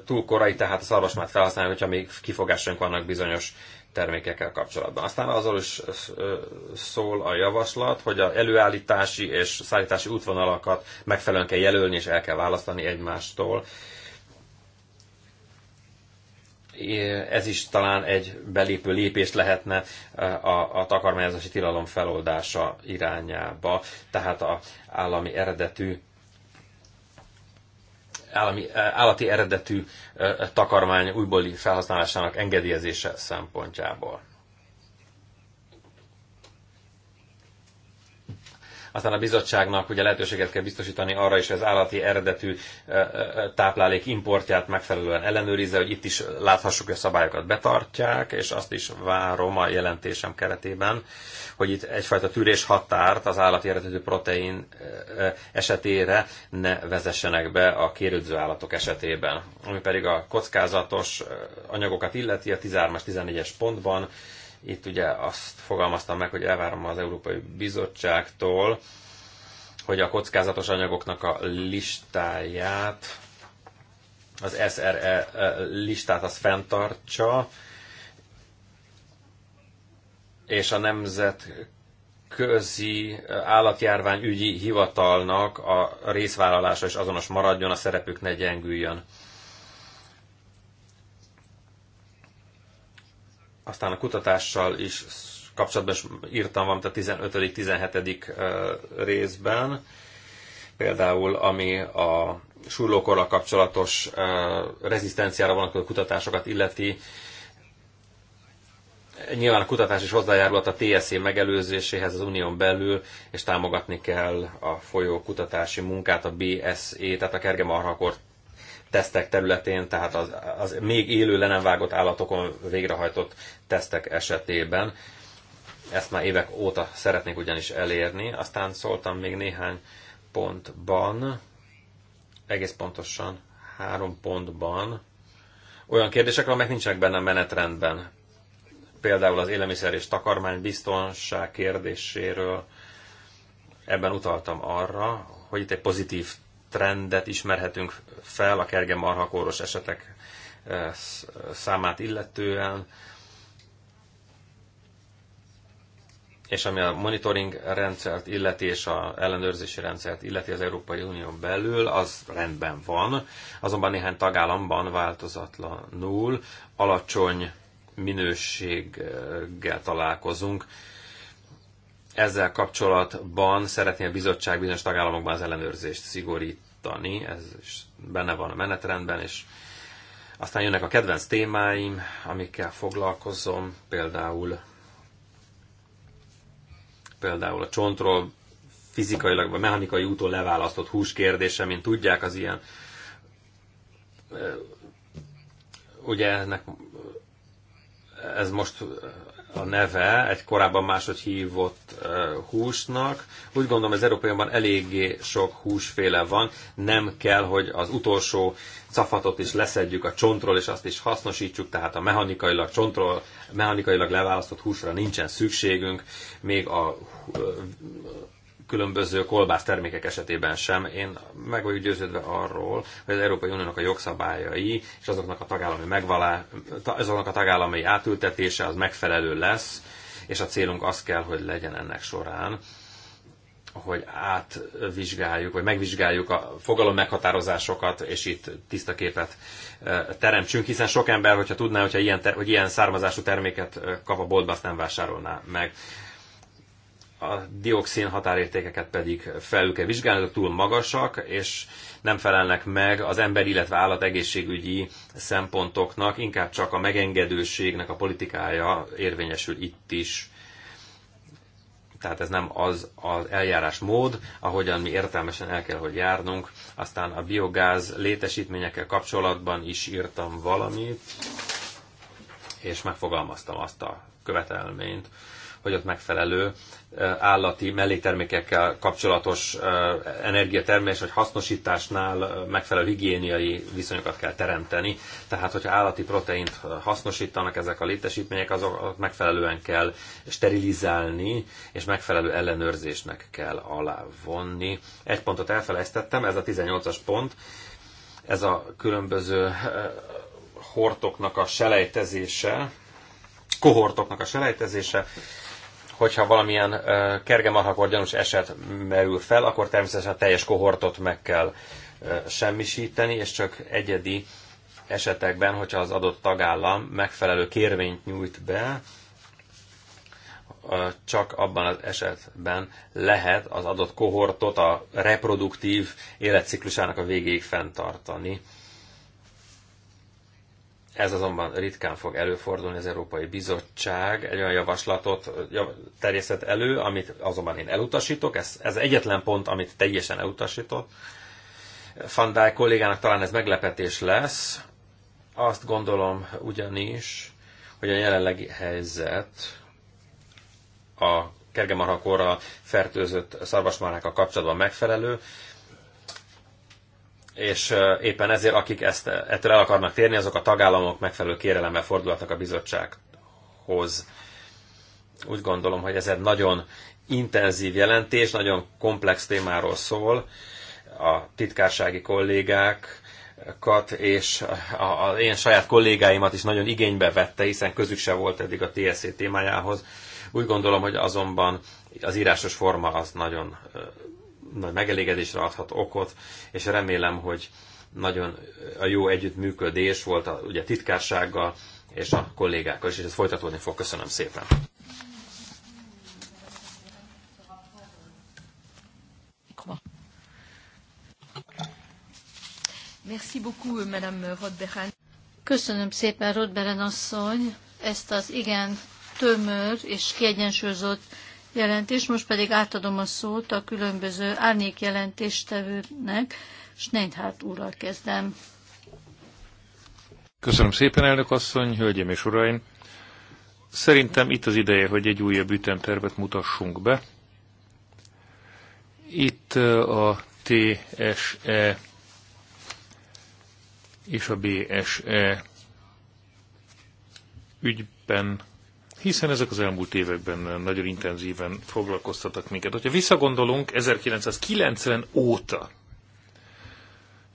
túl korai tehát a szarvasmát felhasználni, hogyha még kifogásunk vannak bizonyos termékekkel kapcsolatban. Aztán azzal is szól a javaslat, hogy a előállítási és szállítási útvonalakat megfelelően kell jelölni és el kell választani egymástól. Ez is talán egy belépő lépés lehetne a, a takarmányozási tilalom feloldása irányába, tehát a állami eredetű állami, eh, állati eredetű eh, takarmány újbóli felhasználásának engedélyezése szempontjából. Aztán a bizottságnak ugye lehetőséget kell biztosítani arra is, hogy az állati eredetű táplálék importját megfelelően ellenőrizze, hogy itt is láthassuk, hogy a szabályokat betartják, és azt is várom a jelentésem keretében, hogy itt egyfajta tűrés határt az állati eredetű protein esetére ne vezessenek be a kérődző állatok esetében. Ami pedig a kockázatos anyagokat illeti, a 13-as, 14-es pontban itt ugye azt fogalmaztam meg, hogy elvárom az Európai Bizottságtól, hogy a kockázatos anyagoknak a listáját, az SRE e, listát az fenntartsa, és a nemzet közi állatjárványügyi hivatalnak a részvállalása is azonos maradjon, a szerepük ne gyengüljön. Aztán a kutatással is kapcsolatban is írtam valamit a 15.-17. részben, például ami a súrlókorral kapcsolatos rezisztenciára vonatkozó kutatásokat illeti, Nyilván a kutatás is hozzájárulhat a TSZ megelőzéséhez az unión belül, és támogatni kell a folyó kutatási munkát, a BSE, tehát a kergemarhakor tesztek területén, tehát az, az még élő, le nem vágott állatokon végrehajtott tesztek esetében. Ezt már évek óta szeretnék ugyanis elérni. Aztán szóltam még néhány pontban, egész pontosan három pontban, olyan kérdésekről, amelyek nincsenek benne a menetrendben. Például az élelmiszer és takarmány biztonság kérdéséről, ebben utaltam arra, hogy itt egy pozitív trendet ismerhetünk fel a kerge marhakóros esetek eh, számát illetően, és ami a monitoring rendszert illeti és a ellenőrzési rendszert illeti az Európai Unión belül, az rendben van, azonban néhány tagállamban változatlanul alacsony minőséggel találkozunk ezzel kapcsolatban szeretné a bizottság bizonyos tagállamokban az ellenőrzést szigorítani, ez is benne van a menetrendben, és aztán jönnek a kedvenc témáim, amikkel foglalkozom, például például a csontról fizikailag vagy mechanikai úton leválasztott hús kérdése, mint tudják, az ilyen ugye ennek ez most a neve egy korábban máshogy hívott húsnak. Úgy gondolom, az Európaiban eléggé sok húsféle van, nem kell, hogy az utolsó cafatot is leszedjük a csontról, és azt is hasznosítsuk, tehát a mechanikailag csontról, mechanikailag leválasztott húsra nincsen szükségünk, még a különböző kolbász termékek esetében sem. Én meg vagyok győződve arról, hogy az Európai Uniónak a jogszabályai és azoknak a tagállami, megvalá, azoknak a tagállami átültetése az megfelelő lesz, és a célunk az kell, hogy legyen ennek során, hogy átvizsgáljuk, vagy megvizsgáljuk a fogalom meghatározásokat, és itt tiszta képet teremtsünk, hiszen sok ember, hogyha tudná, hogyha ilyen, ter- hogy ilyen származású terméket kap a boltba, azt nem vásárolná meg a dioxin határértékeket pedig felül kell vizsgálni, azok túl magasak, és nem felelnek meg az ember, illetve állat egészségügyi szempontoknak, inkább csak a megengedőségnek a politikája érvényesül itt is. Tehát ez nem az az mód, ahogyan mi értelmesen el kell, hogy járnunk. Aztán a biogáz létesítményekkel kapcsolatban is írtam valamit, és megfogalmaztam azt a követelményt, hogy ott megfelelő állati melléktermékekkel kapcsolatos energiatermelés vagy hasznosításnál megfelelő higiéniai viszonyokat kell teremteni. Tehát, hogyha állati proteint hasznosítanak ezek a létesítmények, azokat megfelelően kell sterilizálni, és megfelelő ellenőrzésnek kell alávonni. Egy pontot elfelejtettem, ez a 18-as pont, ez a különböző hortoknak a selejtezése, kohortoknak a selejtezése, hogyha valamilyen kergemarhakor gyanús eset merül fel, akkor természetesen a teljes kohortot meg kell semmisíteni, és csak egyedi esetekben, hogyha az adott tagállam megfelelő kérvényt nyújt be, csak abban az esetben lehet az adott kohortot a reproduktív életciklusának a végéig fenntartani. Ez azonban ritkán fog előfordulni, az Európai Bizottság egy olyan javaslatot terjesztett elő, amit azonban én elutasítok, ez, ez egyetlen pont, amit teljesen elutasítok. Fandály kollégának talán ez meglepetés lesz, azt gondolom ugyanis, hogy a jelenlegi helyzet a kergemarhakorral fertőzött szarvasmarhákkal kapcsolatban megfelelő, és éppen ezért, akik ezt, ettől el akarnak térni, azok a tagállamok megfelelő kérelemmel fordulhatnak a bizottsághoz. Úgy gondolom, hogy ez egy nagyon intenzív jelentés, nagyon komplex témáról szól. A titkársági kollégák kollégákat, és a, a, én saját kollégáimat is nagyon igénybe vette, hiszen közük se volt eddig a TSZ témájához. Úgy gondolom, hogy azonban az írásos forma az nagyon nagy megelégedésre adhat okot, és remélem, hogy nagyon a jó együttműködés volt a, ugye, a titkársággal és a kollégákkal is, és ez folytatódni fog. Köszönöm szépen! Köszönöm szépen, Rodberen asszony, ezt az igen tömör és kiegyensúlyozott jelentést, most pedig átadom a szót a különböző árnyék jelentéstevőnek, és hát úrral kezdem. Köszönöm szépen, elnök asszony, hölgyeim és uraim! Szerintem itt az ideje, hogy egy újabb ütemtervet mutassunk be. Itt uh, a TSE és a BSE ügyben hiszen ezek az elmúlt években nagyon intenzíven foglalkoztatak minket. Ha visszagondolunk 1990 óta,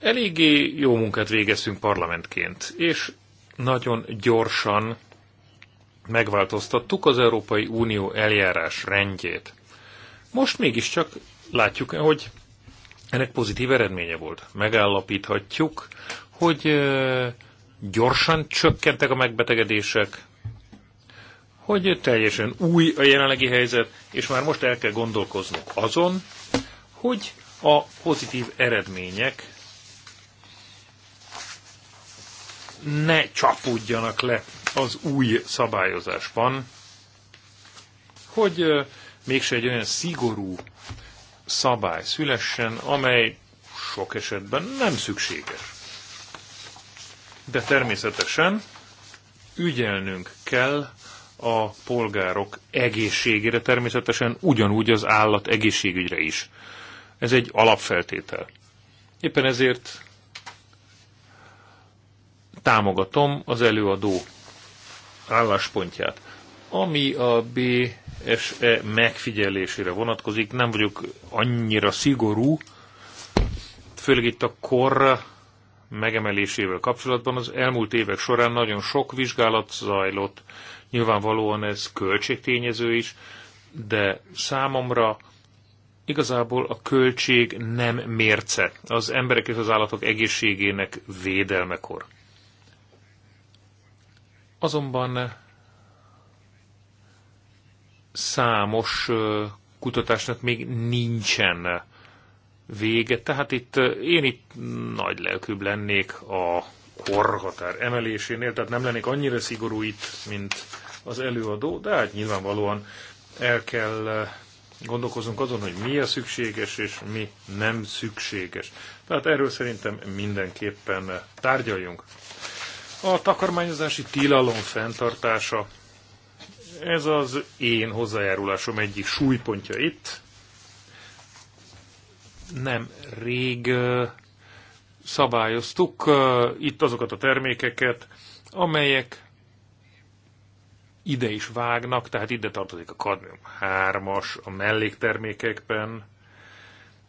eléggé jó munkát végeztünk parlamentként, és nagyon gyorsan megváltoztattuk az Európai Unió eljárás rendjét. Most mégiscsak látjuk, hogy ennek pozitív eredménye volt. Megállapíthatjuk, hogy gyorsan csökkentek a megbetegedések, hogy teljesen új a jelenlegi helyzet, és már most el kell gondolkoznunk azon, hogy a pozitív eredmények ne csapódjanak le az új szabályozásban, hogy mégse egy olyan szigorú szabály szülessen, amely sok esetben nem szükséges. De természetesen ügyelnünk kell a polgárok egészségére, természetesen ugyanúgy az állat egészségügyre is. Ez egy alapfeltétel. Éppen ezért támogatom az előadó álláspontját. Ami a BSE megfigyelésére vonatkozik, nem vagyok annyira szigorú, főleg itt a kor megemelésével kapcsolatban az elmúlt évek során nagyon sok vizsgálat zajlott, Nyilvánvalóan ez költségtényező is, de számomra igazából a költség nem mérce az emberek és az állatok egészségének védelmekor. Azonban számos kutatásnak még nincsen vége, tehát itt én itt nagy lelkűbb lennék a korhatár emelésénél, tehát nem lennék annyira szigorú itt, mint az előadó, de hát nyilvánvalóan el kell eh, gondolkozunk azon, hogy mi a szükséges és mi nem szükséges. Tehát erről szerintem mindenképpen eh, tárgyaljunk. A takarmányozási tilalom fenntartása, ez az én hozzájárulásom egyik súlypontja itt. Nem rég eh, szabályoztuk itt azokat a termékeket, amelyek ide is vágnak, tehát ide tartozik a kadmium 3-as a melléktermékekben.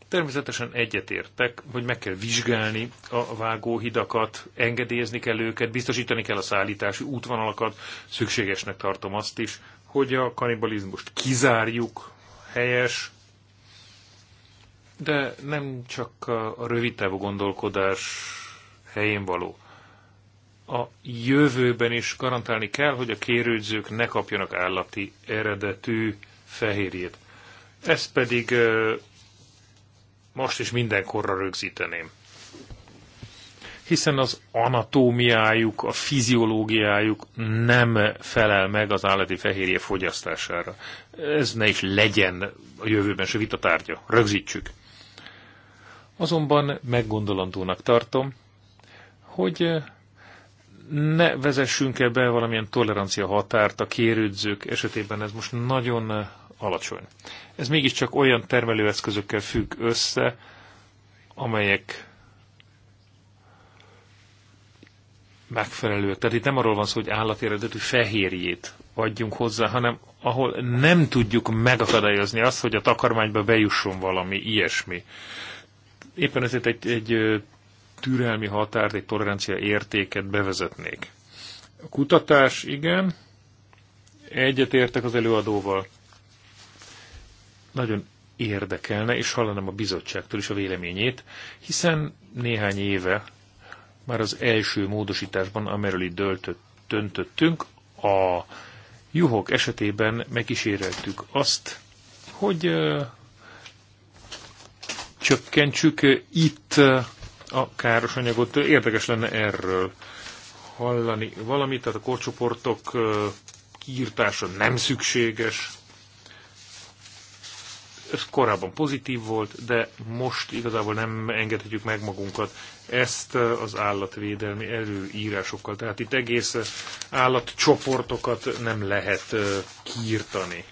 Természetesen egyetértek, hogy meg kell vizsgálni a vágóhidakat, engedélyezni kell őket, biztosítani kell a szállítási útvonalakat, szükségesnek tartom azt is, hogy a kanibalizmust kizárjuk, helyes, de nem csak a rövid távú gondolkodás helyén való. A jövőben is garantálni kell, hogy a kérődzők ne kapjanak állati eredetű fehérjét. Ezt pedig most is mindenkorra rögzíteném. Hiszen az anatómiájuk, a fiziológiájuk nem felel meg az állati fehérje fogyasztására. Ez ne is legyen a jövőben se vita tárgya. Rögzítsük. Azonban meggondolandónak tartom, hogy eh, ne vezessünk ebbe valamilyen tolerancia határt a kérődzők esetében, ez most nagyon eh, alacsony. Ez mégiscsak olyan termelőeszközökkel függ össze, amelyek megfelelőek. Tehát itt nem arról van szó, hogy állatéredetű fehérjét adjunk hozzá, hanem ahol nem tudjuk megakadályozni azt, hogy a takarmányba bejusson valami ilyesmi éppen ezért egy, egy türelmi határt, egy tolerancia értéket bevezetnék. A kutatás, igen, egyetértek az előadóval. Nagyon érdekelne, és hallanám a bizottságtól is a véleményét, hiszen néhány éve már az első módosításban, amiről itt döltött, döntöttünk, a juhok esetében megkíséreltük azt, hogy csökkentsük itt a káros anyagot. Érdekes lenne erről hallani valamit, tehát a korcsoportok kiírtása nem szükséges. Ez korábban pozitív volt, de most igazából nem engedhetjük meg magunkat ezt az állatvédelmi előírásokkal. Tehát itt egész állatcsoportokat nem lehet kiírtani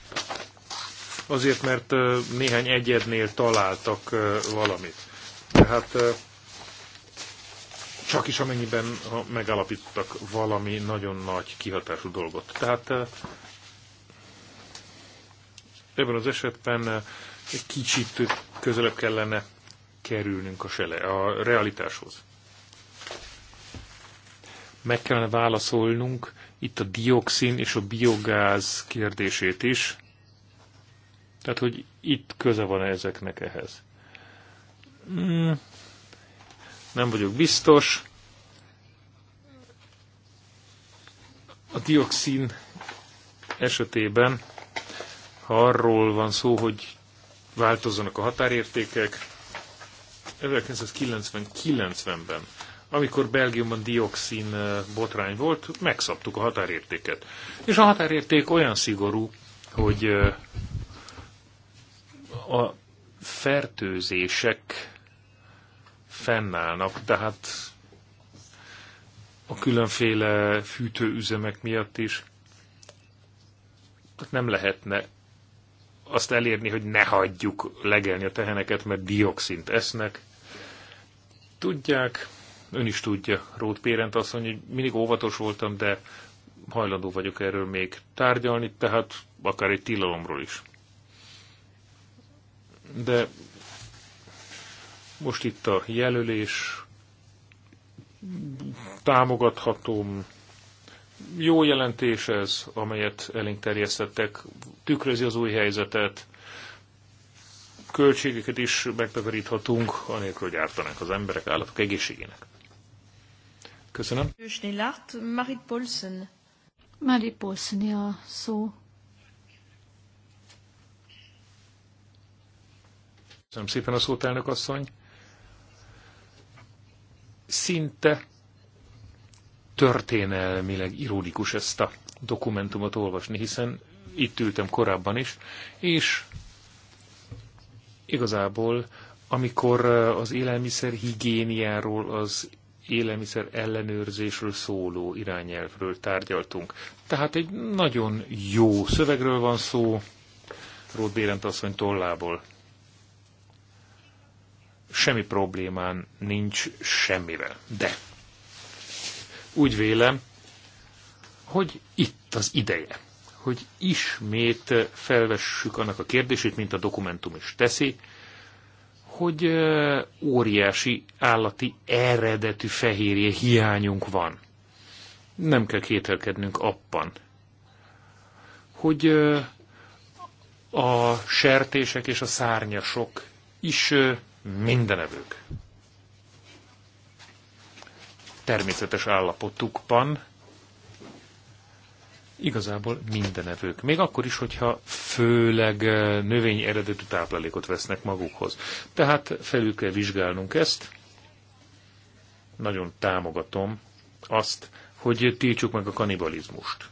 azért, mert néhány egyednél találtak valamit. Tehát csak is amennyiben ha megállapítottak valami nagyon nagy kihatású dolgot. Tehát ebben az esetben egy kicsit közelebb kellene kerülnünk a, sele, a realitáshoz. Meg kellene válaszolnunk itt a dioxin és a biogáz kérdését is. Tehát, hogy itt köze van -e ezeknek ehhez. Hmm, nem vagyok biztos. A dioxin esetében, ha arról van szó, hogy változzanak a határértékek, 1990-ben, amikor Belgiumban dioxin eh, botrány volt, megszabtuk a határértéket. És a határérték olyan szigorú, hogy eh, a fertőzések fennállnak, tehát a különféle fűtőüzemek miatt is. Tehát nem lehetne azt elérni, hogy ne hagyjuk legelni a teheneket, mert dioxint esznek. Tudják, ön is tudja, Rót Pérent mondja, hogy mindig óvatos voltam, de hajlandó vagyok erről még tárgyalni, tehát akár egy tilalomról is de most itt a jelölés támogathatom. Jó jelentés ez, amelyet elénk terjesztettek, tükrözi az új helyzetet, költségeket is megtakaríthatunk, anélkül, hogy ártanánk az emberek, állatok egészségének. Köszönöm. Marit Paulsen. Marie Paulsen a szó. Köszönöm szépen a szót, elnök asszony. Szinte történelmileg ironikus ezt a dokumentumot olvasni, hiszen itt ültem korábban is, és igazából, amikor az élelmiszer higiéniáról, az élelmiszer ellenőrzésről szóló irányelvről tárgyaltunk. Tehát egy nagyon jó szövegről van szó, Rót Bérent asszony tollából semmi problémán nincs semmivel. De úgy vélem, hogy itt az ideje, hogy ismét felvessük annak a kérdését, mint a dokumentum is teszi, hogy óriási állati eredetű fehérje hiányunk van. Nem kell kételkednünk abban, hogy a sertések és a szárnyasok is mindenevők természetes állapotukban igazából mindenevők. Még akkor is, hogyha főleg eh, növény eredetű táplálékot vesznek magukhoz. Tehát felül kell vizsgálnunk ezt. Nagyon támogatom azt, hogy tiltsuk meg a kanibalizmust.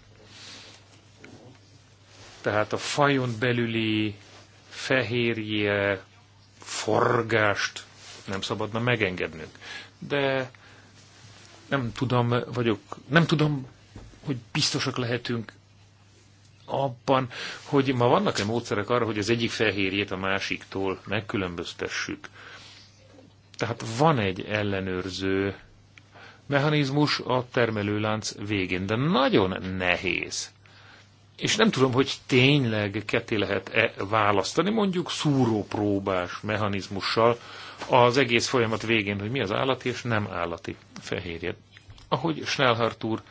Tehát a fajon belüli fehérje forgást nem szabadna megengednünk. De nem tudom, vagyok, nem tudom, hogy biztosak lehetünk abban, hogy ma vannak-e módszerek arra, hogy az egyik fehérjét a másiktól megkülönböztessük. Tehát van egy ellenőrző mechanizmus a termelőlánc végén, de nagyon nehéz és nem tudom, hogy tényleg ketté lehet-e választani, mondjuk szúrópróbás mechanizmussal az egész folyamat végén, hogy mi az állati és nem állati fehérje. Ahogy Schnellhardt úr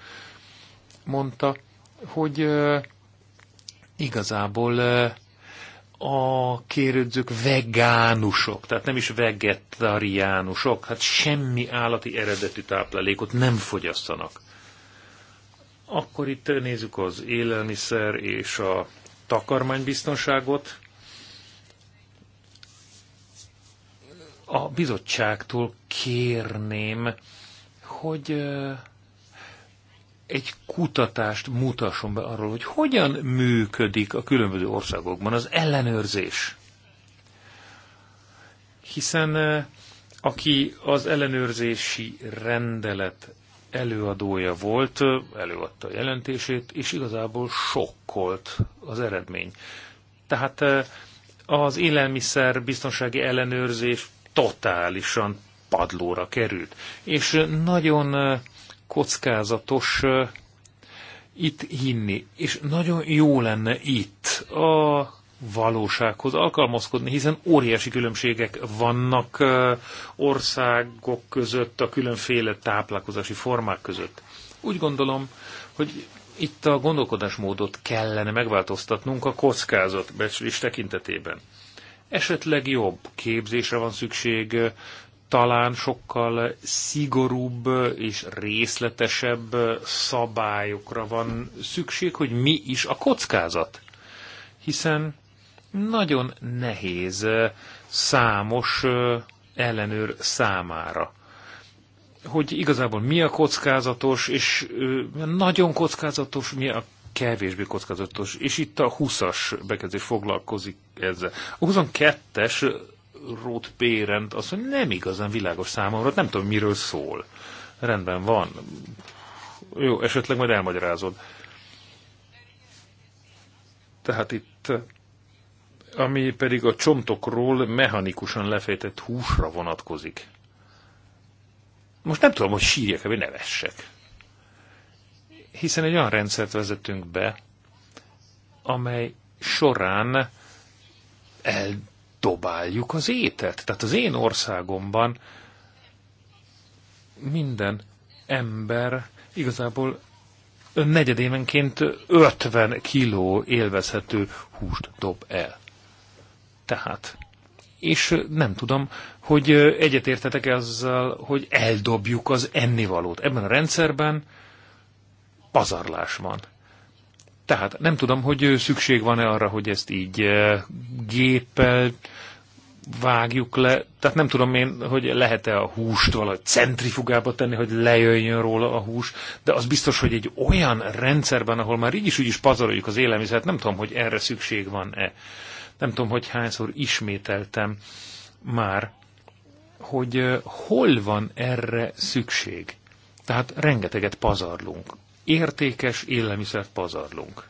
mondta, hogy uh, igazából uh, a kérődzők vegánusok, tehát nem is vegetariánusok, hát semmi állati eredetű táplálékot nem fogyasztanak. Akkor itt nézzük az élelmiszer és a takarmánybiztonságot. A bizottságtól kérném, hogy egy kutatást mutasson be arról, hogy hogyan működik a különböző országokban az ellenőrzés. Hiszen aki az ellenőrzési rendelet előadója volt, előadta a jelentését, és igazából sokkolt az eredmény. Tehát eh, az élelmiszer biztonsági ellenőrzés totálisan padlóra került, és eh, nagyon eh, kockázatos itt hinni, és nagyon jó lenne itt a valósághoz alkalmazkodni, hiszen óriási különbségek vannak országok között, a különféle táplálkozási formák között. Úgy gondolom, hogy itt a gondolkodásmódot kellene megváltoztatnunk a becslés tekintetében. Esetleg jobb képzésre van szükség, talán sokkal szigorúbb és részletesebb szabályokra van szükség, hogy mi is a kockázat. Hiszen nagyon nehéz számos ellenőr számára hogy igazából mi a kockázatos, és nagyon kockázatos, mi a kevésbé kockázatos. És itt a 20-as bekezdés foglalkozik ezzel. A 22-es Rót Pérent azt mondja, nem igazán világos számomra, nem tudom, miről szól. Rendben van. Jó, esetleg majd elmagyarázod. Tehát itt ami pedig a csontokról mechanikusan lefejtett húsra vonatkozik. Most nem tudom, hogy sírjek, vagy nevessek. Hiszen egy olyan rendszert vezetünk be, amely során eldobáljuk az ételt. Tehát az én országomban minden ember igazából negyedévenként 50 kiló élvezhető húst dob el. Tehát, és nem tudom, hogy egyetértetek -e azzal, hogy eldobjuk az ennivalót. Ebben a rendszerben pazarlás van. Tehát nem tudom, hogy szükség van-e arra, hogy ezt így eh, géppel vágjuk le. Tehát nem tudom én, hogy lehet-e a húst valahogy centrifugába tenni, hogy lejöjjön róla a hús, de az biztos, hogy egy olyan rendszerben, ahol már így is úgy is pazaroljuk az élelmiszert, nem tudom, hogy erre szükség van-e nem tudom, hogy hányszor ismételtem már, hogy hol van erre szükség. Tehát rengeteget pazarlunk. Értékes élelmiszert pazarlunk.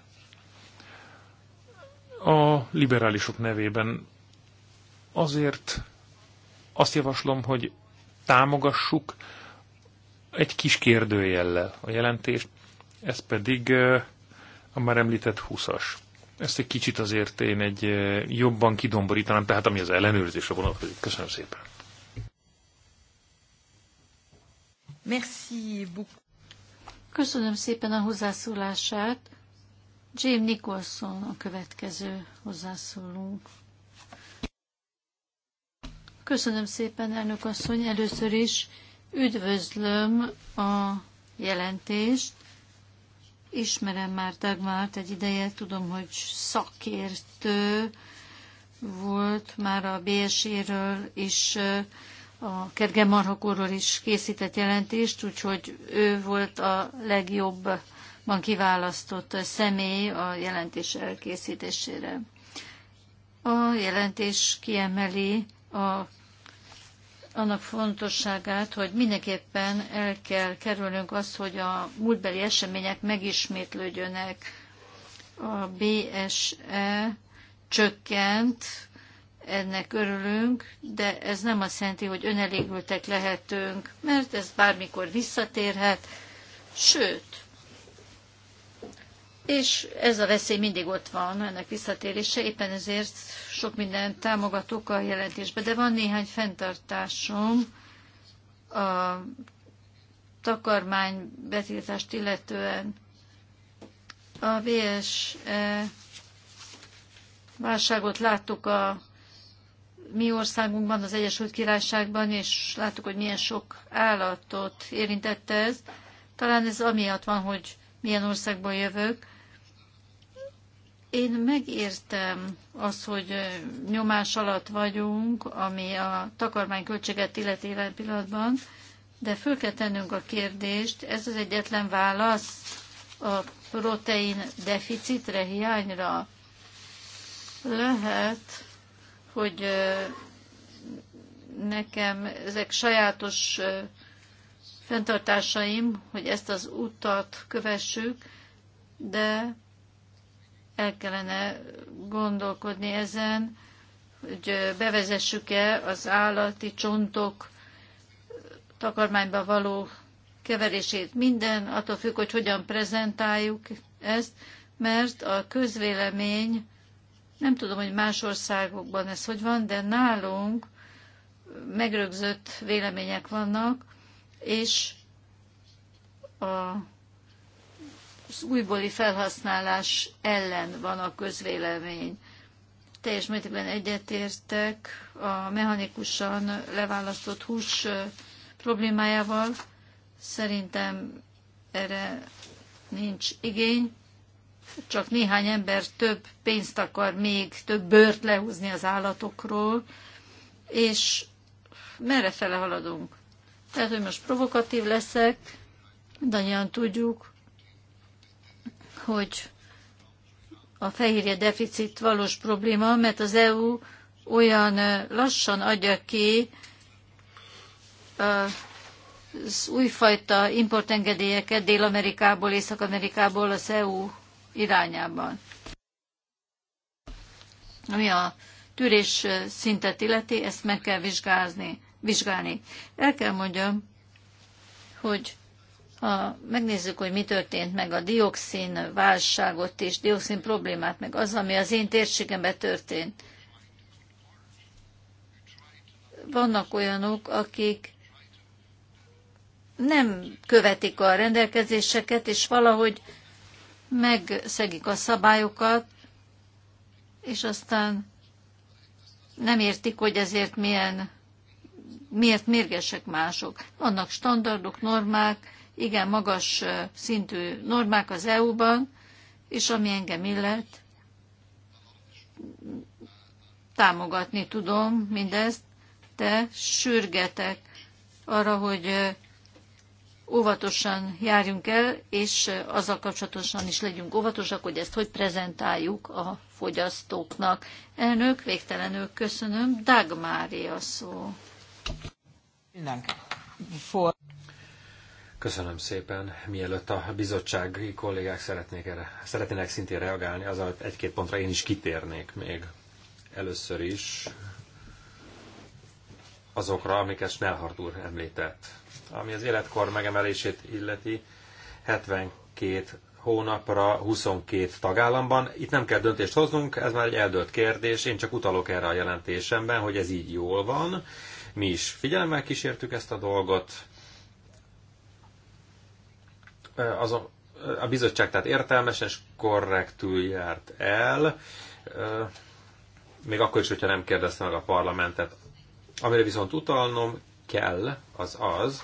A liberálisok nevében azért azt javaslom, hogy támogassuk egy kis kérdőjellel a jelentést, ez pedig a már említett 20-as ezt egy kicsit azért én egy eh, jobban kidomborítanám, tehát ami az ellenőrzésre vonatkozik. Köszönöm szépen. Merci Köszönöm szépen a hozzászólását. Jim Nicholson a következő hozzászólunk. Köszönöm szépen, elnök asszony. Először is üdvözlöm a jelentést, Ismerem már Dagmárt egy ideje, tudom, hogy szakértő volt, már a BSE-ről és a Kerge Marhakorról is készített jelentést, úgyhogy ő volt a legjobban kiválasztott személy a jelentés elkészítésére. A jelentés kiemeli a annak fontosságát, hogy mindenképpen el kell kerülnünk azt, hogy a múltbeli események megismétlődjönek. A BSE csökkent, ennek örülünk, de ez nem azt jelenti, hogy önelégültek lehetünk, mert ez bármikor visszatérhet, sőt, és ez a veszély mindig ott van, ennek visszatérése, éppen ezért sok mindent támogatok a jelentésbe, de van néhány fenntartásom a takarmány betiltást illetően. A VS e válságot láttuk a mi országunkban, az Egyesült Királyságban, és láttuk, hogy milyen sok állatot érintette ez. Talán ez amiatt van, hogy milyen országból jövök, én megértem az, hogy nyomás alatt vagyunk, ami a takarmányköltséget illeti jelen pillanatban, de föl kell tennünk a kérdést, ez az egyetlen válasz a protein deficitre, hiányra. Lehet, hogy nekem ezek sajátos fenntartásaim, hogy ezt az utat kövessük, de el kellene gondolkodni ezen, hogy bevezessük-e az állati csontok takarmányba való keverését. Minden attól függ, hogy hogyan prezentáljuk ezt, mert a közvélemény, nem tudom, hogy más országokban ez hogy van, de nálunk megrögzött vélemények vannak, és a az újbóli felhasználás ellen van a közvélemény. Teljes mértékben egyetértek a mechanikusan leválasztott hús problémájával. Szerintem erre nincs igény, csak néhány ember több pénzt akar még, több bőrt lehúzni az állatokról, és merre fele haladunk. Tehát, hogy most provokatív leszek, mindannyian tudjuk, hogy a fehérje deficit valós probléma, mert az EU olyan lassan adja ki az újfajta importengedélyeket Dél-Amerikából, Észak-Amerikából az EU irányában. Ami a tűrés szintet illeti, ezt meg kell vizsgálni. vizsgálni. El kell mondjam, hogy ha megnézzük, hogy mi történt meg a dioxin válságot és dioxin problémát, meg az, ami az én térségemben történt, vannak olyanok, akik nem követik a rendelkezéseket, és valahogy megszegik a szabályokat, és aztán nem értik, hogy ezért milyen, miért mérgesek mások. Vannak standardok, normák, igen magas szintű normák az EU-ban, és ami engem illet, támogatni tudom mindezt, de sürgetek arra, hogy óvatosan járjunk el, és azzal kapcsolatosan is legyünk óvatosak, hogy ezt hogy prezentáljuk a fogyasztóknak. Elnök, végtelenül köszönöm. Dagmária szó. szó. Köszönöm szépen. Mielőtt a bizottsági kollégák szeretnék erre, szeretnének szintén reagálni, az egy-két pontra én is kitérnék még. Először is azokra, amiket Snellhard úr említett. Ami az életkor megemelését illeti, 72 hónapra 22 tagállamban. Itt nem kell döntést hoznunk, ez már egy eldölt kérdés, én csak utalok erre a jelentésemben, hogy ez így jól van. Mi is figyelemmel kísértük ezt a dolgot, az a, a bizottság tehát értelmesen és korrektül járt el, még akkor is, hogyha nem kérdezte meg a parlamentet. Amire viszont utalnom kell, az az,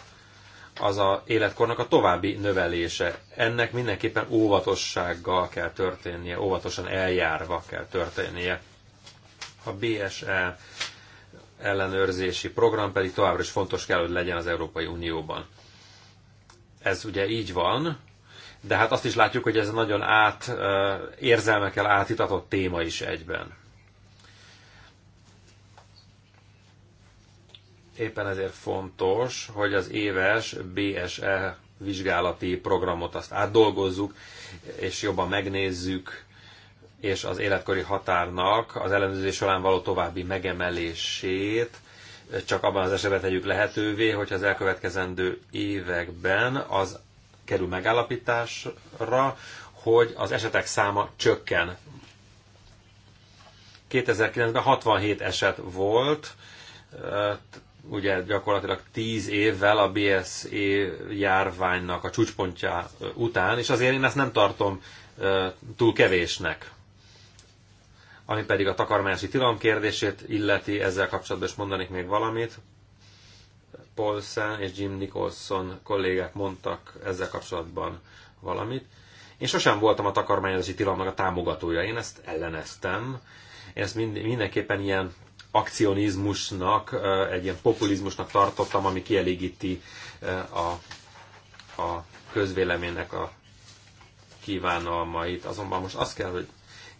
az a életkornak a további növelése. Ennek mindenképpen óvatossággal kell történnie, óvatosan eljárva kell történnie. A BSE ellenőrzési program pedig továbbra is fontos kell, hogy legyen az Európai Unióban ez ugye így van, de hát azt is látjuk, hogy ez nagyon át érzelmekkel átitatott téma is egyben. Éppen ezért fontos, hogy az éves BSE vizsgálati programot azt átdolgozzuk, és jobban megnézzük, és az életkori határnak az ellenőrzés során való további megemelését csak abban az esetben tegyük lehetővé, hogy az elkövetkezendő években az kerül megállapításra, hogy az esetek száma csökken. 2009-ben 67 eset volt, ugye gyakorlatilag 10 évvel a BSE járványnak a csúcspontja után, és azért én ezt nem tartom túl kevésnek. Ami pedig a takarmányosi tilalom kérdését illeti, ezzel kapcsolatban is mondanék még valamit. Paulsen és Jim Nicholson kollégák mondtak ezzel kapcsolatban valamit. Én sosem voltam a takarmányozási tilalomnak a támogatója, én ezt elleneztem. Én ezt mind, mindenképpen ilyen akcionizmusnak, egy ilyen populizmusnak tartottam, ami kielégíti a, a közvéleménynek a kívánalmait. Azonban most azt kell, hogy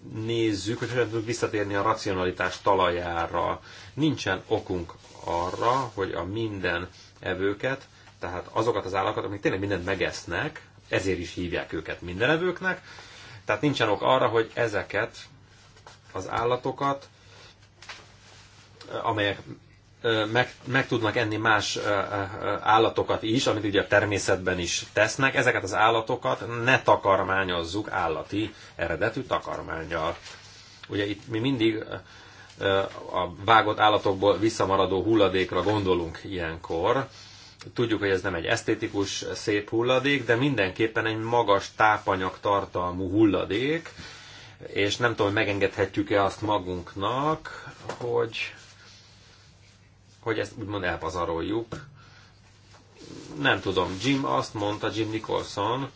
nézzük, hogy hogyan tudunk visszatérni a racionalitás talajára. Nincsen okunk arra, hogy a minden evőket, tehát azokat az állakat, amik tényleg mindent megesznek, ezért is hívják őket mindenevőknek, tehát nincsen ok arra, hogy ezeket az állatokat, amelyek meg, meg tudnak enni más állatokat is, amit ugye a természetben is tesznek, ezeket az állatokat ne takarmányozzuk állati eredetű takarmányjal. Ugye itt mi mindig a vágott állatokból visszamaradó hulladékra gondolunk ilyenkor. Tudjuk, hogy ez nem egy esztétikus, szép hulladék, de mindenképpen egy magas tápanyag tartalmú hulladék, és nem tudom, hogy megengedhetjük-e azt magunknak, hogy hogy ezt úgymond elpazaroljuk. Nem tudom, Jim azt mondta, Jim Nicholson,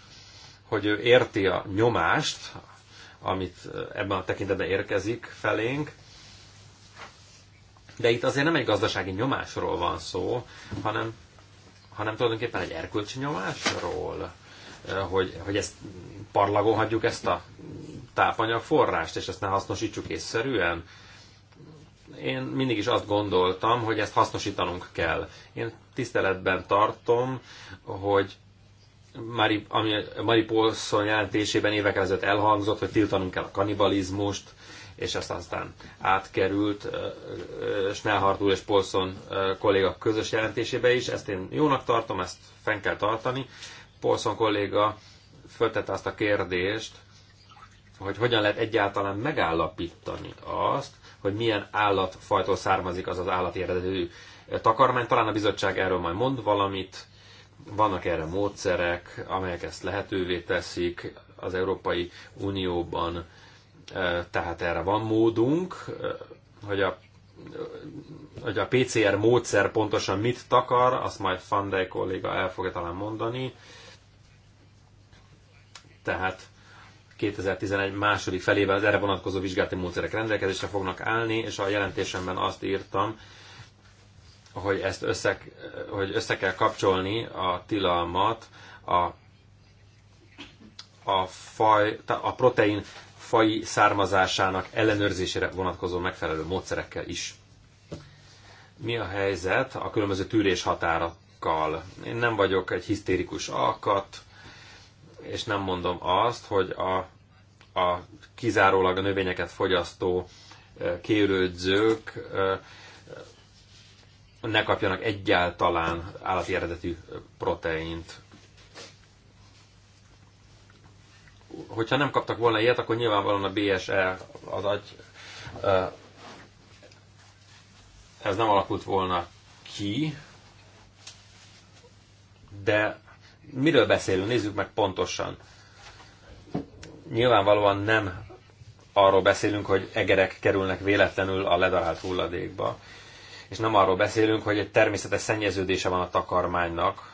hogy ő érti a nyomást, amit ebben a tekintetben érkezik felénk, de itt azért nem egy gazdasági nyomásról van szó, hanem, hanem tulajdonképpen egy erkölcsi nyomásról, hogy, hogy ezt parlagon hagyjuk ezt a tápanyagforrást, és ezt ne hasznosítsuk észszerűen én mindig is azt gondoltam, hogy ezt hasznosítanunk kell. Én tiszteletben tartom, hogy Mari, ami Mari Paulson jelentésében évekkel ezelőtt elhangzott, hogy tiltanunk kell a kanibalizmust, és ezt aztán átkerült Snellhartul és Polson kolléga közös jelentésébe is. Ezt én jónak tartom, ezt fenn kell tartani. Paulson kolléga föltette azt a kérdést, hogy hogyan lehet egyáltalán megállapítani azt, hogy milyen állatfajtól származik az az állati eredetű takarmány. Talán a bizottság erről majd mond valamit. Vannak erre módszerek, amelyek ezt lehetővé teszik az Európai Unióban, tehát erre van módunk, hogy a hogy a PCR módszer pontosan mit takar, azt majd Fandai kolléga el fogja talán mondani. Tehát 2011 második felében az erre vonatkozó vizsgálati módszerek rendelkezésre fognak állni, és a jelentésemben azt írtam, hogy ezt össze, hogy össze kell kapcsolni a tilalmat a, a, faj, a protein fai származásának ellenőrzésére vonatkozó megfelelő módszerekkel is. Mi a helyzet a különböző tűrés határakkal? Én nem vagyok egy hisztérikus alkat, és nem mondom azt, hogy a a kizárólag a növényeket fogyasztó kérődzők ne kapjanak egyáltalán állati eredetű proteint. Hogyha nem kaptak volna ilyet, akkor nyilvánvalóan a BSE, az agy, ez nem alakult volna ki, de miről beszélünk? Nézzük meg pontosan nyilvánvalóan nem arról beszélünk, hogy egerek kerülnek véletlenül a ledarált hulladékba, és nem arról beszélünk, hogy egy természetes szennyeződése van a takarmánynak.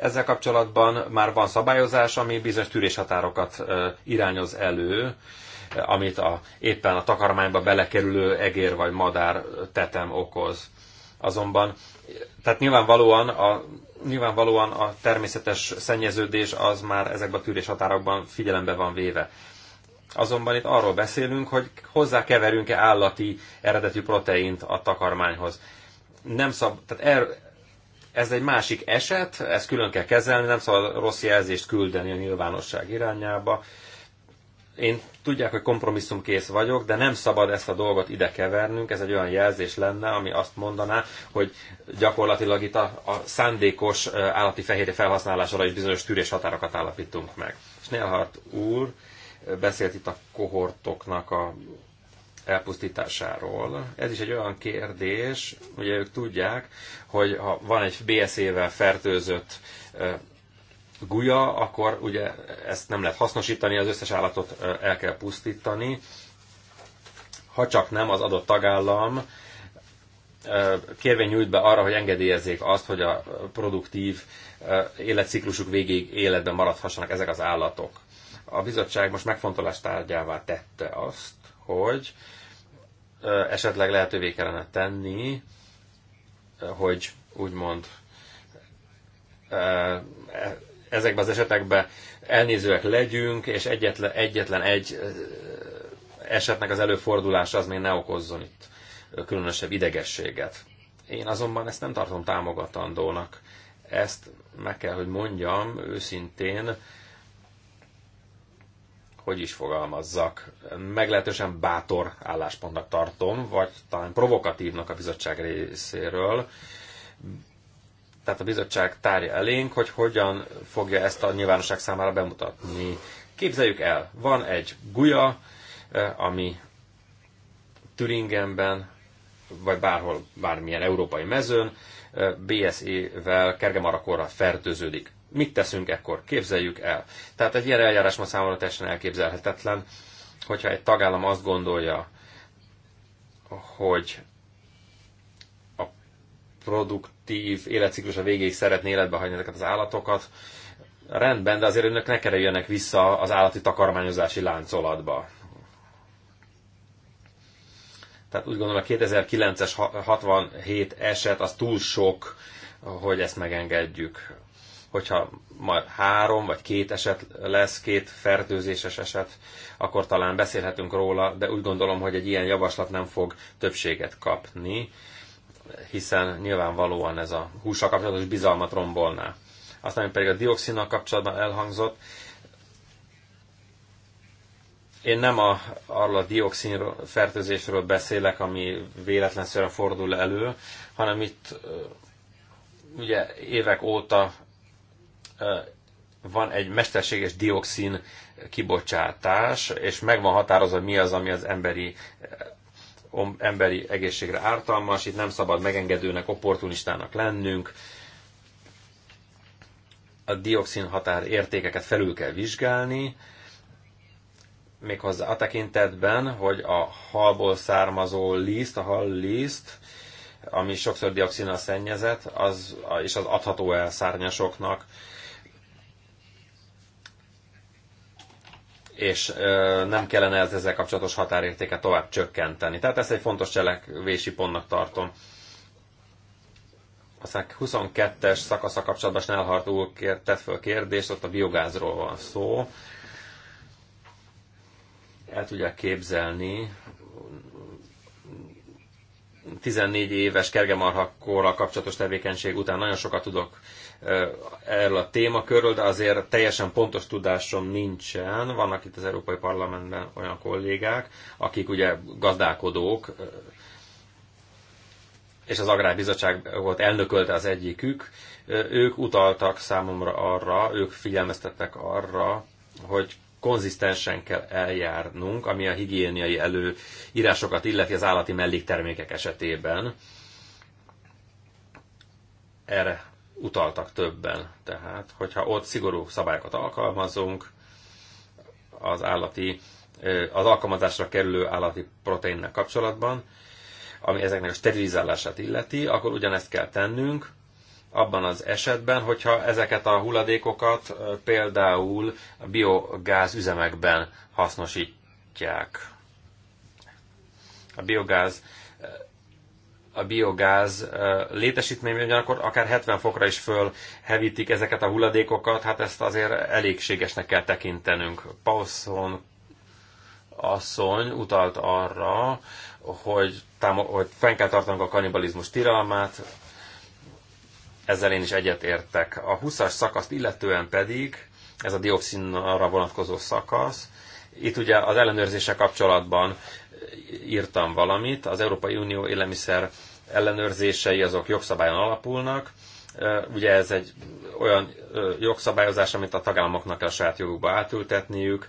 Ezzel kapcsolatban már van szabályozás, ami bizonyos tűréshatárokat irányoz elő, amit a, éppen a takarmányba belekerülő egér vagy madár tetem okoz azonban, tehát nyilvánvalóan a, nyilvánvalóan a természetes szennyeződés az már ezekben a tűrés határokban figyelembe van véve. Azonban itt arról beszélünk, hogy hozzákeverünk-e állati eredetű proteint a takarmányhoz. Nem szab, tehát er, ez egy másik eset, ezt külön kell kezelni, nem szabad rossz jelzést küldeni a nyilvánosság irányába. Én tudják, hogy kompromisszumkész vagyok, de nem szabad ezt a dolgot ide kevernünk. Ez egy olyan jelzés lenne, ami azt mondaná, hogy gyakorlatilag itt a, a szándékos állati fehérje felhasználására is bizonyos tűrés határokat állapítunk meg. Snellhart úr beszélt itt a kohortoknak a elpusztításáról. Ez is egy olyan kérdés, ugye ők tudják, hogy ha van egy BSZ-vel fertőzött gulya, akkor ugye ezt nem lehet hasznosítani, az összes állatot el kell pusztítani, ha csak nem az adott tagállam kérvény nyújt be arra, hogy engedélyezzék azt, hogy a produktív életciklusuk végéig életben maradhassanak ezek az állatok. A bizottság most megfontolás tárgyává tette azt, hogy esetleg lehetővé kellene tenni, hogy úgymond e, ezekben az esetekben elnézőek legyünk, és egyetlen, egyetlen egy esetnek az előfordulása az még ne okozzon itt különösebb idegességet. Én azonban ezt nem tartom támogatandónak. Ezt meg kell, hogy mondjam őszintén, hogy is fogalmazzak, meglehetősen bátor álláspontnak tartom, vagy talán provokatívnak a bizottság részéről, tehát a bizottság tárja elénk, hogy hogyan fogja ezt a nyilvánosság számára bemutatni. Képzeljük el, van egy guja, eh, ami Türingenben, vagy bárhol, bármilyen európai mezőn, eh, BSE-vel, kergemarakorra fertőződik. Mit teszünk ekkor? Képzeljük el. Tehát egy ilyen eljárás ma számomra teljesen elképzelhetetlen, hogyha egy tagállam azt gondolja, hogy a produkt aktív életciklus a végéig szeretné életbe hagyni ezeket az állatokat, rendben, de azért önök ne kerüljenek vissza az állati takarmányozási láncolatba. Tehát úgy gondolom a 2009-es 67 eset az túl sok, hogy ezt megengedjük. Hogyha majd három vagy két eset lesz, két fertőzéses eset, akkor talán beszélhetünk róla, de úgy gondolom, hogy egy ilyen javaslat nem fog többséget kapni hiszen nyilvánvalóan ez a hússal kapcsolatos bizalmat rombolná. Aztán pedig a dioxinnal kapcsolatban elhangzott, én nem a, arról a dioxin fertőzésről beszélek, ami véletlenszerűen fordul elő, hanem itt ugye évek óta van egy mesterséges dioxin kibocsátás, és meg van határozva, mi az, ami az emberi emberi egészségre ártalmas, itt nem szabad megengedőnek, opportunistának lennünk. A dioxin határ értékeket felül kell vizsgálni, méghozzá a tekintetben, hogy a halból származó liszt, a hal liszt, ami sokszor dioxinnal szennyezett, az, és az adható el szárnyasoknak, és nem kellene az ezzel kapcsolatos határértéket tovább csökkenteni. Tehát ezt egy fontos cselekvési pontnak tartom. Aztán 22-es szakasza kapcsolatban Snellhart úr tett föl kérdést, ott a biogázról van szó. El tudják képzelni, 14 éves kergemarha kapcsolatos tevékenység után nagyon sokat tudok Eh, erről a témakörről, de azért teljesen pontos tudásom nincsen. Vannak itt az Európai Parlamentben olyan kollégák, akik ugye gazdálkodók, eh, és az Agrárbizottság volt elnökölte az egyikük, eh, ők utaltak számomra arra, ők figyelmeztettek arra, hogy konzisztensen kell eljárnunk, ami a higiéniai előírásokat illeti az állati melléktermékek esetében. Erre utaltak többen. Tehát, hogyha ott szigorú szabályokat alkalmazunk, az állati, az alkalmazásra kerülő állati proteinnek kapcsolatban, ami ezeknek a sterilizálását illeti, akkor ugyanezt kell tennünk, abban az esetben, hogyha ezeket a hulladékokat például a biogáz üzemekben hasznosítják. A biogáz a biogáz létesítmény, ugyanakkor akár 70 fokra is fölhevítik ezeket a hulladékokat, hát ezt azért elégségesnek kell tekintenünk. Pauszon asszony utalt arra, hogy, támog- hogy fenn kell tartanunk a kanibalizmus tiralmát, ezzel én is egyetértek. A 20-as szakaszt illetően pedig, ez a dioxinra vonatkozó szakasz, itt ugye az ellenőrzése kapcsolatban írtam valamit, az Európai Unió élelmiszer ellenőrzései azok jogszabályon alapulnak. Ugye ez egy olyan jogszabályozás, amit a tagállamoknak kell a saját jogukba átültetniük.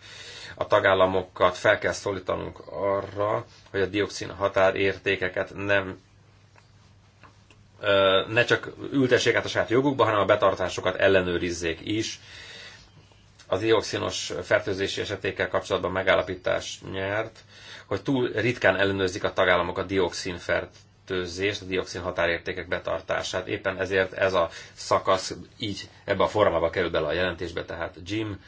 A tagállamokat fel kell szólítanunk arra, hogy a dioxin határértékeket nem ne csak ültessék át a saját jogukba, hanem a betartásokat ellenőrizzék is. A dioxinos fertőzési esetékkel kapcsolatban megállapítás nyert, hogy túl ritkán ellenőrzik a tagállamok a dioxin fertőzést, a dioxin határértékek betartását. Éppen ezért ez a szakasz így ebbe a formába kerül bele a jelentésbe, tehát Jim.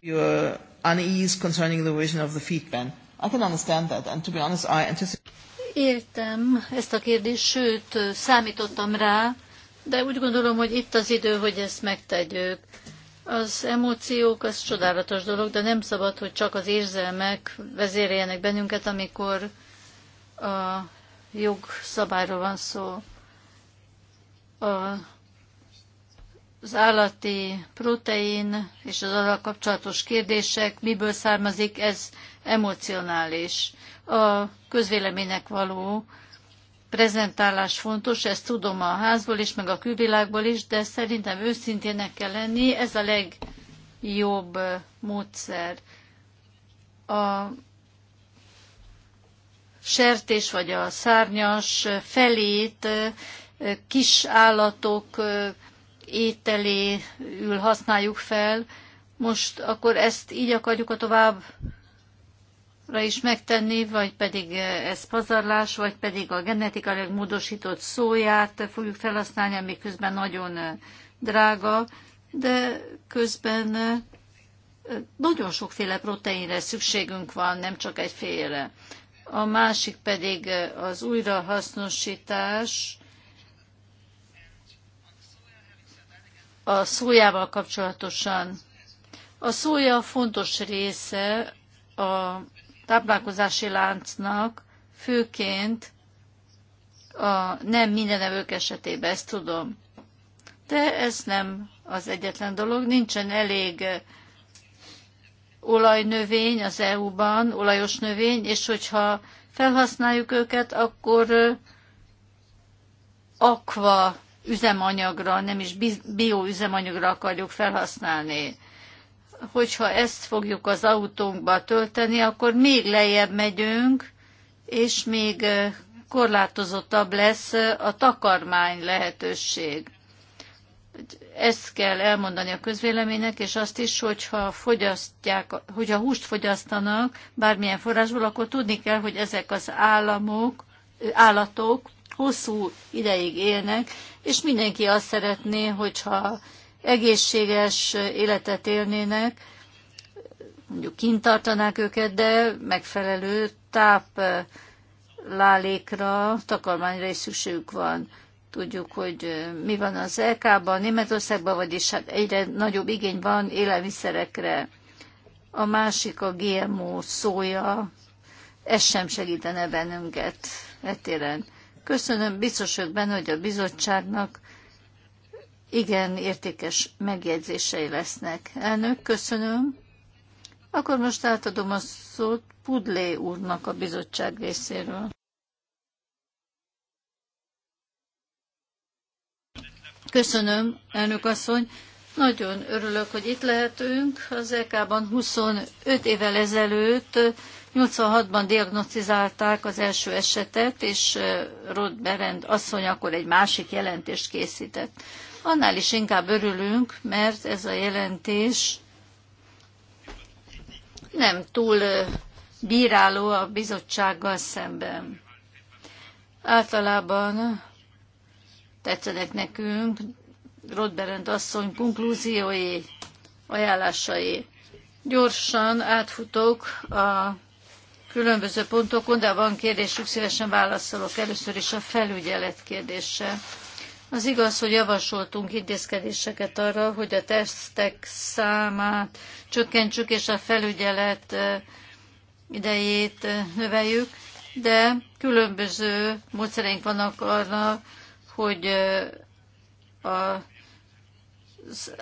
Your unease concerning the vision of the feed ban. I can understand that, and to be honest, I anticipate... Értem ezt a kérdést, sőt, számítottam rá, de úgy gondolom, hogy itt az idő, hogy ezt megtegyük. Az emóciók az csodálatos dolog, de nem szabad, hogy csak az érzelmek vezéreljenek bennünket, amikor a jogszabályról van szó. A, az állati protein és az arra kapcsolatos kérdések, miből származik, ez emocionális. A közvéleménynek való prezentálás fontos, ezt tudom a házból is, meg a külvilágból is, de szerintem őszintének kell lenni, ez a legjobb módszer. A sertés vagy a szárnyas felét kis állatok ételéül használjuk fel, most akkor ezt így akarjuk a tovább is megtenni, vagy pedig eh, ez pazarlás, vagy pedig a genetikailag módosított szóját fogjuk felhasználni, ami közben nagyon eh, drága, de közben eh, nagyon sokféle proteinre szükségünk van, nem csak egyféle. A másik pedig az újrahasznosítás, a szójával kapcsolatosan. A szója fontos része a táplálkozási láncnak, főként a nem evők esetében, ezt tudom. De ez nem az egyetlen dolog. Nincsen elég eh, olajnövény az EU-ban, olajos növény, és hogyha felhasználjuk őket, akkor eh, akva üzemanyagra, nem is bioüzemanyagra akarjuk felhasználni hogyha ezt fogjuk az autónkba tölteni, akkor még lejjebb megyünk, és még korlátozottabb lesz a takarmány lehetőség. Ezt kell elmondani a közvéleménynek, és azt is, hogyha, fogyasztják, hogyha húst fogyasztanak bármilyen forrásból, akkor tudni kell, hogy ezek az államok, állatok hosszú ideig élnek, és mindenki azt szeretné, hogyha egészséges életet élnének, mondjuk kint tartanák őket, de megfelelő táplálékra, takarmányra is szükségük van. Tudjuk, hogy mi van az LK-ban, Németországban, vagyis hát egyre nagyobb igény van élelmiszerekre. A másik a GMO szója, ez sem segítene bennünket etéren. Köszönöm, biztos vagyok benne, hogy a bizottságnak igen értékes megjegyzései lesznek. Elnök, köszönöm. Akkor most átadom a szót Pudlé úrnak a bizottság részéről. Köszönöm, elnök asszony. Nagyon örülök, hogy itt lehetünk. Az EK-ban 25 évvel ezelőtt, 86-ban diagnosztizálták az első esetet, és Rod Berend asszony akkor egy másik jelentést készített. Annál is inkább örülünk, mert ez a jelentés nem túl bíráló a bizottsággal szemben. Általában tetszenek nekünk Rodberend asszony konklúziói, ajánlásai. Gyorsan átfutok a különböző pontokon, de van kérdésük, szívesen válaszolok. Először is a felügyelet kérdése. Az igaz, hogy javasoltunk intézkedéseket arra, hogy a tesztek számát csökkentsük, és a felügyelet idejét növeljük, de különböző módszereink vannak arra, hogy az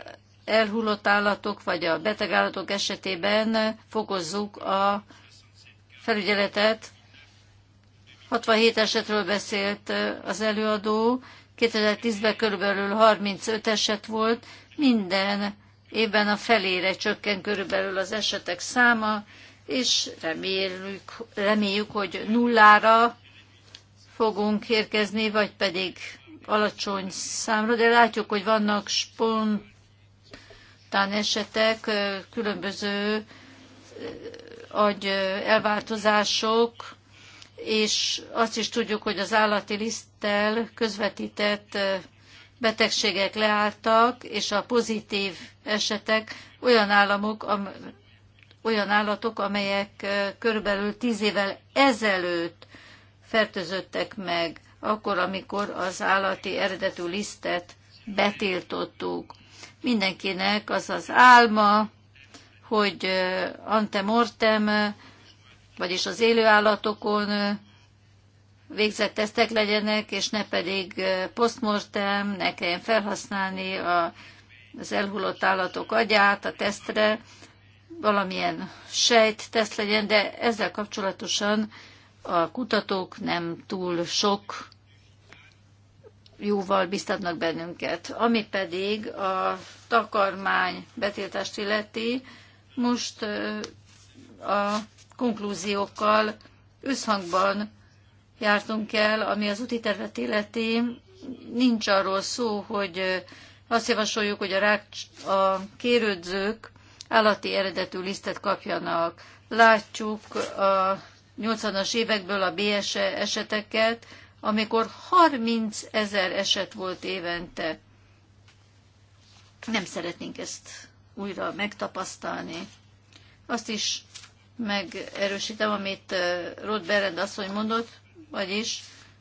elhullott állatok vagy a beteg állatok esetében fokozzuk a felügyeletet. 67 esetről beszélt az előadó, 2010-ben körülbelül 35 eset volt, minden évben a felére csökken körülbelül az esetek száma, és reméljük, reméljük, hogy nullára fogunk érkezni, vagy pedig alacsony számra, de látjuk, hogy vannak spontán esetek, különböző agy elváltozások, és azt is tudjuk, hogy az állati liszttel közvetített betegségek leálltak, és a pozitív esetek olyan államok, olyan állatok, amelyek körülbelül tíz évvel ezelőtt fertőzöttek meg, akkor, amikor az állati eredetű lisztet betiltottuk. Mindenkinek az az álma, hogy antemortem vagyis az élő állatokon végzett tesztek legyenek, és ne pedig postmortem, ne kelljen felhasználni a, az elhullott állatok agyát a tesztre, valamilyen sejt teszt legyen, de ezzel kapcsolatosan a kutatók nem túl sok jóval biztatnak bennünket. Ami pedig a takarmány betiltást illeti, most a konklúziókkal összhangban jártunk el, ami az úti tervet illeti. Nincs arról szó, hogy azt javasoljuk, hogy a, rák, a kérődzők állati eredetű lisztet kapjanak. Látjuk a 80-as évekből a BSE eseteket, amikor 30 ezer eset volt évente. Nem szeretnénk ezt újra megtapasztalni. Azt is megerősítem, amit eh, Rod Berend asszony mondott, vagyis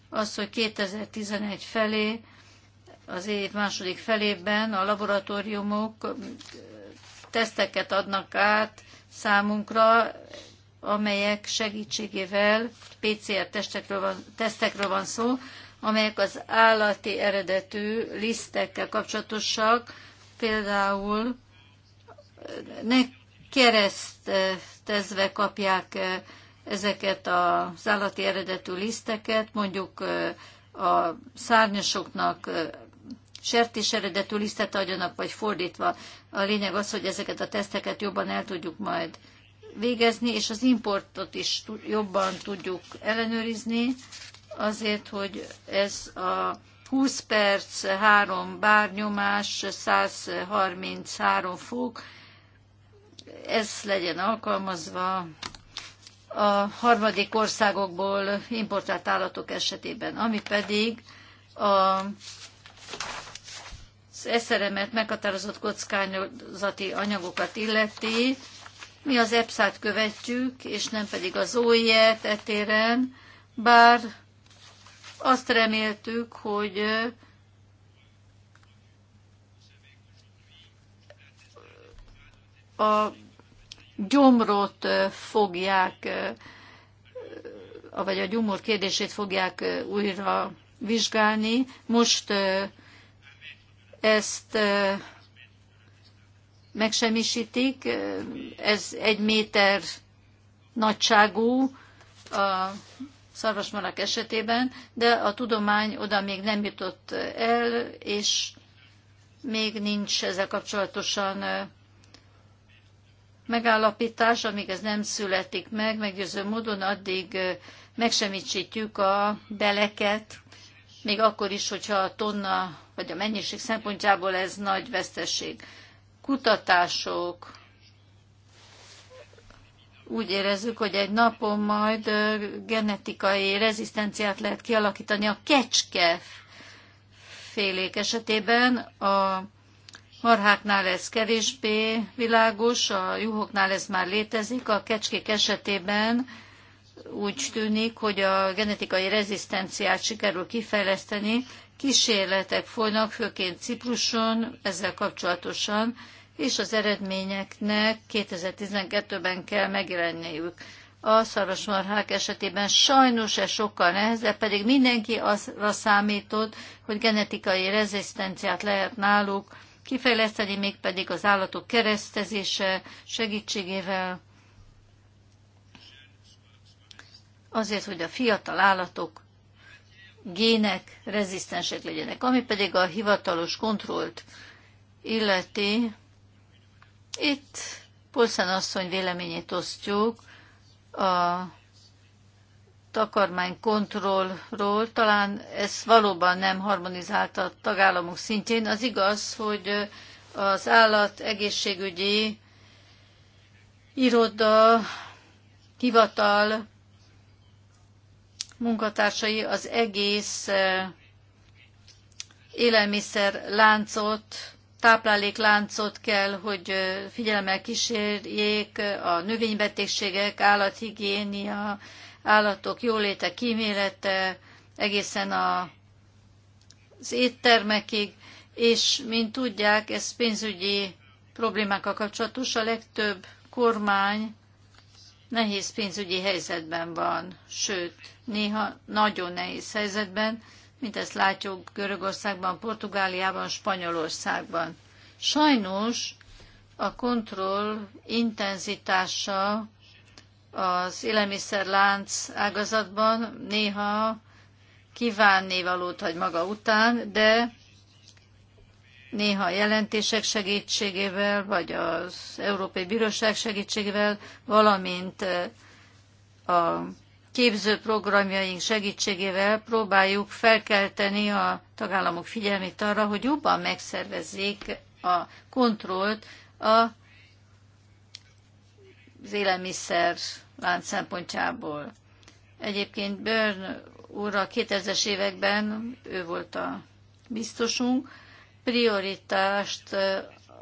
az, hogy 2011 felé, az év második felében a laboratóriumok eh, teszteket adnak át számunkra, amelyek segítségével PCR testekről van, tesztekről van szó, amelyek az állati eredetű lisztekkel kapcsolatosak, például eh, nek keresztezve kapják ezeket az állati eredetű liszteket, mondjuk a szárnyasoknak sertés eredetű lisztet adjanak, vagy fordítva. A lényeg az, hogy ezeket a teszteket jobban el tudjuk majd végezni, és az importot is jobban tudjuk ellenőrizni, azért, hogy ez a 20 perc, 3 bárnyomás, 133 fok, ez legyen alkalmazva a harmadik országokból importált állatok esetében, ami pedig a, az eszeremet meghatározott kockányzati anyagokat illeti. Mi az epsz át követjük, és nem pedig az OIE-t etéren, bár azt reméltük, hogy a gyomrot fogják, vagy a gyomor kérdését fogják újra vizsgálni. Most ezt megsemmisítik, ez egy méter nagyságú a szarvasmarak esetében, de a tudomány oda még nem jutott el, és még nincs ezzel kapcsolatosan megállapítás, amíg ez nem születik meg, meggyőző módon addig megsemmisítjük a beleket, még akkor is, hogyha a tonna vagy a mennyiség szempontjából ez nagy veszteség. Kutatások, úgy érezzük, hogy egy napon majd genetikai rezisztenciát lehet kialakítani a kecske félék esetében. A marháknál ez kevésbé világos, a juhoknál ez már létezik, a kecskék esetében úgy tűnik, hogy a genetikai rezisztenciát sikerül kifejleszteni, kísérletek folynak, főként Cipruson ezzel kapcsolatosan, és az eredményeknek 2012-ben kell megjelenniük. A szarvasmarhák esetében sajnos ez sokkal nehezebb, pedig mindenki azra számított, hogy genetikai rezisztenciát lehet náluk kifejleszteni, mégpedig az állatok keresztezése segítségével, azért, hogy a fiatal állatok gének rezisztensek legyenek. Ami pedig a hivatalos kontrollt illeti, itt Polszán asszony véleményét osztjuk, a takarmánykontrollról, talán ez valóban nem harmonizált a tagállamok szintjén. Az igaz, hogy az állat egészségügyi iroda, hivatal munkatársai az egész eh, élelmiszer láncot, táplálékláncot kell, hogy eh, figyelemmel kísérjék a növénybetegségek, állathigiénia, állatok jóléte, kímélete, egészen a, az éttermekig, és mint tudják, ez pénzügyi problémákkal kapcsolatos. A legtöbb kormány nehéz pénzügyi helyzetben van, sőt, néha nagyon nehéz helyzetben, mint ezt látjuk Görögországban, Portugáliában, Spanyolországban. Sajnos a kontroll intenzitása az élelmiszerlánc ágazatban néha kívánni valót hagy maga után, de néha a jelentések segítségével, vagy az Európai Bíróság segítségével, valamint eh, a képzőprogramjaink segítségével próbáljuk felkelteni a tagállamok figyelmét arra, hogy jobban megszervezzék a kontrollt a az élelmiszer lánc szempontjából. Egyébként Börn úr a 2000-es években, ő volt a biztosunk, prioritást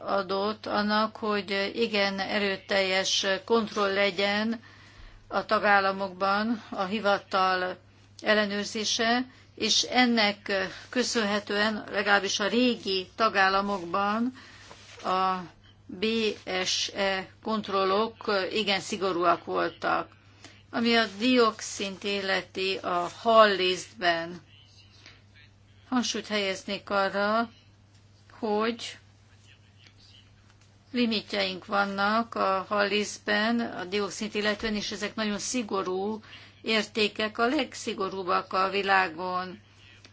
adott annak, hogy igen erőteljes kontroll legyen a tagállamokban a hivatal ellenőrzése, és ennek köszönhetően legalábbis a régi tagállamokban a BSE kontrollok igen szigorúak voltak. Ami a dioxint életi a hallésztben, hangsúlyt helyeznék arra, hogy limitjeink vannak a hallészben, a dioxint illetően, és ezek nagyon szigorú értékek, a legszigorúbbak a világon.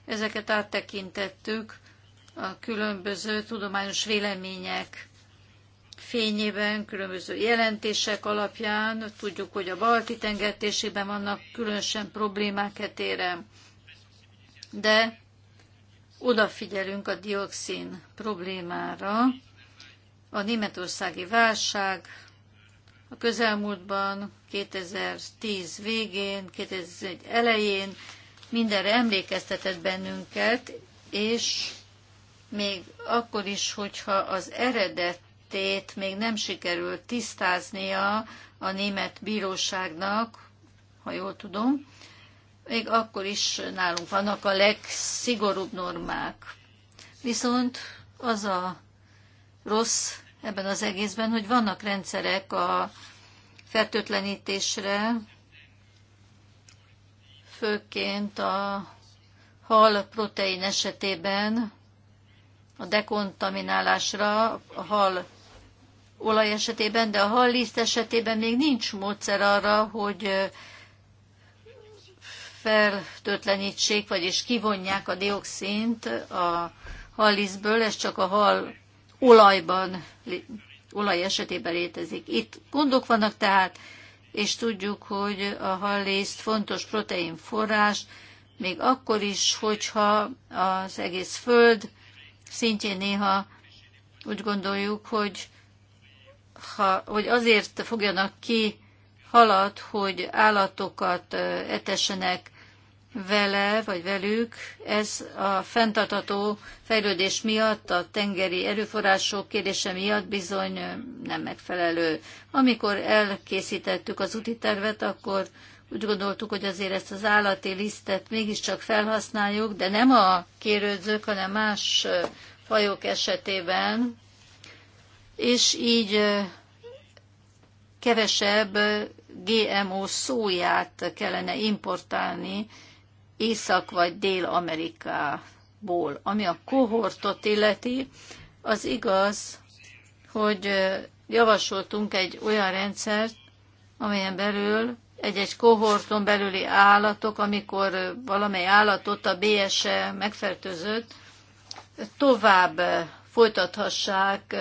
Ezeket áttekintettük a különböző tudományos vélemények fényében, különböző jelentések alapján, tudjuk, hogy a balti tengertésében vannak különösen problémák etére, de odafigyelünk a dioxin problémára. A németországi válság a közelmúltban, 2010 végén, 2001 elején mindenre emlékeztetett bennünket, és még akkor is, hogyha az eredet tettét még nem sikerült tisztáznia a német bíróságnak, ha jól tudom, még akkor is nálunk vannak a legszigorúbb normák. Viszont az a rossz ebben az egészben, hogy vannak rendszerek a fertőtlenítésre, főként a hal protein esetében a dekontaminálásra, a hal olaj esetében, de a halliszt esetében még nincs módszer arra, hogy fertőtlenítsék, vagyis kivonják a dioxint a halliszből, ez csak a hal olajban, olaj esetében létezik. Itt gondok vannak tehát, és tudjuk, hogy a halliszt fontos protein forrás, még akkor is, hogyha az egész föld szintjén néha úgy gondoljuk, hogy ha, hogy azért fogjanak ki halat, hogy állatokat etessenek vele vagy velük, ez a fenntartató fejlődés miatt, a tengeri erőforrások kérdése miatt bizony nem megfelelő. Amikor elkészítettük az úti tervet, akkor úgy gondoltuk, hogy azért ezt az állati lisztet mégiscsak felhasználjuk, de nem a kérődzők, hanem más fajok esetében, és így kevesebb GMO szóját kellene importálni Észak- vagy Dél-Amerikából. Ami a kohortot illeti, az igaz, hogy javasoltunk egy olyan rendszert, amelyen belül egy-egy kohorton belüli állatok, amikor valamely állatot a BSE megfertőzött, tovább folytathassák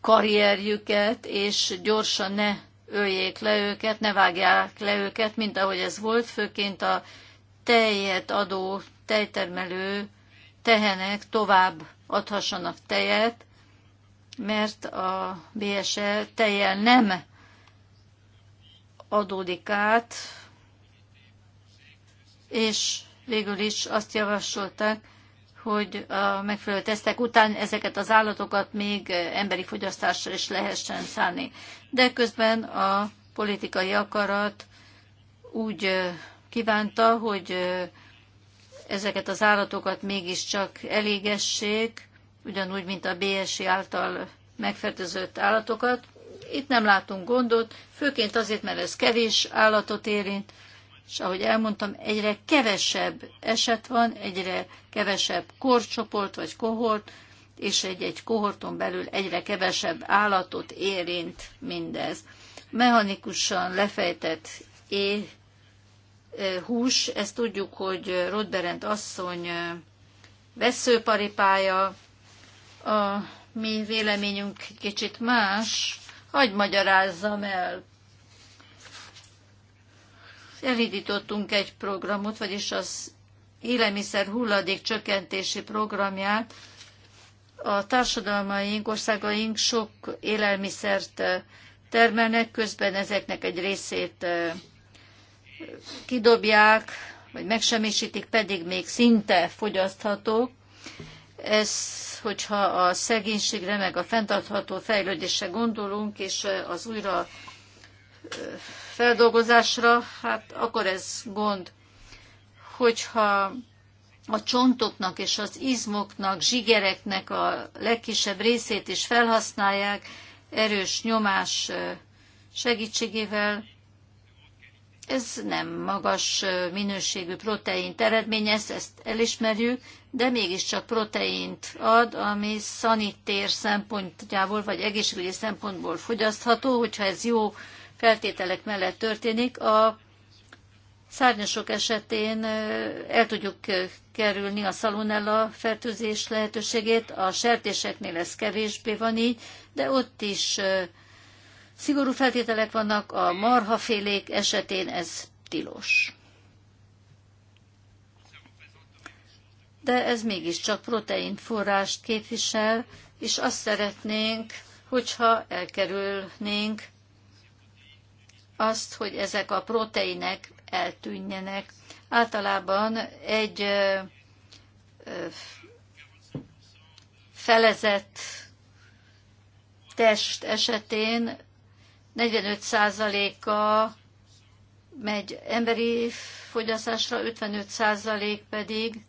karrierjüket, és gyorsan ne öljék le őket, ne vágják le őket, mint ahogy ez volt, főként a tejet adó, tejtermelő tehenek tovább adhassanak tejet, mert a BSE tejjel nem adódik át, és végül is azt javasolták, hogy a megfelelő tesztek után ezeket az állatokat még emberi fogyasztásra is lehessen szállni. De közben a politikai akarat úgy kívánta, hogy ezeket az állatokat mégiscsak elégessék, ugyanúgy, mint a BSI által megfertőzött állatokat. Itt nem látunk gondot, főként azért, mert ez kevés állatot érint, és ahogy elmondtam, egyre kevesebb eset van, egyre kevesebb korcsoport vagy kohort, és egy-egy kohorton belül egyre kevesebb állatot érint mindez. Mechanikusan lefejtett é hús, ezt tudjuk, hogy Rodberend asszony veszőparipája, a mi véleményünk kicsit más, hagyd magyarázzam el elindítottunk egy programot, vagyis az élelmiszer hulladék csökkentési programját. A társadalmaink, országaink sok élelmiszert termelnek, közben ezeknek egy részét kidobják, vagy megsemmisítik, pedig még szinte fogyasztható. Ez, hogyha a szegénységre, meg a fenntartható fejlődésre gondolunk, és az újra feldolgozásra, hát akkor ez gond. Hogyha a csontoknak és az izmoknak, zsigereknek a legkisebb részét is felhasználják erős nyomás segítségével, ez nem magas minőségű proteint eredményez, ezt elismerjük, de mégiscsak proteint ad, ami szanitér szempontjából, vagy egészségügyi szempontból fogyasztható, hogyha ez jó feltételek mellett történik. A szárnyasok esetén el tudjuk kerülni a szalonella fertőzés lehetőségét, a sertéseknél ez kevésbé van így, de ott is szigorú feltételek vannak, a marhafélék esetén ez tilos. De ez mégiscsak forrást képvisel, és azt szeretnénk, hogyha elkerülnénk azt, hogy ezek a proteinek eltűnjenek. Általában egy felezett test esetén 45%-a megy emberi fogyasztásra, 55% pedig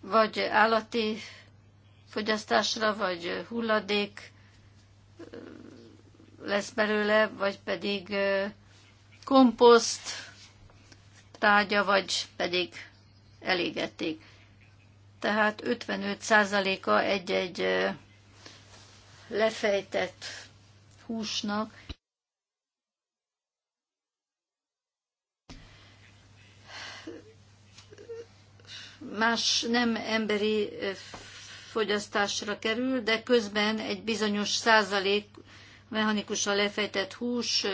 vagy állati fogyasztásra, vagy hulladék lesz belőle, vagy pedig komposzt, trágya, vagy pedig elégették. Tehát 55%-a egy-egy lefejtett húsnak más nem emberi fogyasztásra kerül, de közben egy bizonyos százalék mechanikusan lefejtett hús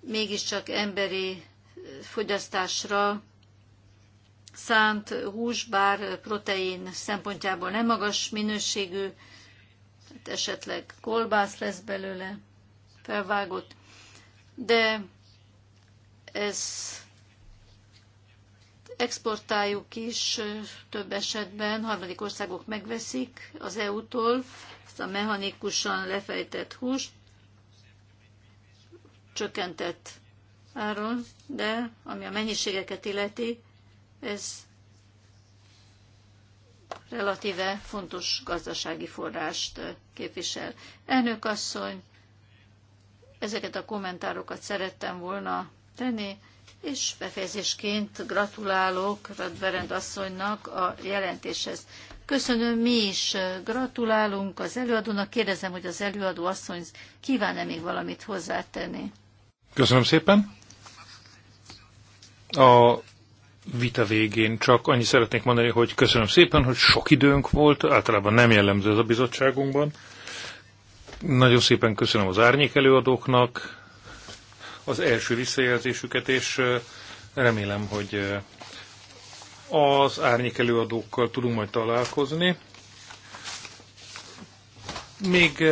mégiscsak emberi fogyasztásra szánt hús, bár protein szempontjából nem magas minőségű, tehát esetleg kolbász lesz belőle, felvágott, de ez exportáljuk is több esetben, harmadik országok megveszik az EU-tól ezt a mechanikusan lefejtett húst, csökkentett áron, de ami a mennyiségeket illeti, ez relatíve fontos gazdasági forrást képvisel. Elnök asszony, ezeket a kommentárokat szerettem volna tenni és befejezésként gratulálok Radverend asszonynak a jelentéshez. Köszönöm, mi is gratulálunk az előadónak. Kérdezem, hogy az előadó asszony kíván-e még valamit hozzátenni? Köszönöm szépen. A vita végén csak annyi szeretnék mondani, hogy köszönöm szépen, hogy sok időnk volt, általában nem jellemző ez a bizottságunkban. Nagyon szépen köszönöm az árnyék előadóknak, az első visszajelzésüket, és remélem, hogy az árnyék előadókkal tudunk majd találkozni. Még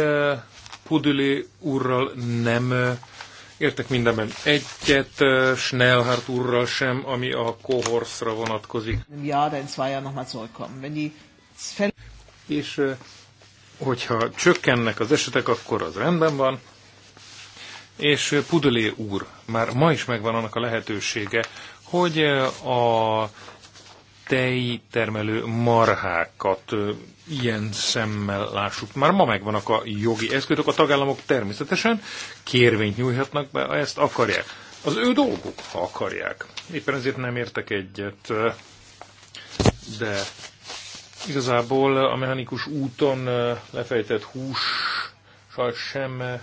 Pudüli úrral nem értek mindenben egyet, Schnellhardt úrral sem, ami a kohorszra vonatkozik. és hogyha csökkennek az esetek, akkor az rendben van és eh, Pudelé úr, már ma is megvan annak a lehetősége, hogy eh, a tejtermelő marhákat eh, ilyen szemmel lássuk. Már ma megvannak a jogi eszközök, a tagállamok természetesen kérvényt nyújhatnak be, ha ezt akarják. Az ő dolguk, ha akarják. Éppen ezért nem értek egyet, de igazából a mechanikus úton lefejtett hús sem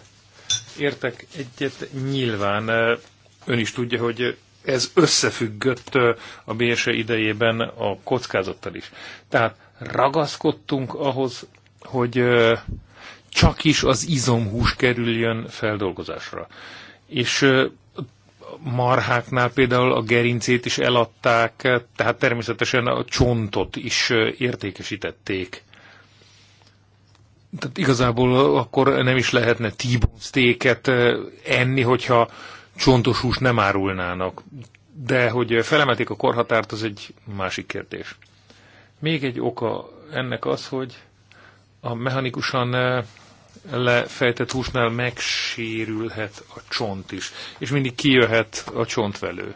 értek egyet, nyilván eh, ön is tudja, hogy ez összefüggött eh, a BSE idejében a kockázattal is. Tehát ragaszkodtunk ahhoz, hogy eh, csak is az izomhús kerüljön feldolgozásra. És marháknál például a gerincét is eladták, tehát természetesen a csontot is értékesítették tehát igazából akkor nem is lehetne T-bone eh, enni, hogyha csontos hús nem árulnának. De hogy felemetik a korhatárt, az egy másik kérdés. Még egy oka ennek az, hogy a mechanikusan eh, lefejtett húsnál megsérülhet a csont is, és mindig kijöhet a csontvelő.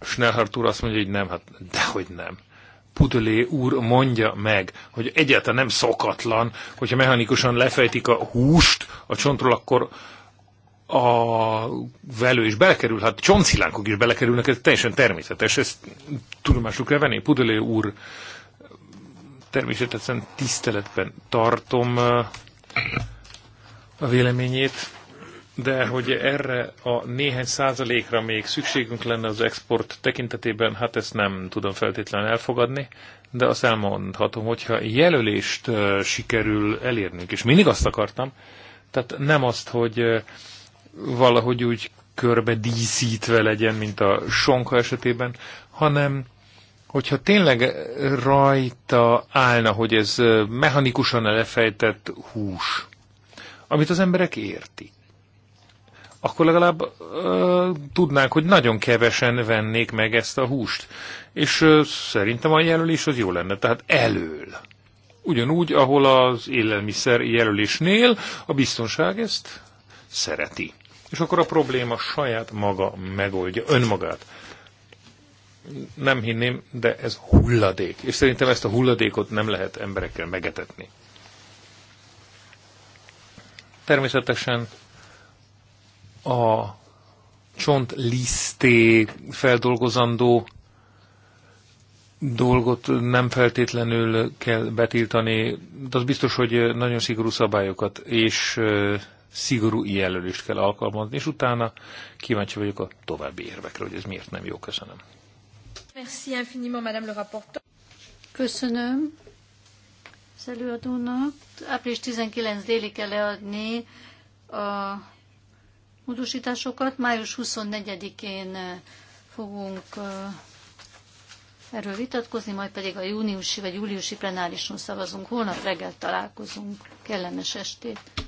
Schnellhardt úr azt mondja, hogy nem, hát dehogy nem. Pudelé úr mondja meg, hogy egyáltalán nem szokatlan, hogyha mechanikusan lefejtik a húst a csontról, akkor a velő is belekerül, hát csontszilánkok is belekerülnek, ez teljesen természetes, ezt tudomásul kell venni. Pudelé úr természetesen tiszteletben tartom a véleményét, de hogy erre a néhány százalékra még szükségünk lenne az export tekintetében, hát ezt nem tudom feltétlenül elfogadni, de azt elmondhatom, hogyha jelölést sikerül elérnünk, és mindig azt akartam, tehát nem azt, hogy valahogy úgy körbe díszítve legyen, mint a sonka esetében, hanem hogyha tényleg rajta állna, hogy ez mechanikusan lefejtett hús, amit az emberek értik akkor legalább ö, tudnánk, hogy nagyon kevesen vennék meg ezt a húst. És ö, szerintem a jelölés az jó lenne, tehát elől. Ugyanúgy, ahol az élelmiszer jelölésnél a biztonság ezt szereti. És akkor a probléma saját maga megoldja önmagát. Nem hinném, de ez hulladék. És szerintem ezt a hulladékot nem lehet emberekkel megetetni. Természetesen a csont liszté feldolgozandó dolgot nem feltétlenül kell betiltani, de az biztos, hogy nagyon szigorú szabályokat és szigorú jelölést kell alkalmazni, és utána kíváncsi vagyok a további érvekre, hogy ez miért nem jó. Köszönöm. Merci infiniment, madame le rapporteur. Köszönöm az előadónak. Április 19 déli kell leadni a módosításokat. Május 24-én eh, fogunk eh, erről vitatkozni, majd pedig a júniusi vagy júliusi plenárison szavazunk. Holnap reggel találkozunk. Kellemes estét!